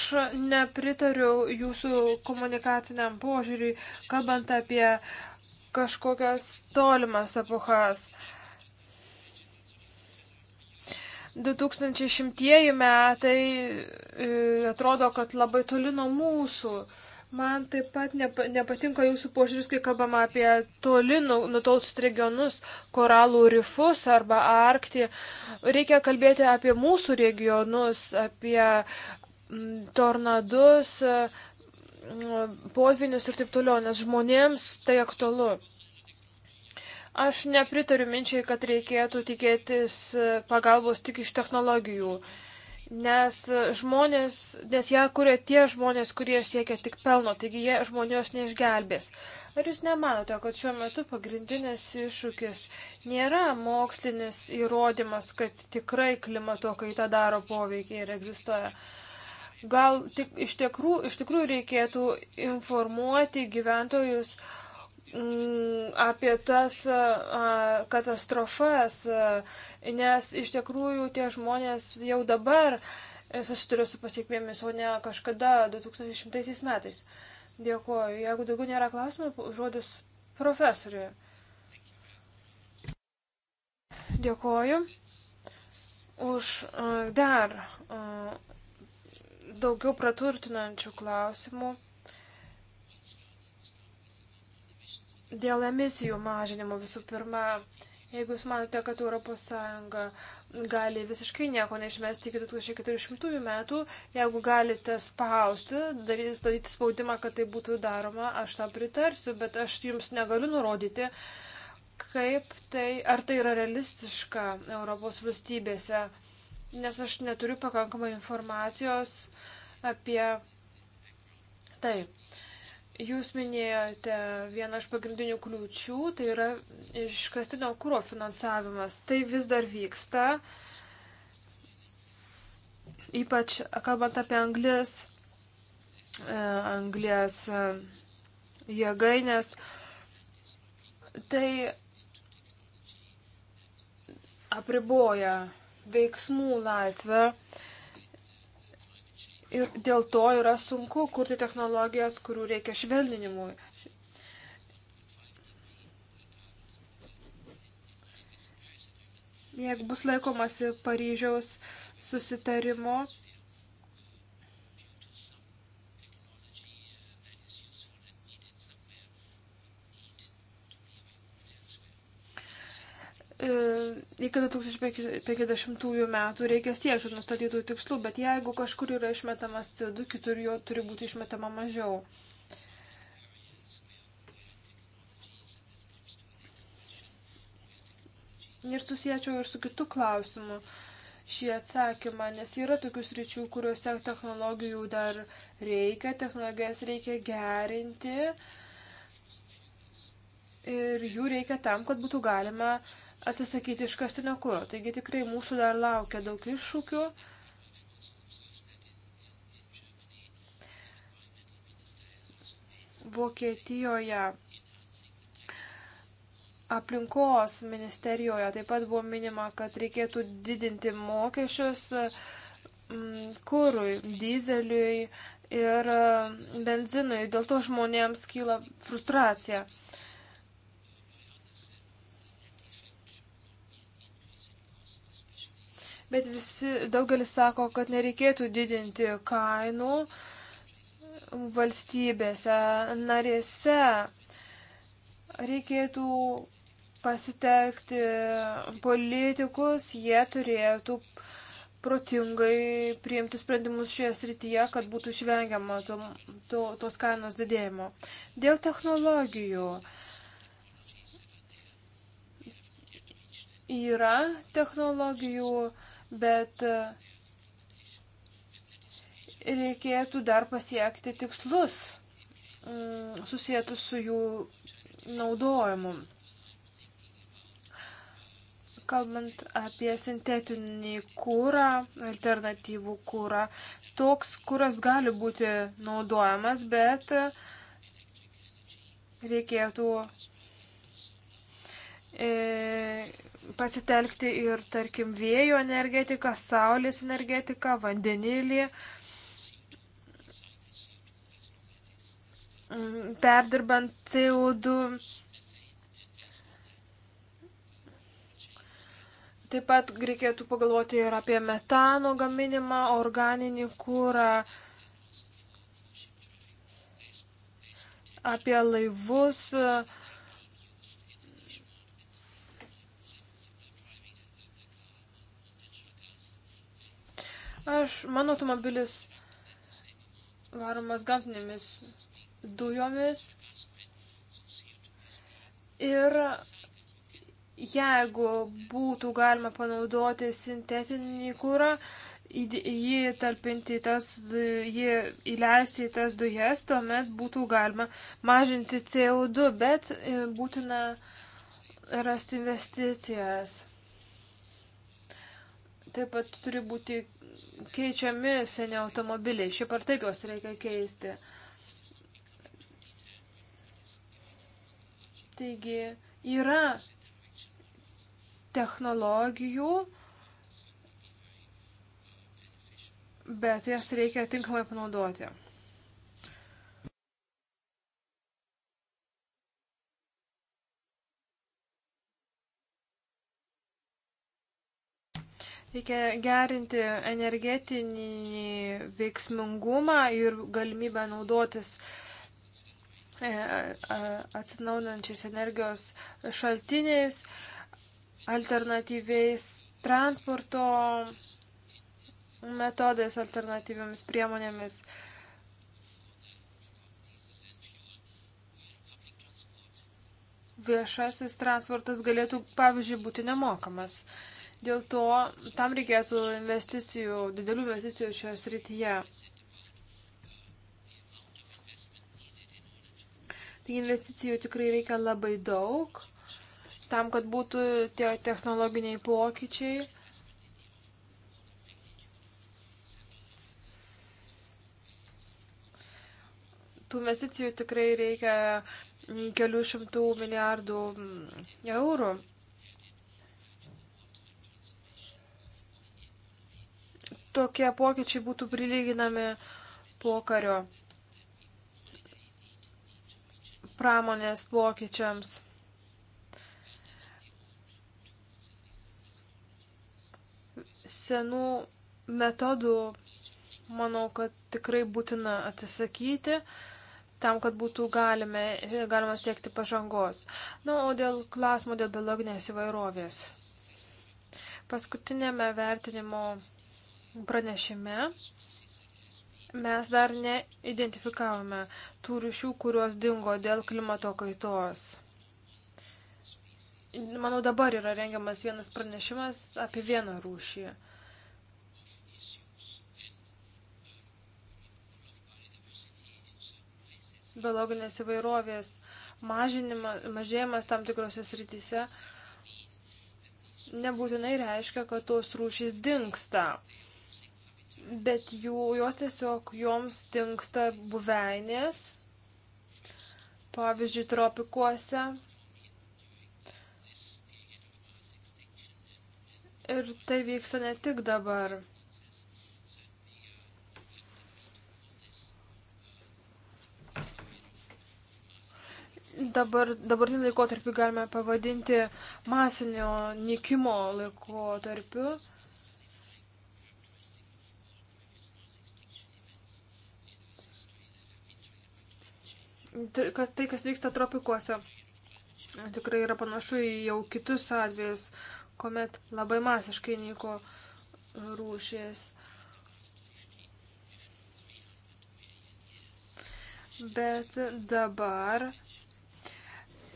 nepritariu jūsų komunikaciniam požiūriui, kalbant apie uh, kažkokias tolimas epochas. 2100 metai e, atrodo, kad labai toli nuo mūsų. Man taip pat nepatinka jūsų požiūris, kai kalbama apie toli nu, nutolusius regionus, koralų rifus arba arktį. Reikia kalbėti apie mūsų regionus, apie tornadus, Mm, potvinius ir taip toliau, nes žmonėms tai aktualu. Aš nepritariu minčiai, kad reikėtų tikėtis e, pagalbos tik iš technologijų, nes e, žmonės, nes ją kuria tie žmonės, kurie siekia tik pelno, taigi jie žmonijos neišgelbės. Ar jūs nemanote, kad šiuo metu pagrindinis iššūkis nėra mokslinis įrodymas, kad tikrai klimato kaita daro poveikį ir egzistuoja? Gal tik, iš, tikrų, iš tikrųjų reikėtų informuoti gyventojus m, mm, apie tas a, katastrofas, a, nes iš tikrųjų tie žmonės jau dabar susiduria su pasiekmėmis, o ne kažkada 2010 metais. Dėkuoju. Jeigu daugiau nėra klausimų, žodis profesoriui. Dėkuoju už dar daugiau praturtinančių klausimų dėl emisijų mažinimo visų pirma. Jeigu jūs manote, kad ES gali visiškai nieko neišmesti iki 2400 metų, jeigu galite spausti, daryti, daryti spaudimą, kad tai būtų daroma, aš tą pritarsiu, bet aš jums negaliu nurodyti, kaip tai, ar tai yra realistiška Europos valstybėse nes aš neturiu pakankamai informacijos apie tai. Jūs minėjote vieną iš pagrindinių kliūčių, tai yra iškastinio kūro finansavimas. Tai vis dar vyksta, ypač kalbant apie anglės, e, anglės e, jėgainės. Tai apriboja veiksmų laisvę. Ir dėl to yra sunku kurti technologijas, kurių reikia švelninimui. Jeigu bus laikomasi Paryžiaus susitarimo, E, iki 2050 metų reikia siekti nustatytų tikslų, bet jeigu kažkur yra išmetamas CO2, kitur jo turi būti išmetama mažiau. Ir susiečiau ir su kitu klausimu šį atsakymą, nes yra tokius ryčių, kuriuose technologijų dar reikia, technologijas reikia gerinti ir jų reikia tam, kad būtų galima uh, atsisakyti iškastinio kūro. Taigi tikrai mūsų dar laukia daug iššūkių. Vokietijoje aplinkos ministerijoje taip pat buvo minima, kad reikėtų didinti mokesčius mm, kūrui, dizeliui ir mm, benzinui. Dėl to žmonėms kyla frustracija. bet visi, daugelis sako, kad nereikėtų didinti kainų valstybėse narėse. Reikėtų pasitelkti politikus, jie turėtų protingai priimti sprendimus šioje srityje, kad būtų išvengiama to, to, tos kainos didėjimo. Dėl technologijų. Yra technologijų, bet e, reikėtų dar pasiekti tikslus mm, susijętus su jų naudojimu. Kalbant apie sintetinį kūrą, alternatyvų kūrą, toks kuras gali būti naudojamas, bet e, reikėtų e, pasitelkti ir, tarkim, vėjo energetiką, saulės energetiką, vandenilį, mm, perdirbant CO2. Taip pat reikėtų pagalvoti ir apie metano gaminimą, organinį kūrą, apie laivus, uh, Aš, mano automobilis varomas gamtinėmis dujomis. Ir jeigu būtų galima panaudoti sintetinį kūrą, jį talpinti tas, jį įleisti į tas dujas, tuomet būtų galima mažinti CO2, bet e, būtina rasti investicijas. Taip pat turi būti keičiami seni automobiliai. Šiaip ar taip juos reikia keisti. Taigi yra technologijų, bet jas reikia tinkamai panaudoti. Reikia gerinti energetinį veiksmingumą ir galimybę naudotis e, atsinaunančiais energijos šaltiniais, alternatyviais transporto metodais, alternatyviamis priemonėmis. Viešasis transportas galėtų, pavyzdžiui, būti nemokamas. Uh, Dėl to tam reikėtų investicijų, didelių investicijų šioje srityje. Tai investicijų tikrai reikia labai daug, tam, kad būtų tie technologiniai pokyčiai. Tų investicijų tikrai reikia kelių šimtų milijardų eurų. tokie pokyčiai būtų prilyginami pokario pramonės pokyčiams. Senų metodų, manau, kad tikrai būtina atsisakyti tam, kad būtų galime, galima siekti pažangos. Na, o dėl klausimo dėl biologinės įvairovės. Paskutinėme vertinimo pranešime mes dar neidentifikavome tų ryšių, kurios dingo dėl klimato kaitos. Manau, dabar yra rengiamas vienas pranešimas apie vieną rūšį. Biologinės įvairovės mažėjimas tam tikrose srityse nebūtinai reiškia, kad tos rūšys dinksta bet jų, jos tiesiog joms tinksta buveinės, pavyzdžiui, tropikuose. Ir tai vyksta ne tik dabar. dabar, dabartinį laikotarpį galime pavadinti masinio nikimo laikotarpiu. tai, kas vyksta tropikuose, tikrai yra panašu į jau kitus atvejus, kuomet labai masiškai nyko rūšės. Bet dabar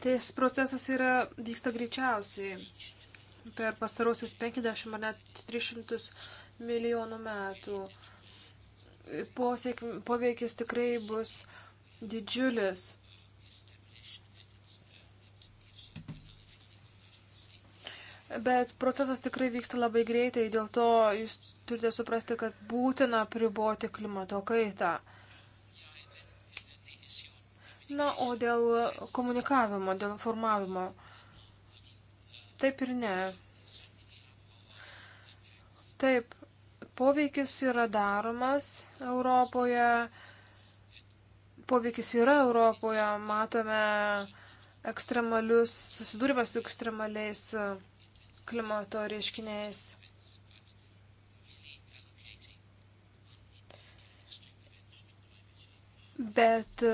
tas procesas yra, vyksta greičiausiai per pastarosius 50 ar net 300 milijonų metų. Poveikis tikrai bus uh, didžiulis. Bet procesas tikrai vyksta labai greitai, dėl to jūs turite suprasti, kad būtina priboti klimato kaitą. Na, o dėl komunikavimo, dėl informavimo. Taip ir ne. Taip, poveikis yra daromas Europoje poveikis yra Europoje, matome ekstremalius, susidūrime su ekstremaliais e, klimato reiškiniais. Bet e,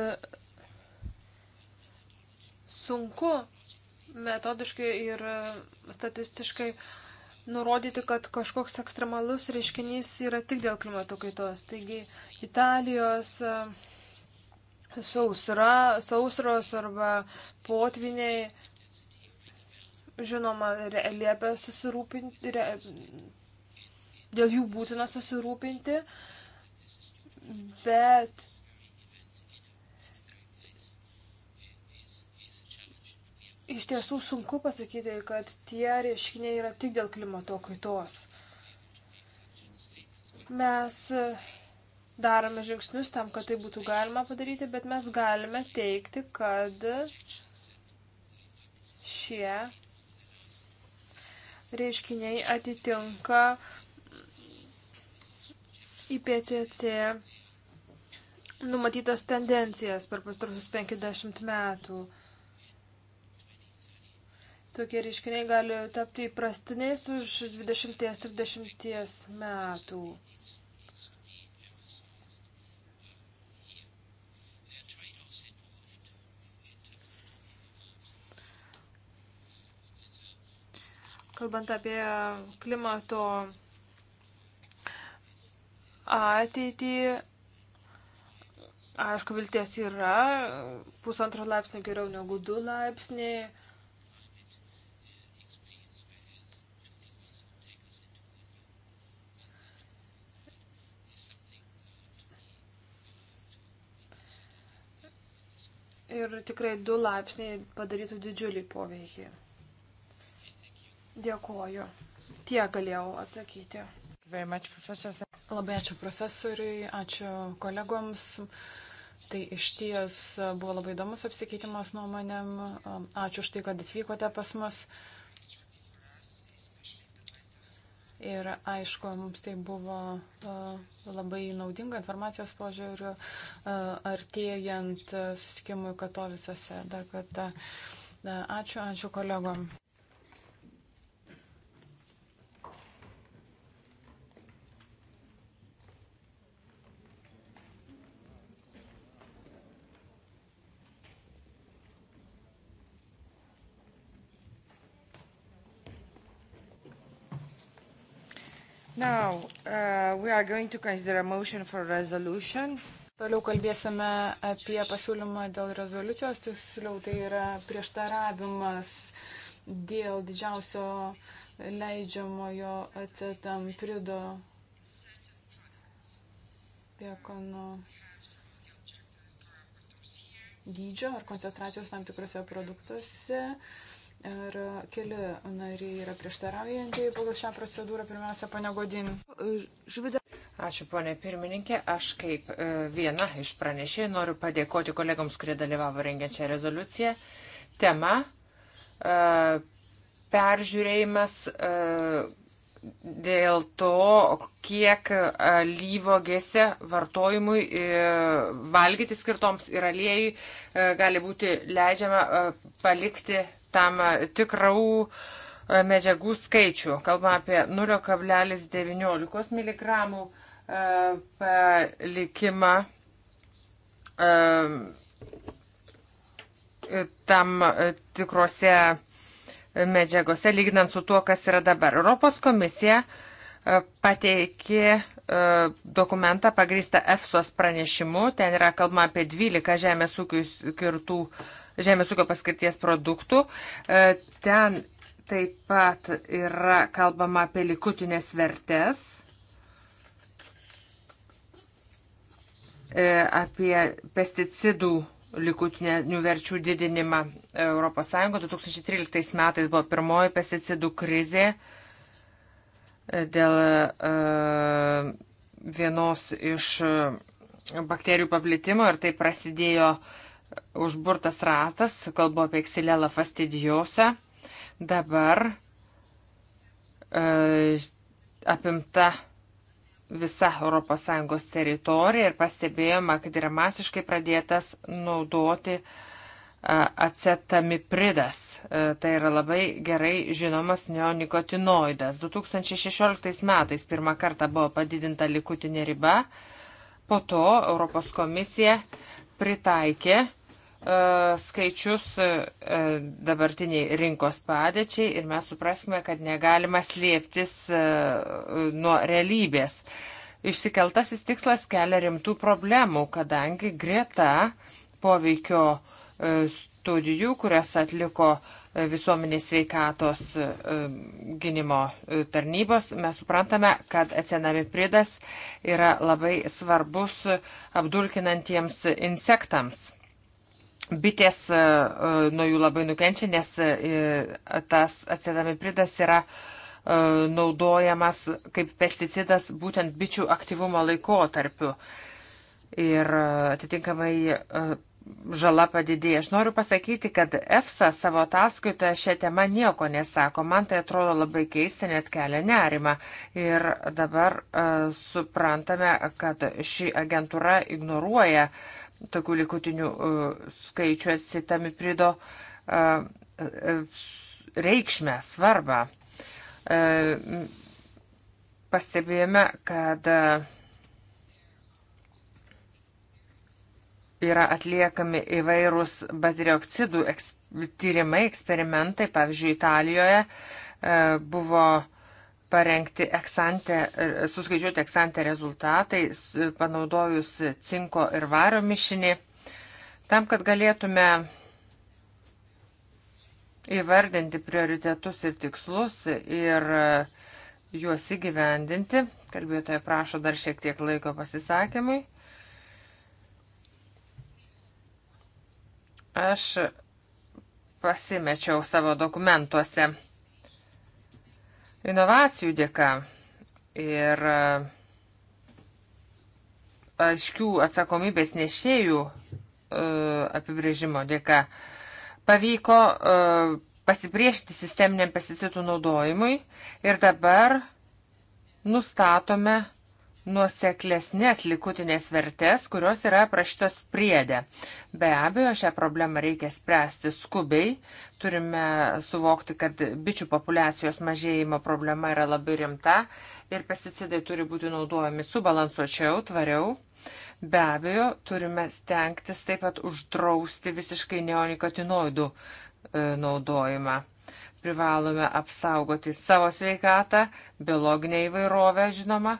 sunku metodiškai ir e, statistiškai nurodyti, kad kažkoks ekstremalus reiškinys yra tik dėl klimato kaitos. Taigi Italijos uh, sausra, sausros arba potviniai, žinoma, liepia susirūpinti, re, dėl jų būtina susirūpinti, bet iš tiesų sunku pasakyti, kad tie reiškiniai yra tik dėl klimato kaitos. Mes darome žingsnius tam, kad tai būtų galima padaryti, bet mes galime teikti, kad šie reiškiniai atitinka IPCC numatytas tendencijas per pastarusius 50 metų. Tokie reiškiniai gali tapti įprastiniais už 20-30 metų. kalbant apie klimato ateitį, aišku, vilties yra, pusantro laipsnio geriau negu du laipsniai. Ir tikrai du laipsniai padarytų didžiulį poveikį. Dėkoju. Tiek galėjau atsakyti. Labai ačiū profesoriui, ačiū kolegoms. Tai iš ties buvo labai įdomus apsikeitimas nuomonėm. Ačiū už tai, kad atvykote pas mus. Ir aišku, mums tai buvo e, labai naudinga informacijos požiūriu, e, artėjant e, susitikimui Katovicose. Dar kartą ačiū, ačiū kolegom. Now, uh, we are going to consider a motion for resolution. Toliau kalbėsime apie pasiūlymą dėl rezoliucijos, tiksliau tai yra prieštaravimas dėl didžiausio leidžiamojo acetamprido liekanų dydžio ar koncentracijos tam tikrose produktuose. Uh, Ir keli nariai yra prieštaraujantieji pagal šią procedūrą. Pirmiausia, pane Godin. Ačiū, ponė pirmininkė. Aš kaip e, viena iš pranešėjų noriu padėkoti kolegoms, kurie dalyvavo rengiant šią rezoliuciją. Tema e, peržiūrėjimas e, dėl to, kiek lyvogėse vartojimui valgyti skirtoms ir aliejui gali būti leidžiama palikti tam e, tikrų e, medžiagų skaičių. Kalbame apie 0,19 mg e, palikimą tam tikrose medžiagose, lyginant su tuo, kas yra dabar. Europos komisija pateikė dokumentą pagrįstą EFSOS pranešimu. Ten yra kalbama apie 12 žemės ūkių skirtų uh, žemės ūkio paskirties produktų. E, ten taip pat yra kalbama apie likutinės vertės, e, apie pesticidų likutinių verčių didinimą ES. 2013 metais buvo pirmoji pesticidų krizė e, dėl vienos iš bakterijų paplitimo ir tai prasidėjo uh, užburtas ratas, kalbu apie ksilelą fastidijosą, dabar e, apimta visa ES teritorija ir pastebėjoma, kad yra masiškai pradėtas naudoti e, acetamipridas. E, tai yra labai gerai žinomas neonikotinoidas. 2016 metais pirmą kartą buvo padidinta likutinė riba, po to Europos komisija pritaikė E, skaičius e, dabartiniai rinkos padėčiai ir mes suprasime, kad negalima slėptis e, nuo realybės. Išsikeltasis tikslas kelia rimtų problemų, kadangi greta poveikio studijų, kurias atliko visuomenės sveikatos gynimo tarnybos, mes suprantame, kad acenamipridas yra labai svarbus apdulkinantiems insektams bitės e, e, nuo jų labai nukenčia, nes e, tas acetamidridas yra naudojamas kaip pesticidas būtent bičių aktyvumo laikotarpiu. Ir atitinkamai žala padidėja. Aš noriu pasakyti, kad EFSA savo ataskaitoje šią temą nieko nesako. Man tai atrodo labai keista, net kelia nerima. Ir dabar uh, suprantame, kad ši agentūra ignoruoja uh, tokių likutinių e, skaičių atsitamiprido e, e, reikšmę, svarbą. Pastebėjome, kad yra atliekami įvairūs baterioksidų tyrimai, eksperimentai. Pavyzdžiui, Italijoje buvo parengti eksante, suskaičiuoti eksante rezultatai, panaudojus cinko ir vario mišinį, tam, kad galėtume įvardinti prioritetus ir tikslus ir e, juos įgyvendinti. Kalbėtoje prašo dar šiek tiek laiko pasisakymui. Aš pasimečiau savo dokumentuose inovacijų dėka ir e, aiškių atsakomybės nešėjų e, apibrėžimo dėka pavyko e, pasipriešti sisteminiam pesticidų naudojimui ir dabar nustatome nuoseklesnės likutinės vertės, kurios yra aprašytos priedė. Be abejo, šią problemą reikia spręsti skubiai. Turime suvokti, kad bičių populacijos mažėjimo problema yra labai rimta ir pesticidai turi būti naudojami subalansuočiau, tvariau. Be abejo, turime stengtis taip pat uždrausti visiškai neonikotinoidų e, naudojimą. Privalome apsaugoti savo sveikatą, biologinę įvairovę, žinoma,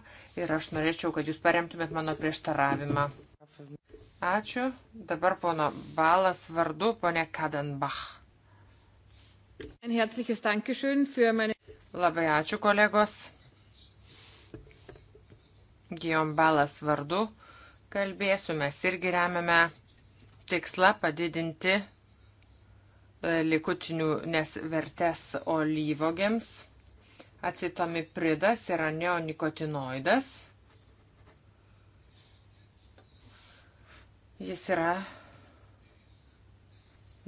ir aš norėčiau, kad jūs paremtumėt mano prieštaravimą. Ačiū. Dabar pono Balas vardu, ponė Kadenbach. Labai ačiū, kolegos. Gijom Balas vardu kalbėsiu, mes irgi remiame tikslą padidinti E, likutinių nes vertes olyvogėms. Acitomipridas yra neonikotinoidas. Jis yra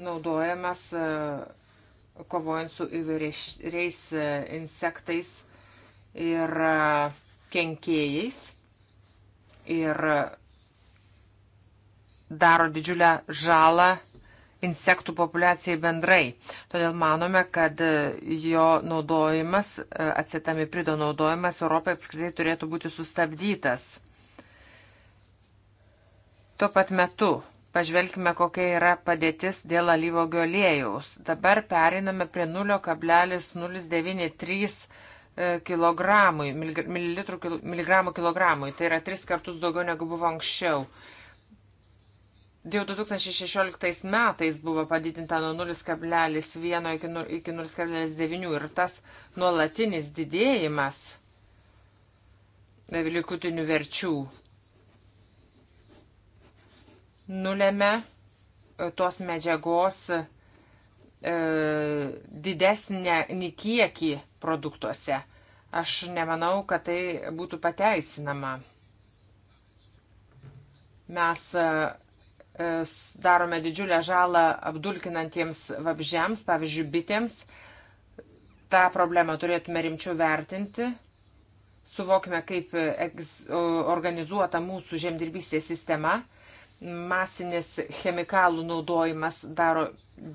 naudojamas e, kovojant su įvairiais e, insektais ir kenkėjais ir daro didžiulę žalą insektų populiacijai bendrai. Todėl manome, kad jo naudojimas, e, acetamiprido naudojimas Europoje apskritai turėtų būti sustabdytas. Tuo pat metu Pažvelkime, kokia yra padėtis dėl alyvogio aliejaus. Dabar periname prie 0,093 kg, e, miligramų kilogramui. Tai yra tris kartus daugiau negu buvo anksčiau jau 2016 metais buvo padidinta nuo 0,1 iki 0,9 nu-, ir tas nuolatinis didėjimas likutinių verčių nulėmė e, tos medžiagos e, didesnį kiekį produktuose. Aš nemanau, kad tai būtų pateisinama. Mes e, E, darome didžiulę žalą apdulkinantiems vabžiams, pavyzdžiui, bitėms. Ta problema turėtume rimčiau vertinti. Suvokime, kaip organizuota mūsų žemdirbystės sistema. Masinis chemikalų naudojimas daro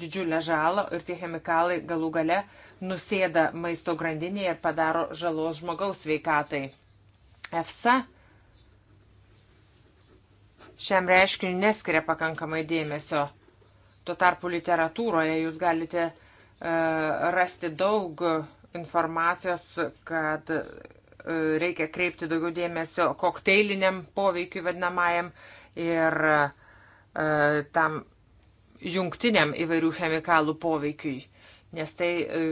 didžiulę žalą ir tie chemikalai galų gale nusėda maisto grandinėje ir padaro žalos žmogaus veikatai. EFSA šiam reiškiniu neskiria pakankamai dėmesio. Tuo tarpu literatūroje jūs galite e, rasti daug informacijos, kad e, reikia kreipti daugiau dėmesio kokteiliniam poveikiu vadinamajam ir e, tam jungtiniam įvairių chemikalų poveikiui, nes tai e,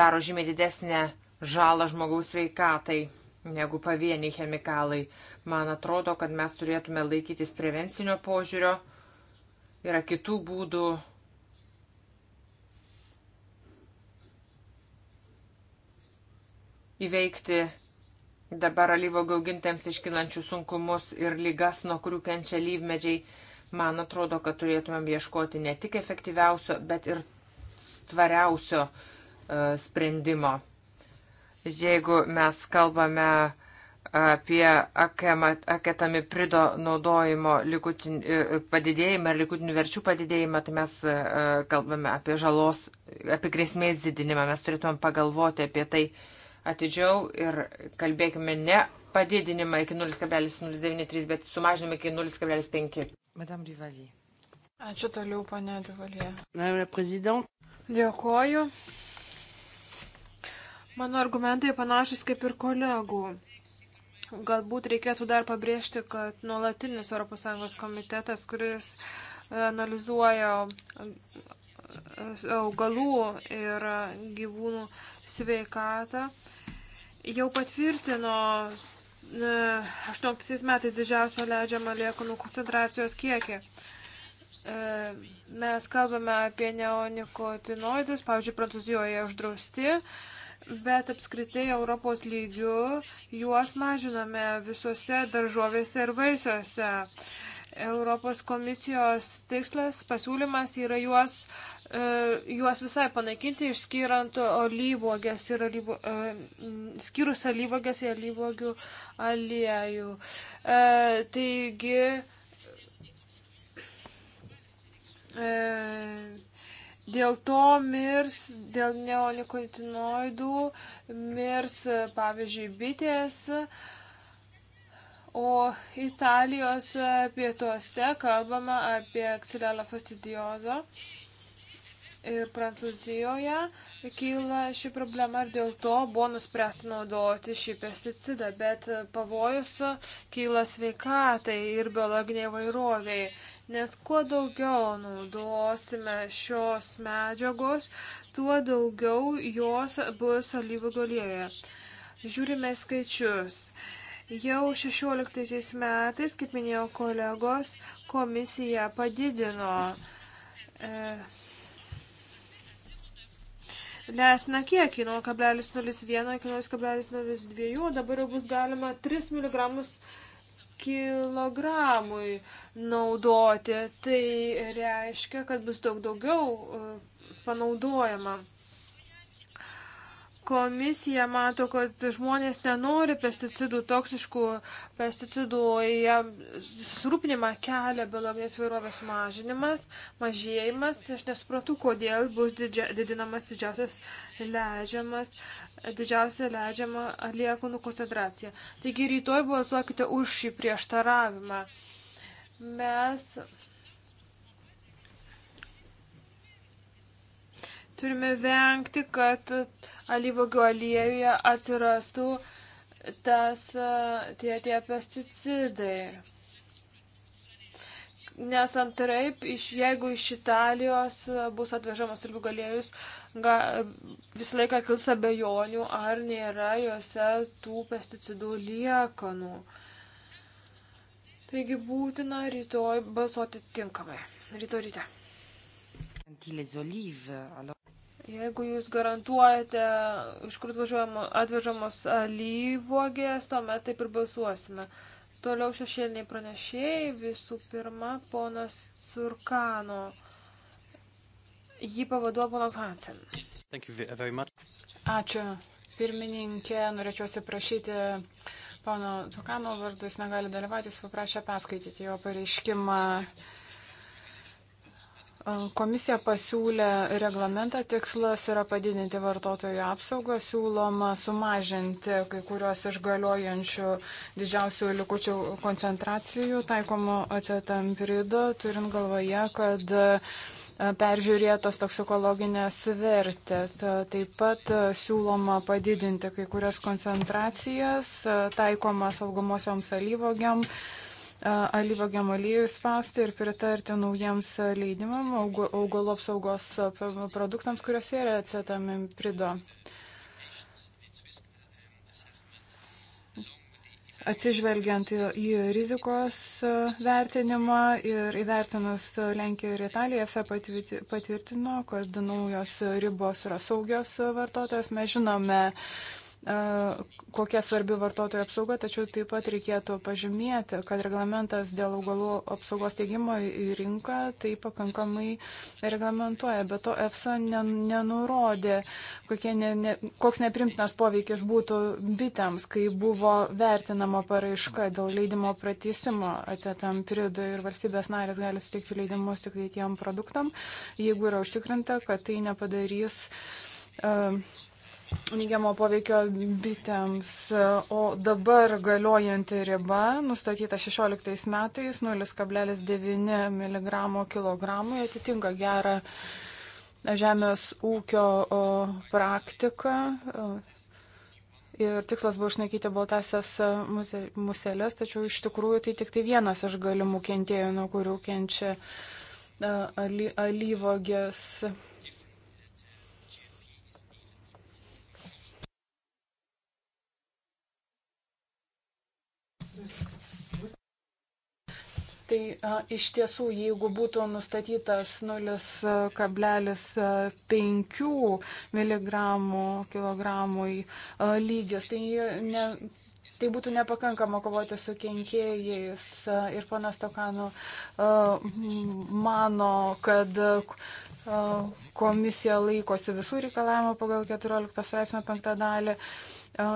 daro žymiai didesnę žalą žmogaus veikatai negu pavieniai chemikalai. E, Man atrodo, kad mes turėtume laikytis prevencinio požiūrio. Yra kitų būdų. Įveikti dabar alyvo gaugintėms iškilančių sunkumus ir lygas, nuo kurių kenčia lyvmedžiai, man atrodo, kad turėtumėm ieškoti ne tik efektyviausio, bet ir tvariausio e, sprendimo. Jeigu mes kalbame apie aketamiprido naudojimo likutin, e, padidėjimą ir likutinių verčių padidėjimą, tai mes e, kalbame apie žalos, apie grėsmės didinimą. Mes turėtume pagalvoti apie tai atidžiau ir kalbėkime ne padidinimą iki 0,093, bet sumažinimą iki 0,5. Madame Duvalie. Ačiū toliau, pane Duvalie. Madame la Prezident. Dėkoju. Mano argumentai panašus kaip ir kolegų. Galbūt reikėtų dar pabrėžti, kad nuolatinis ES komitetas, kuris e, analizuoja e, augalų ir gyvūnų sveikatą, jau patvirtino 18 e, metais didžiausią leidžiamą liekanų koncentracijos kiekį. Mes kalbame apie neonikotinoidus, pavyzdžiui, Prancūzijoje uždrausti, bet apskritai Europos lygiu juos mažiname visose daržovėse ir vaisiuose. Europos komisijos tikslas, pasiūlymas yra juos, e, juos visai panaikinti, išskyrant olyvogės ir alyvo, e, skyrus alyvogės ir alyvogių aliejų. E, taigi, Dėl to mirs, dėl neonikotinoidų, mirs, pavyzdžiui, bitės. O Italijos pietuose kalbama apie ksilelą fastidiozo. Ir Prancūzijoje kyla ši problema ir dėl to buvo nuspręsta naudoti šį pesticidą, bet pavojus kyla sveikatai ir biologiniai vairoviai. Nes kuo daugiau naudosime šios medžiagos, tuo daugiau jos bus alyvų galėje. Žiūrime skaičius. Jau 16 metais, kaip minėjo kolegos, komisija padidino e, lesną kiekį nuo 0,01 iki 0,02, dabar jau bus galima 3 mg kilogramui naudoti. Tai reiškia, kad bus daug daugiau e, panaudojama. Komisija mato, kad žmonės nenori pesticidų, toksiškų pesticidų, jie susirūpinimą kelia biologinės vairovės mažinimas, mažėjimas. Aš nesuprantu, kodėl bus didžia, didinamas didžiausias leidžiamas uh, didžiausia leidžiama atliekonų koncentracija. Taigi rytoj balsuokite už šį prieštaravimą. Mes turime vengti, kad alyvogių aliejuje atsirastų tas, e, tie, tie pesticidai. Nes antraip, iš, jeigu iš Italijos bus atvežamas alyvogių aliejus, uh, ga, visą laiką kils abejonių, ar nėra juose tų pesticidų liekanų. Taigi būtina rytoj balsuoti tinkamai. Rytoj ryte. Jeigu jūs garantuojate, iš kur atvežamos alyvuogės, tuomet taip ir balsuosime. Toliau šešėliniai pranešėjai, visų pirma, ponas Cirkano. Jį pavaduo ponas Hansen. Ačiū. Pirmininkė, norėčiau atsiprašyti pono Tukano vardu, jis negali dalyvauti, jis paprašė perskaityti jo pareiškimą. Komisija pasiūlė reglamentą, tikslas yra padidinti vartotojų apsaugą, siūloma sumažinti kai kuriuos išgaliojančių didžiausių likučių koncentracijų taikomų acetamprido, turint galvoje, kad peržiūrėtos toksikologinės vertės. Taip pat e, siūloma padidinti kai kurias koncentracijas e, taikomas algomosioms alyvogiam e, alyvogiam aliejų spausti ir pritarti naujiems leidimam augalų apsaugos produktams, kuriuose yra acetamin prido. Uh, atsižvelgiant į rizikos e, vertinimą ir įvertinus Lenkiją ir Italiją, FSA patvirtino, kad naujos ribos yra saugios vartotojas. Mes žinome E, kokia svarbi vartotojų apsauga, tačiau taip pat reikėtų pažymėti, kad reglamentas dėl augalų apsaugos teigimo į rinką tai pakankamai reglamentuoja, bet to EFSA nenurodė, ne, ne, koks neprimtinas poveikis būtų bitėms, kai buvo vertinama paraiška dėl leidimo pratysimo atėtam pridui ir valstybės narės gali suteikti leidimus tik tai tiem produktam, jeigu yra užtikrinta, kad tai nepadarys. Uh, neigiamo poveikio bitėms. O dabar galiojanti riba nustatyta 16 metais 0,9 mg kg atitinka gerą žemės ūkio praktiką. Ir tikslas buvo išnaikyti baltasias e, muselės, tačiau iš tikrųjų tai tik tai vienas iš galimų kentėjų, nuo kurių kenčia e, alyvogės. Aly Tai a, iš tiesų, jeigu būtų nustatytas 0,5 mg lygis, tai ne, tai būtų nepakankama kovoti su kenkėjais. Ir panas Tokanu mano, kad komisija laikosi visų reikalavimų pagal 14 straipsnio 5 dalį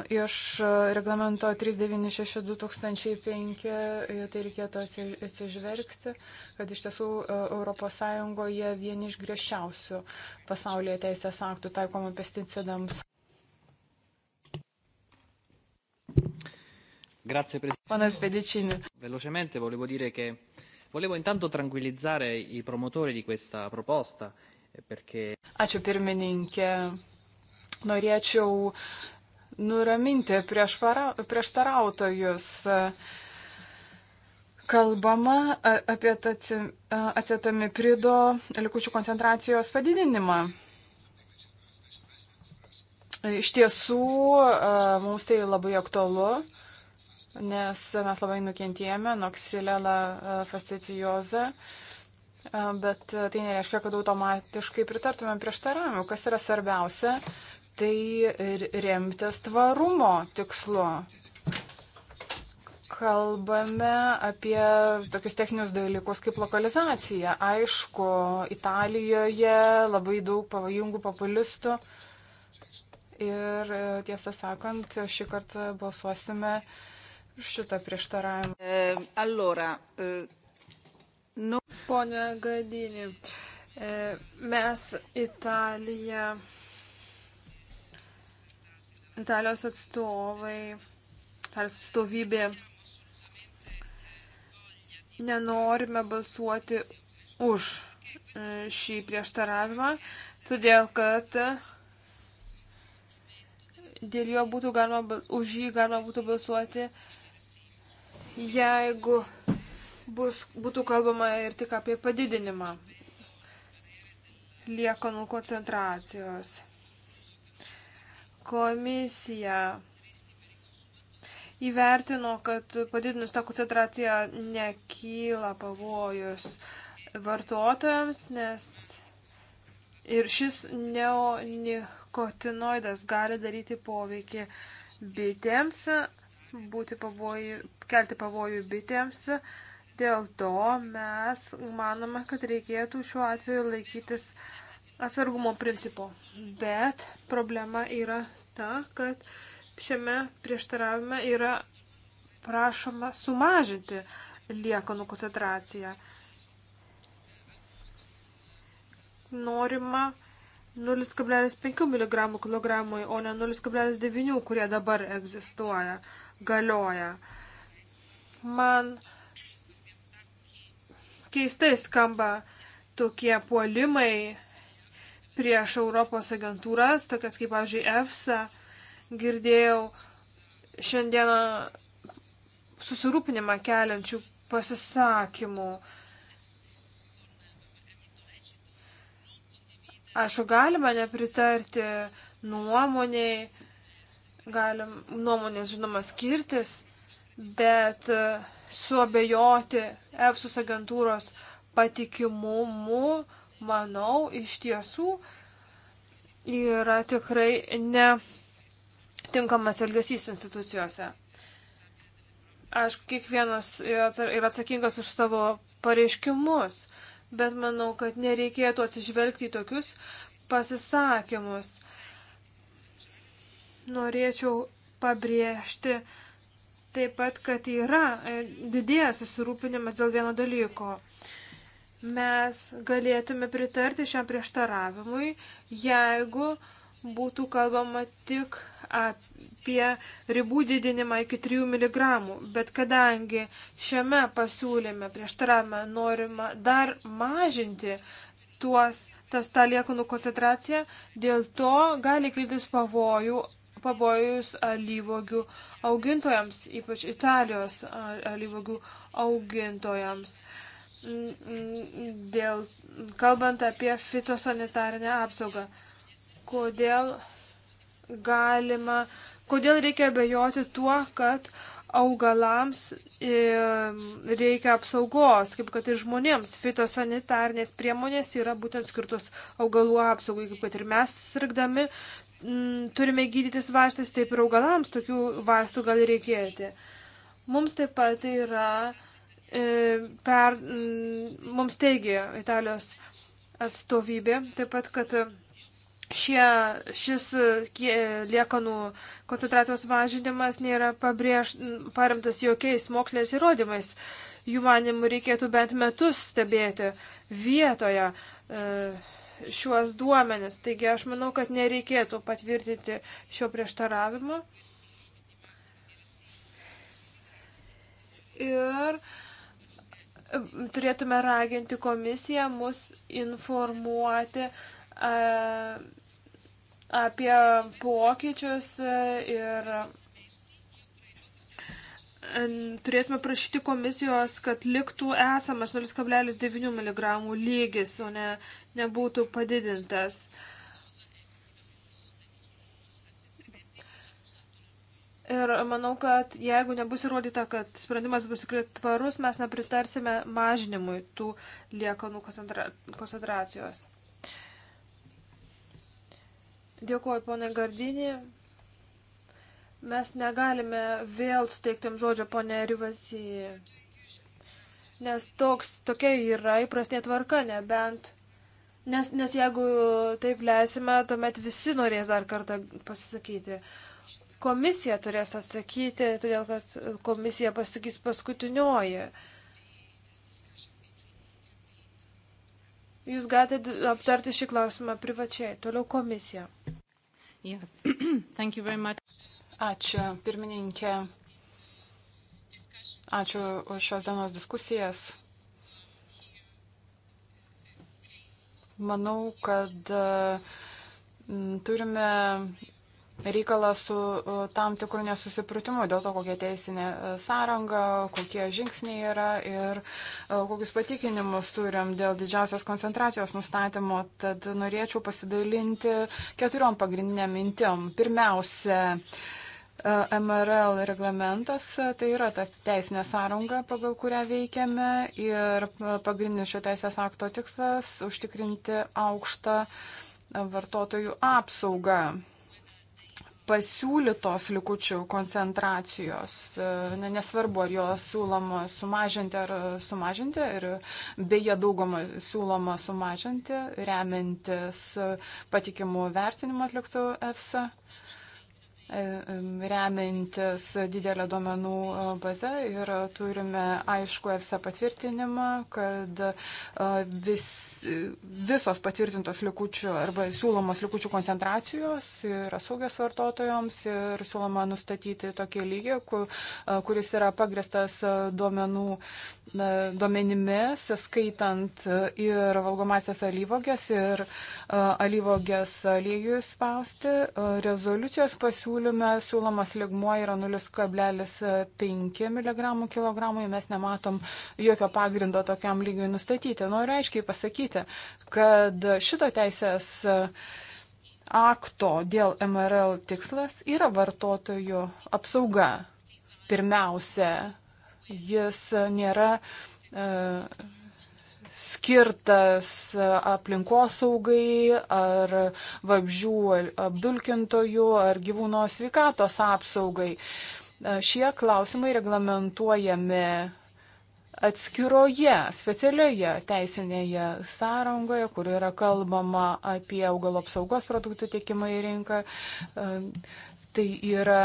iš reglamento 396-2005, tai reikėtų atsižvelgti, kad iš tiesų ES vieni iš griežčiausių pasaulyje teisės aktų taikoma pesticidams. Grazie Presidente. Panas Pedicini. Velocemente volevo dire che volevo intanto tranquillizzare i promotori di questa proposta eh, perché... Ačiū pirmininkė. Norėčiau nuraminti prieštarautojus. Kalbama apie acetamiprido likučių koncentracijos padidinimą. Iš tiesų, mums tai labai aktualu, nes mes labai nukentėjome nuo ksilela fascicioza, bet tai nereiškia, kad automatiškai pritartume prieštaravimui. Kas yra svarbiausia, tai remtis tvarumo tikslu. Kalbame apie tokius techninius dalykus kaip lokalizacija. Aišku, Italijoje labai daug pavojingų populistų. Ir e, tiesą sakant, šį kartą balsuosime šitą prieštaravimą. E, allora, e, nu, ponia Gadinė, e, mes Italiją Italijos atstovai, Italijos atstovybė nenorime balsuoti už e, šį prieštaravimą, todėl kad dėl jo būtų galima, už jį galima būtų balsuoti, jeigu bus, būtų kalbama ir tik apie padidinimą liekanų koncentracijos. Komisija įvertino, kad padidinus tą koncentraciją nekyla pavojus vartotojams, nes ir šis neonikotinoidas gali daryti poveikį bitėms, būti pavojų, kelti pavojų bitėms. Dėl to mes manome, kad reikėtų šiuo atveju laikytis uh, atsargumo principo. Bet problema yra ta, kad šiame prieštaravime yra prašoma sumažinti liekanų koncentraciją. Norima 0,5 mg kg, o ne 0,9, kurie dabar egzistuoja, galioja. Man keistai skamba tokie puolimai prieš Europos agentūras, tokias kaip, pavyzdžiui, EFSA. Girdėjau šiandieną susirūpinimą keliančių pasisakymų. Aišku, galima nepritarti nuomoniai, galim nuomonės, žinoma, skirtis, bet e, suabejoti EFSUS agentūros patikimumu manau, iš tiesų yra tikrai netinkamas elgesys institucijose. Aš kiekvienas yra atsakingas už savo pareiškimus, bet manau, kad nereikėtų atsižvelgti į tokius pasisakymus. Norėčiau pabrėžti taip pat, kad yra e, didėjęs susirūpinimas dėl vieno dalyko mes galėtume pritarti šiam prieštaravimui, jeigu būtų kalbama tik apie ribų didinimą iki 3 mg, bet kadangi šiame pasiūlyme prieštaravime norima dar mažinti tuos, tas tą liekanų koncentraciją, dėl to gali kiltis pavojų, pavojus alyvogių augintojams, ypač Italijos alyvogių augintojams. Uh, dėl, kalbant apie fitosanitarinę apsaugą. Kodėl galima, kodėl reikia bejoti tuo, kad augalams e, reikia apsaugos, kaip kad ir žmonėms. Fitosanitarnės priemonės yra būtent skirtos augalų apsaugai, kaip kad ir mes sirgdami mm, turime gydytis vaistais, taip ir augalams tokių vaistų gali reikėti. Mums taip pat yra uh, E, per, mums teigė Italijos atstovybė, taip pat, kad šie, šis liekanų koncentracijos mažinimas nėra pabrėž, paremtas jokiais moksliniais įrodymais. Jų manimų reikėtų bent metus stebėti vietoje e, šiuos duomenis. Taigi aš manau, kad nereikėtų patvirtinti šio prieštaravimo. Ir uh, turėtume raginti komisiją mus informuoti e, apie pokyčius e, ir e, turėtume prašyti komisijos, kad liktų esamas 0,9 mg lygis, o ne nebūtų padidintas. Uh, Ir manau, kad jeigu nebus įrodyta, kad sprendimas bus tikrai tvarus, mes nepritarsime mažinimui tų liekanų koncentra koncentracijos. Dėkuoju, ponė Gardinį. Mes negalime vėl suteikti jums žodžio, ponė Rivasi, nes toks, tokia yra įprastinė tvarka, nebent. Nes, nes jeigu taip leisime, tuomet visi norės dar kartą pasisakyti. Uh, komisija turės atsakyti, todėl kad komisija pasakys paskutinioji. Jūs galite aptarti šį klausimą privačiai. Toliau komisija. Yeah. (clears throat) Ačiū, pirmininkė. Ačiū už šios dienos diskusijas. Manau, kad e, turime reikalą su e, tam tikru nesusipratimu dėl to, kokia teisinė e, sąranga, kokie žingsniai yra ir e, kokius patikinimus turim dėl didžiausios koncentracijos nustatymo. Tad norėčiau pasidalinti keturiom pagrindiniam mintim. Pirmiausia, MRL reglamentas, tai yra ta teisinė sąranga, pagal kurią veikiame ir pagrindinis šio teisės akto tikslas - užtikrinti aukštą vartotojų apsaugą pasiūlytos likučių koncentracijos, e, ne, nesvarbu, ar jos siūloma sumažinti ar sumažinti, ir beje daugumą siūloma sumažinti, remiantis patikimų vertinimų atliktų EFSA. E, e, remiantis didelę duomenų e, bazę ir turime aišku EFSA patvirtinimą, kad vis, visos patvirtintos likučių arba siūlomos likučių koncentracijos yra saugios vartotojams ir siūloma nustatyti tokį lygį, kur, kuris yra pagrestas duomenų duomenimis, skaitant e, ir valgomasias alyvogės, ir e, alyvogės aliejų spausti, e, rezoliucijos pasiūlyme siūlomas ligmuo yra 0,5 mg/kg, mes nematom jokio pagrindo tokiam lygiui nustatyti. Noriu aiškiai pasakyti, kad šito teisės akto dėl MRL tikslas yra vartotojų apsauga. Pirmiausia, Jis e, nėra e, skirtas e, aplinkosaugai ar vabžių apdulkintojų ar gyvūno sveikatos apsaugai. Šie klausimai reglamentuojami atskiroje specialioje teisinėje sąrangoje, kur yra kalbama apie augalo apsaugos produktų tiekimą į rinką. Tai yra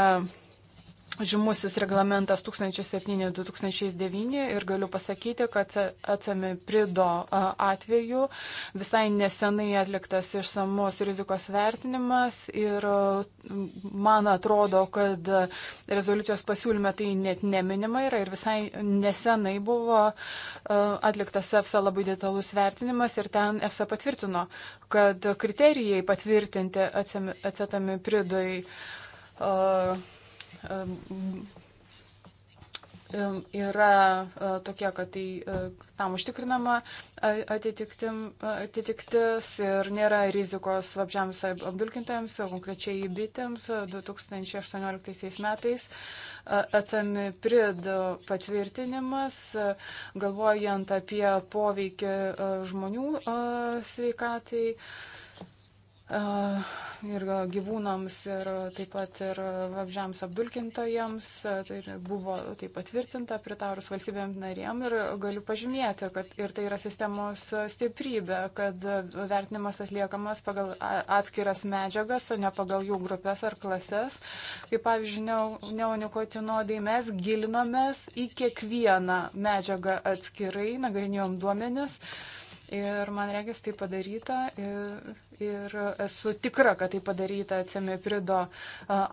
žymusis reglamentas 1007-2009 ir galiu pasakyti, kad atsami prido atveju visai nesenai atliktas išsamus rizikos vertinimas ir man atrodo, kad rezoliucijos pasiūlyme tai net neminima yra ir visai nesenai buvo atliktas EFSA labai detalus vertinimas ir ten EFSA patvirtino, kad kriterijai patvirtinti atsami pridui uh, yra e, tokie, kad tai e, tam užtikrinama atitiktis ir nėra rizikos vabžiams apdulkintojams, konkrečiai bitėms 2018 e, metais. Atami prid patvirtinimas, galvojant apie poveikį žmonių sveikatai. Tai ir gyvūnams, ir taip pat ir vabžiams apdulkintojams. Tai buvo tai patvirtinta pritarus valstybėm narėm ir galiu pažymėti, kad ir tai yra sistemos stiprybė, kad vertinimas atliekamas pagal atskiras medžiagas, o ne pagal jų grupės ar klases. Kaip pavyzdžiui, neonikotinodai mes gilinomės į kiekvieną medžiagą atskirai, nagrinėjom duomenis. Ir man reikia tai padaryta. Ir ir esu tikra, kad tai padaryta cemiprido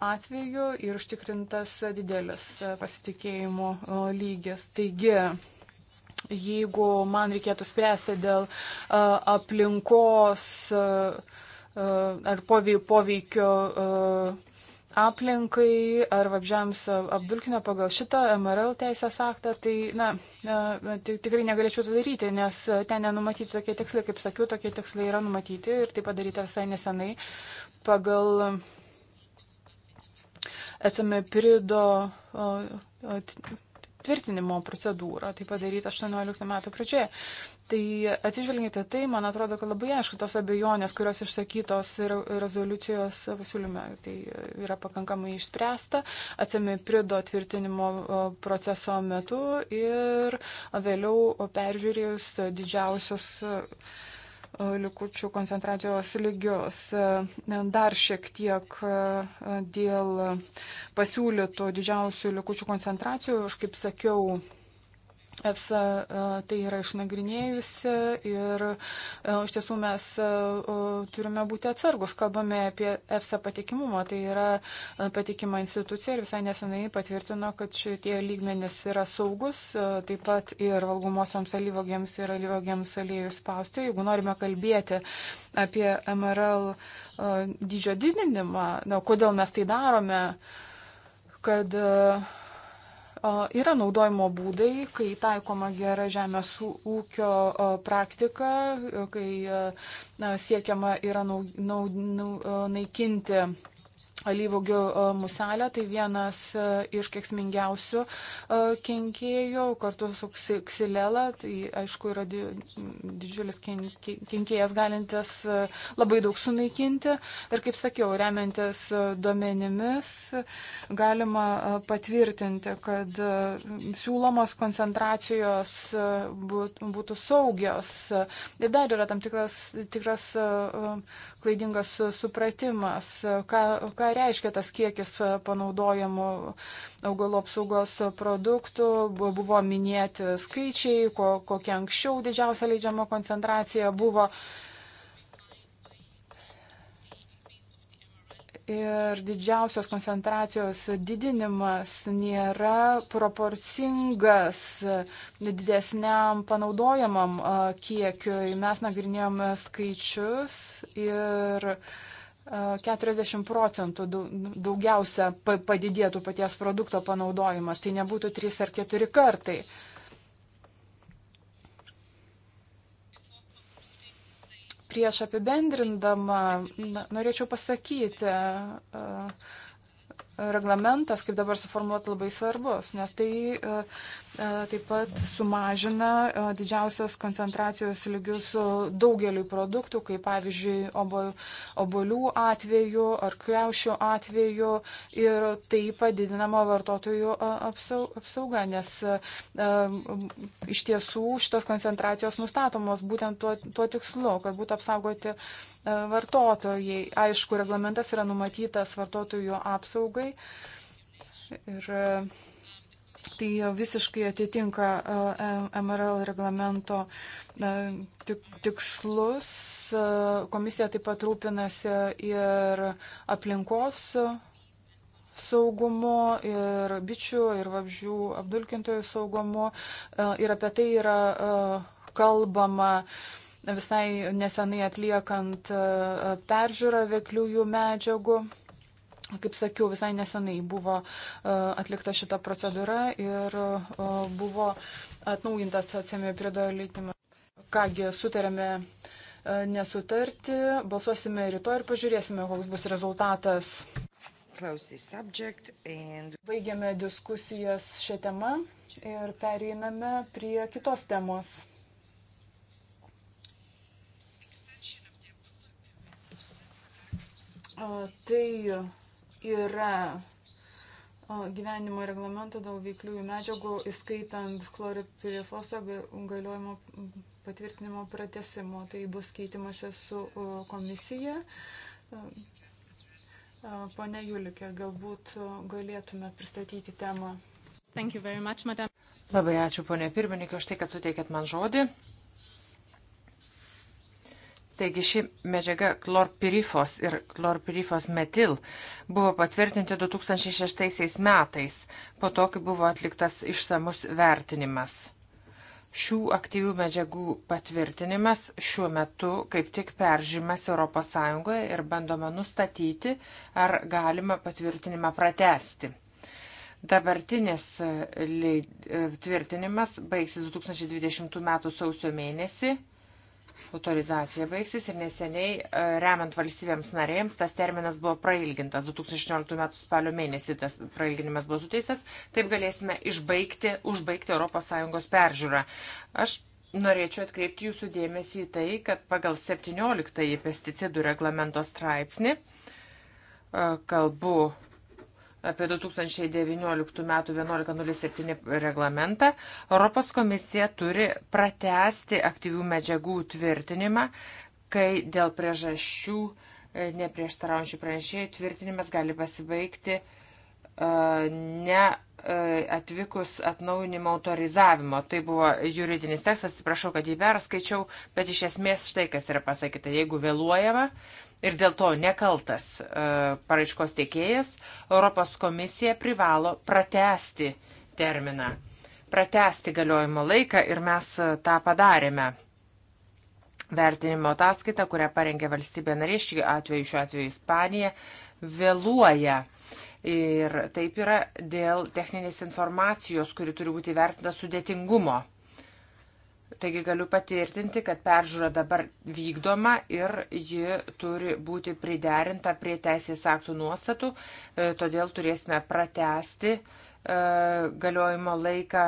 atveju ir užtikrintas didelis pasitikėjimo lygis. Taigi, jeigu man reikėtų spręsti dėl aplinkos ar poveikio aplinkai ar vabžiams apdulkinio pagal šitą MRL teisės aktą, tai na, tai tikrai negalėčiau to daryti, nes ten nenumatyti tokie tikslai, kaip sakiau, tokie tikslai yra numatyti ir tai padaryta visai nesenai pagal esame prido tvirtinimo procedūrą, tai padaryta 18 metų pradžioje. Tai atsižvelgiant į tai, man atrodo, kad labai aišku tos abejonės, kurios išsakytos rezoliucijos pasiūlyme, tai yra pakankamai išspręsta, atsiemi prido tvirtinimo proceso metu ir vėliau peržiūrėjus didžiausios likučių koncentracijos lygius. Dar šiek tiek dėl pasiūlytų didžiausių likučių koncentracijų, aš kaip sakiau, EFSA e, tai yra išnagrinėjusi ir e, iš tiesų mes e, turime būti atsargus, kalbame apie EFSA patikimumą, tai yra patikima institucija ir visai nesenai patvirtino, kad šitie lygmenys yra saugus, taip pat ir valgumosioms alyvogėms ir alyvogėms aliejus spausti. Jeigu norime kalbėti apie MRL dydžio didinimą, na, kodėl mes tai darome, kad uh, Yra naudojimo būdai, kai taikoma gera žemės ūkio praktika, kai siekiama yra nau, nau, nau, naikinti alyvogių e, muselę, tai vienas e, iš keksmingiausių e, kenkėjų, kartu su ksilela, tai aišku yra didžiulis kenkėjas galintis labai daug sunaikinti. Ir kaip sakiau, remiantis duomenimis, galima patvirtinti, kad siūlomos koncentracijos būtų saugios. Ir dar yra tam tikras, tikras klaidingas supratimas, ką, ką reiškia tas kiekis panaudojamų augalų apsaugos produktų. Buvo minėti skaičiai, ko, kokia anksčiau didžiausia leidžiama koncentracija buvo. Uh, ir didžiausios koncentracijos didinimas nėra proporcingas didesniam panaudojamam kiekiui. Mes nagrinėjom skaičius ir 40 procentų daugiausia padidėtų paties produkto panaudojimas, tai nebūtų 3 ar 4 kartai. Prieš apibendrindama na, norėčiau pasakyti, reglamentas, kaip dabar suformuot, labai svarbus, nes tai E, taip pat sumažina e, didžiausios koncentracijos lygius daugeliu produktų, kaip pavyzdžiui obolių atveju ar kreušių atveju ir tai padidinama vartotojų e, apsauga, nes iš tiesų šitos koncentracijos nustatomos būtent tuo, tuo tikslu, kad būtų apsaugoti vartotojai. Aišku, reglamentas yra numatytas vartotojų apsaugai. Ir uh... Tai visiškai atitinka e, MRL reglamento e, tikslus. E, komisija taip pat rūpinasi ir aplinkos saugumu, ir bičių, ir vabžių apdulkintojų saugumu. Ir apie tai yra kalbama visai nesenai atliekant peržiūrą vekliųjų medžiagų Kaip sakiau, visai nesenai buvo e, atlikta šita procedūra ir e, buvo atnaujintas atsemiprido leitimas. Kągi, sutarėme e, nesutarti, balsuosime rytoj ir pažiūrėsime, koks bus rezultatas. And... Baigiame diskusijas šią temą ir pereiname prie kitos temos. Tai yra gyvenimo reglamento dėl veikliųjų medžiagų, įskaitant chloripirifoso galiojimo patvirtinimo pratesimo. Tai bus keitimasi su komisija. Pone Julik, ar galbūt galėtumėt pristatyti temą? Much, madame. Labai ačiū, ponė pirmininkė, už tai, kad suteikėt man žodį. Taigi ši medžiaga klorpirifos ir klorpirifos metil buvo patvirtinti 2006 metais, po to, kai buvo atliktas išsamus vertinimas. Šių aktyvių medžiagų patvirtinimas šiuo metu kaip tik peržimas ES ir bandoma nustatyti, ar galima patvirtinimą pratesti. Dabartinis e, e, tvirtinimas baigsis 2020 m. sausio mėnesį autorizacija baigsis ir neseniai, e, remiant valstybėms narėms, tas terminas buvo prailgintas. 2018 m. spalio mėnesį tas prailginimas buvo suteistas. Taip galėsime išbaigti, užbaigti ES peržiūrą. Aš norėčiau atkreipti jūsų dėmesį į tai, kad pagal 17 pesticidų reglamento straipsnį e, kalbu apie 2019 m. 1107 reglamentą, Europos komisija turi pratesti aktyvių medžiagų tvirtinimą, kai dėl priežasčių e, neprieštaraujančių pranešėjų tvirtinimas gali pasibaigti e, ne e, atvykus atnaujinimo autorizavimo. Tai buvo juridinis tekstas, atsiprašau, kad jį perskaičiau, bet iš esmės štai kas yra pasakyta. Jeigu vėluojama, ir dėl to nekaltas e, paraiškos tiekėjas, Europos komisija privalo pratesti terminą, pratesti galiojimo laiką ir mes e, tą padarėme. Vertinimo ataskaita, kurią parengė valstybė narė, šiuo atveju, šiuo atveju Ispanija, vėluoja. Ir taip yra dėl techninės informacijos, kuri turi būti vertinta sudėtingumo. Taigi galiu patvirtinti, kad peržiūra dabar vykdoma ir ji turi būti priderinta prie teisės aktų nuostatų, e, todėl turėsime pratesti e, galiojimo laiką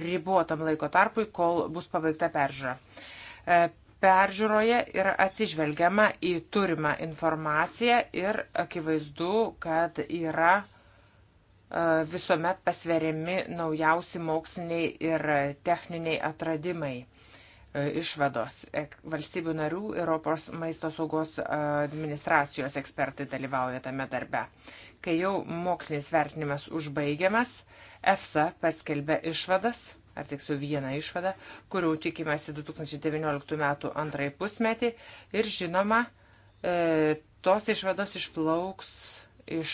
ribotam laiko tarpui, kol bus pabaigta peržiūra. E, peržiūroje yra atsižvelgiama į turimą informaciją ir akivaizdu, kad yra visuomet pasveriami naujausi moksliniai ir techniniai atradimai. E, išvados. E, valstybių narių Europos maisto saugos e, administracijos ekspertai dalyvauja tame darbe. Kai jau mokslinis vertinimas užbaigiamas, EFSA paskelbė išvadas, ar tik su viena išvada, kurių tikimasi 2019 m. antrąjį pusmetį ir žinoma, tos išvados išplauks iš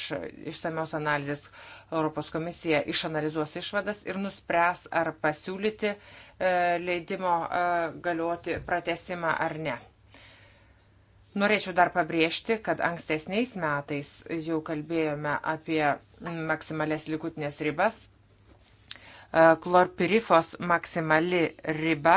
išsamios analizės Europos komisija išanalizuos išvadas ir nuspręs, ar pasiūlyti E, leidimo e, galioti pratesimą ar ne. Norėčiau dar pabrėžti, kad ankstesniais metais jau kalbėjome apie maksimales likutinės ribas. Klorpirifos e, maksimali riba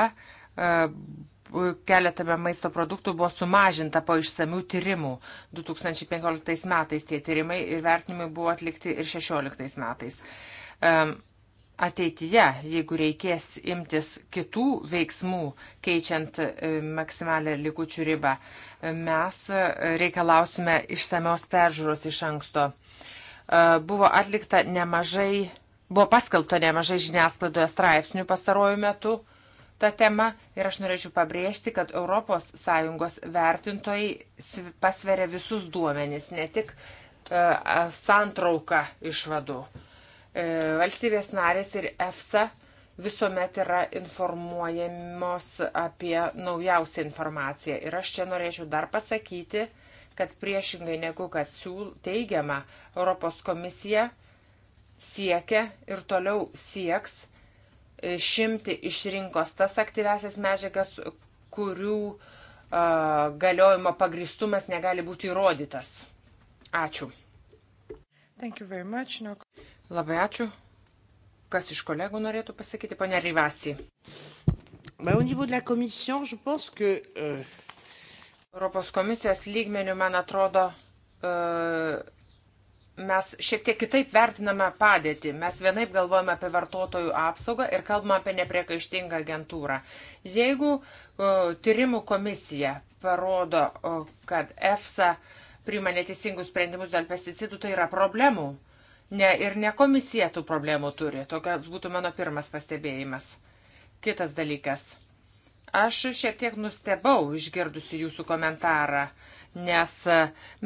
keletame maisto produktų buvo sumažinta po išsamių tyrimų. 2015 metais tie tyrimai ir vertinimai buvo atlikti ir 2016 metais ateityje, jeigu reikės imtis kitų veiksmų, keičiant e, maksimalę likučių ribą, e, mes e, reikalausime išsamios peržiūros iš anksto. Buvo atlikta nemažai, buvo paskelbta nemažai žiniasklaidoje straipsnių pastarojų metų tą temą ir aš norėčiau pabrėžti, kad ES vertintojai pasveria visus duomenys, ne tik santrauką išvadų. E, valstybės narės ir EFSA visuomet yra informuojamos apie naujausią informaciją. Ir aš čia norėčiau dar pasakyti, kad priešingai negu kad siūl teigiama, Europos komisija siekia ir toliau sieks e, šimti iš rinkos tas aktyvesias medžiagas, kurių uh, galiojimo pagristumas negali būti įrodytas. Ačiū. No... Labai ačiū. Kas iš kolegų norėtų pasakyti, ponia Rivasi? Bah, au niveau de la commission, je pense que. Euh... Europos komisijos lygmenių, man atrodo, euh, mes šiek tiek kitaip vertiname padėtį. Mes vienaip galvojame apie vartotojų apsaugą ir kalbame apie nepriekaištingą agentūrą. Jeigu uh, tyrimų komisija parodo, uh, kad EFSA priima neteisingus sprendimus dėl pesticidų, tai yra problemų. Uh, Ne, ir ne komisija tų problemų turi. Tokias būtų mano pirmas pastebėjimas. Kitas dalykas. Aš šiek tiek nustebau išgirdusi jūsų komentarą, nes e,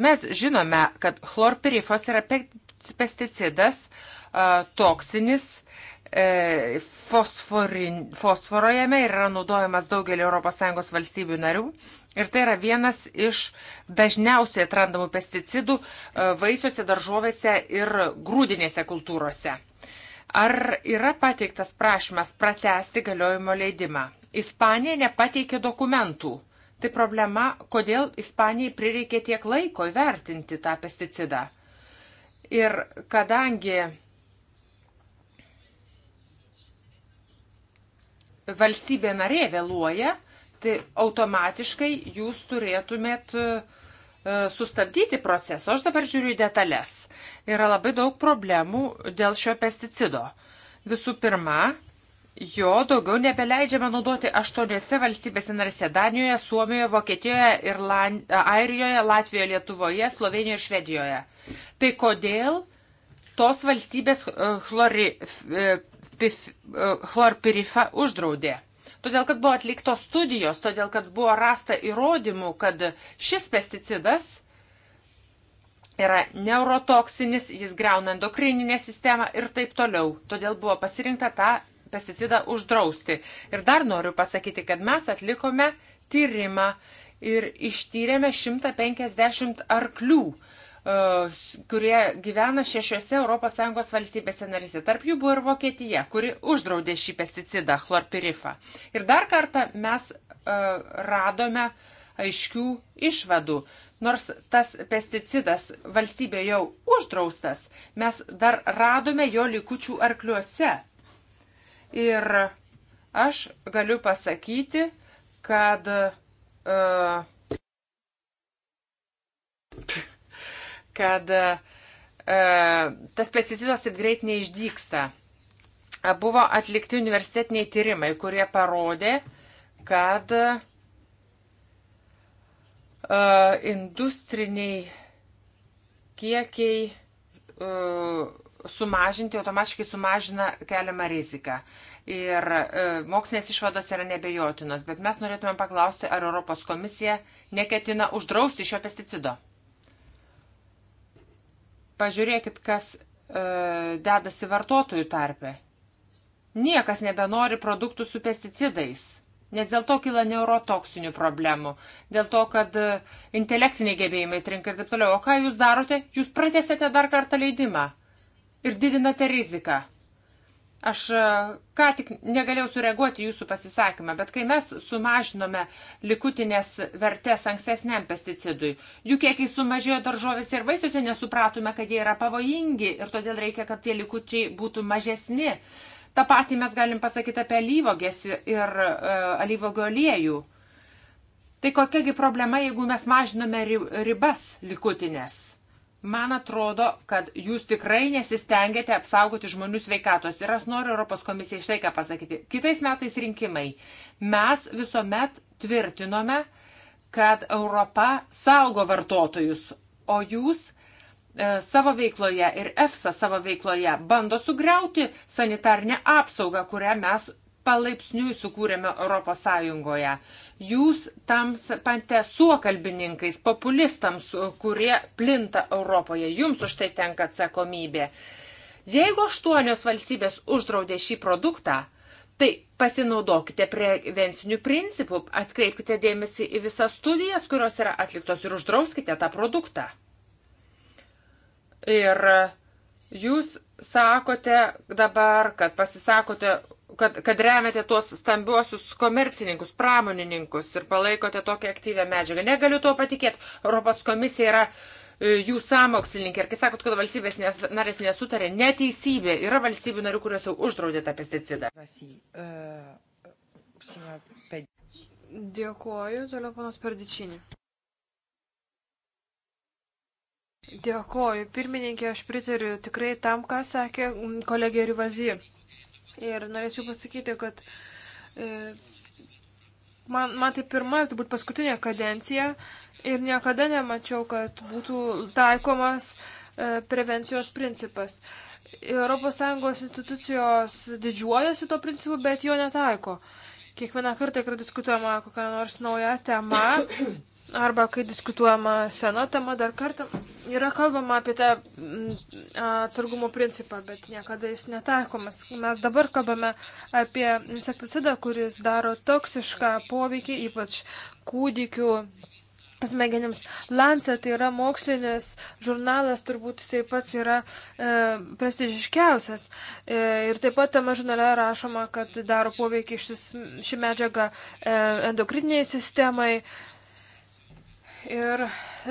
mes žinome, kad chlorpirifos yra pesticidas, e, toksinis, e, fosforin, fosforo jame yra naudojamas daugelį ES valstybių narių Ir tai yra vienas iš dažniausiai atrandamų pesticidų e, vaisiuose, daržovėse ir grūdinėse kultūrose. Ar yra pateiktas prašymas pratesti galiojimo leidimą? Ispanija nepateikė dokumentų. Tai problema, kodėl Ispanijai prireikė tiek laiko įvertinti tą pesticidą. Ir kadangi valstybė narė vėluoja, tai automatiškai jūs turėtumėt e, sustabdyti procesą. Aš dabar žiūriu į detalės. Yra labai daug problemų dėl šio pesticido. Visų pirma, jo daugiau nebeleidžiama naudoti aštuoniuose valstybėse narėse - Danijoje, Suomijoje, Vokietijoje, Irlan... Airijoje, Latvijoje, Lietuvoje, Slovenijoje ir Švedijoje. Tai kodėl tos valstybės e, chlori... E, pif... chlorpirifa uždraudė? Todėl, kad buvo atliktos studijos, todėl, kad buvo rasta įrodymų, kad šis pesticidas yra neurotoksinis, jis greuna endokrininę sistemą ir taip toliau. Todėl buvo pasirinkta tą pesticidą uždrausti. Ir dar noriu pasakyti, kad mes atlikome tyrimą ir ištyrėme 150 arklių E, kurie gyvena šešiose ES valstybėse narise. Tarp jų buvo ir Vokietija, kuri uždraudė šį pesticidą chlorpirifą. Ir dar kartą mes e, radome aiškių išvadų. Nors tas pesticidas valstybė jau uždraustas, mes dar radome jo likučių arkliuose. Ir aš galiu pasakyti, kad. Uh, kad e, tas pesticidas taip greit neišdyksta. Buvo atlikti universitetiniai tyrimai, kurie parodė, kad e, industriniai kiekiai e, sumažinti automatiškai sumažina keliamą riziką. Ir e, mokslinės išvados yra nebejotinos, bet mes norėtume paklausti, ar Europos komisija neketina uždrausti šio pesticido. Pažiūrėkit, kas e, dedasi vartotojų tarpe. Niekas nebenori produktų su pesticidais, nes dėl to kyla neurotoksinių problemų, dėl to, kad e, intelektiniai gebėjimai trinka ir taip toliau. O ką jūs darote? Jūs pratesėte dar kartą leidimą ir didinate riziką. Aš e, ką tik negalėjau sureaguoti jūsų pasisakymą, bet kai mes sumažinome likutinės vertės ankstesniam pesticidui, jų kiekiai sumažėjo daržovėse ir vaisiuose, nesupratome, kad jie yra pavojingi ir todėl reikia, kad tie likučiai būtų mažesni. Ta pati mes galim pasakyti apie alyvogės ir uh, e, alyvogio aliejų. Tai kokiagi problema, jeigu mes mažiname ribas likutinės? Man atrodo, kad jūs tikrai nesistengiate apsaugoti žmonių sveikatos. Ir aš noriu Europos komisijai štai ką pasakyti. Kitais metais rinkimai. Mes visuomet tvirtinome, kad Europa saugo vartotojus, o jūs e, savo veikloje ir EFSA savo veikloje bando sugriauti sanitarnę apsaugą, kurią mes palaipsniui sukūrėme Europos Sąjungoje. Jūs tams pante suokalbininkais, populistams, kurie plinta Europoje, jums už tai tenka atsakomybė. Jeigu aštuonios valstybės uždraudė šį produktą, tai pasinaudokite prevencinių principų, atkreipkite dėmesį į visas studijas, kurios yra atliktos ir uždrauskite tą produktą. Ir jūs sakote dabar, kad pasisakote, kad, kad remiate tuos stambiuosius komercininkus, pramonininkus ir palaikote tokią aktyvę medžiagą. Negaliu tuo patikėti. Europos komisija yra e, jų sąmokslininkė. Ir kai sakot, kad valstybės nes, narės nesutarė, neteisybė. Yra valstybių narių, kurios jau uždraudė tą pesticidą. Dėkuoju, toliau panas Perdičinį. Dėkoju. Pirmininkė, aš pritariu tikrai tam, ką sakė mm, kolegė Rivazi. Ir norėčiau pasakyti, kad e, man, man tai pirma, turbūt paskutinė kadencija ir niekada nemačiau, kad būtų taikomas e, prevencijos principas. ES institucijos didžiuojasi to principu, bet jo netaiko. Kiekvieną kartą, kai diskutuojama kokią nors naują temą, arba kai diskutuojama sena tema, dar kartą yra kalbama apie tą mm, atsargumo principą, bet niekada jis netaikomas. Mes dabar kalbame apie insekticidą, kuris daro toksišką poveikį, ypač kūdikių. Smegenims. Lancet tai yra mokslinis žurnalas, turbūt jisai pats yra e, prestižiškiausias. E, ir taip pat tame žurnale rašoma, kad daro poveikį šis, ši medžiaga e, endokriniai sistemai, e, ir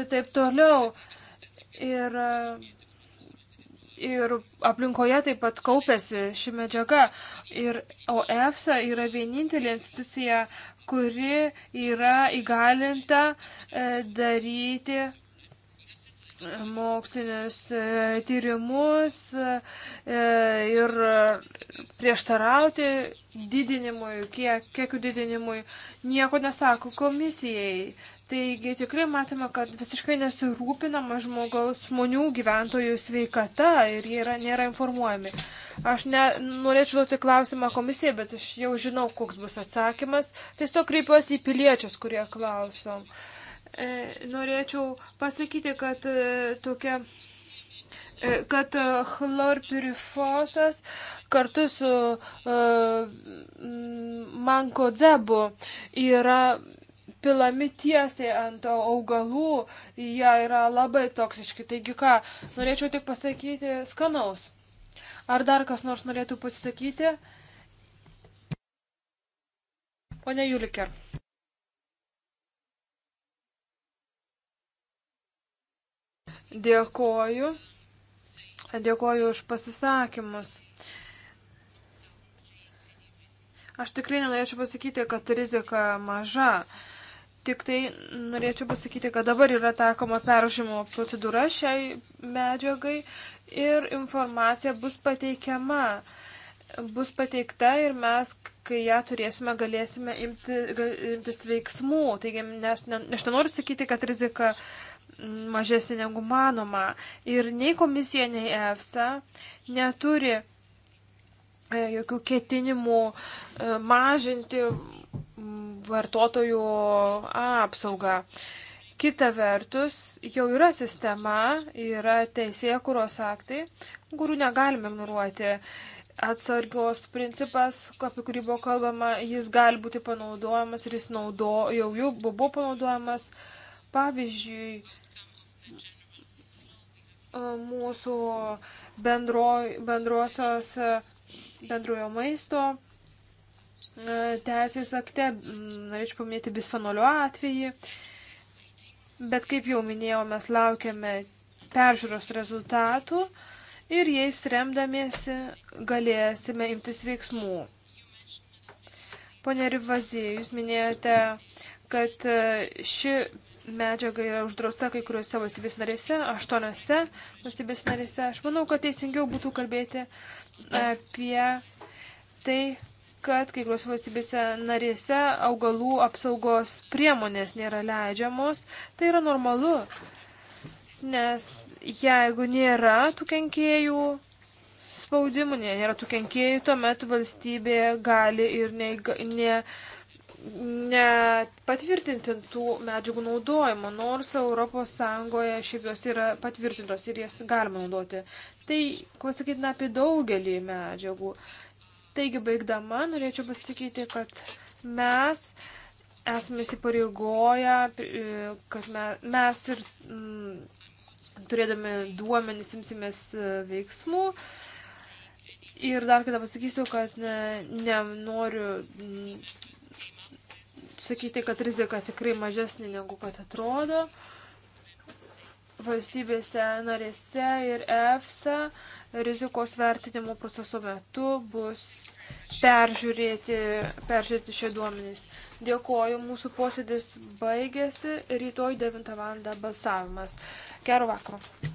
taip toliau. Ir, ir aplinkoje taip pat kaupėsi ši medžiaga. Ir, o EFSA yra vienintelė institucija, kuri yra įgalinta e, daryti e, mokslinius e, tyrimus ir prieštarauti didinimui, kiek, kiekių didinimui, nieko nesako komisijai. Taigi tikrai matome, kad visiškai nesirūpinama žmogaus, žmonių gyventojų sveikata ir jie yra, nėra informuojami. Aš ne, norėčiau duoti klausimą komisijai, bet aš jau žinau, koks bus atsakymas. Tiesiog kreipiuosi į piliečius, kurie klausom. E, norėčiau pasakyti, kad e, tokia e, kad e, chlorpirifosas kartu su uh, e, mankodzebu yra pilami tiesiai ant augalų, jie yra labai toksiški. Taigi ką, norėčiau tik pasakyti skanaus. Ar dar kas nors norėtų pasisakyti? Pone Juliker. Dėkoju. Dėkoju už pasisakymus. Aš tikrai nenorėčiau pasakyti, kad rizika maža. Tik tai norėčiau pasakyti, kad dabar yra taikoma perrašymo procedūra šiai medžiagai ir informacija bus pateikiama. Bus pateikta ir mes, kai ją turėsime, galėsime imti, imtis veiksmų. Taigi, nes ne, aš nenoriu sakyti, kad rizika mažesnė negu manoma. Ir nei komisija, nei EFSA neturi e, jokių ketinimų e, mažinti vartotojų apsaugą. Kita vertus, jau yra sistema, yra teisėkuros aktai, kurių negalime ignoruoti. Atsargos principas, apie kurį buvo kalbama, jis gali būti panaudojamas ir jis naudo, jau jau buvo panaudojamas. Pavyzdžiui, mūsų bendro, bendrosios bendrojo maisto teisės akte, norėčiau paminėti bisfenolio atvejį, bet kaip jau minėjau, mes laukiame peržiūros rezultatų ir jais remdamiesi galėsime imtis veiksmų. Pone Rivazy, jūs minėjote, kad e, ši medžiaga yra uždrausta kai kuriuose valstybės narėse, aštuoniuose valstybės narėse. Aš manau, kad teisingiau būtų kalbėti apie tai, kad kai kuriuose valstybėse narėse augalų apsaugos priemonės nėra leidžiamos. Tai yra normalu, nes jeigu nėra tų kenkėjų spaudimų, nėra tų kenkėjų, tuomet valstybė gali ir ne, ne, nepatvirtinti tų medžiagų naudojimo, nors ES šiaip jos yra patvirtintos ir jas galima naudoti. Tai, kuo sakytina, apie daugelį medžiagų. Uh, Taigi, baigdama, norėčiau pasakyti, kad mes esame įsipareigoję, e, kad mes ir m, mm, turėdami duomenys imsimės e, veiksmų. Ir dar kada pasakysiu, kad e, nenoriu ne mm, sakyti, kad rizika tikrai mažesnė negu kad atrodo. Uh, valstybėse narėse ir EFSA rizikos vertinimo proceso metu bus peržiūrėti, peržiūrėti šie duomenys. Dėkoju, mūsų posėdis baigėsi, rytoj 9 val. balsavimas. Gerų vakarų.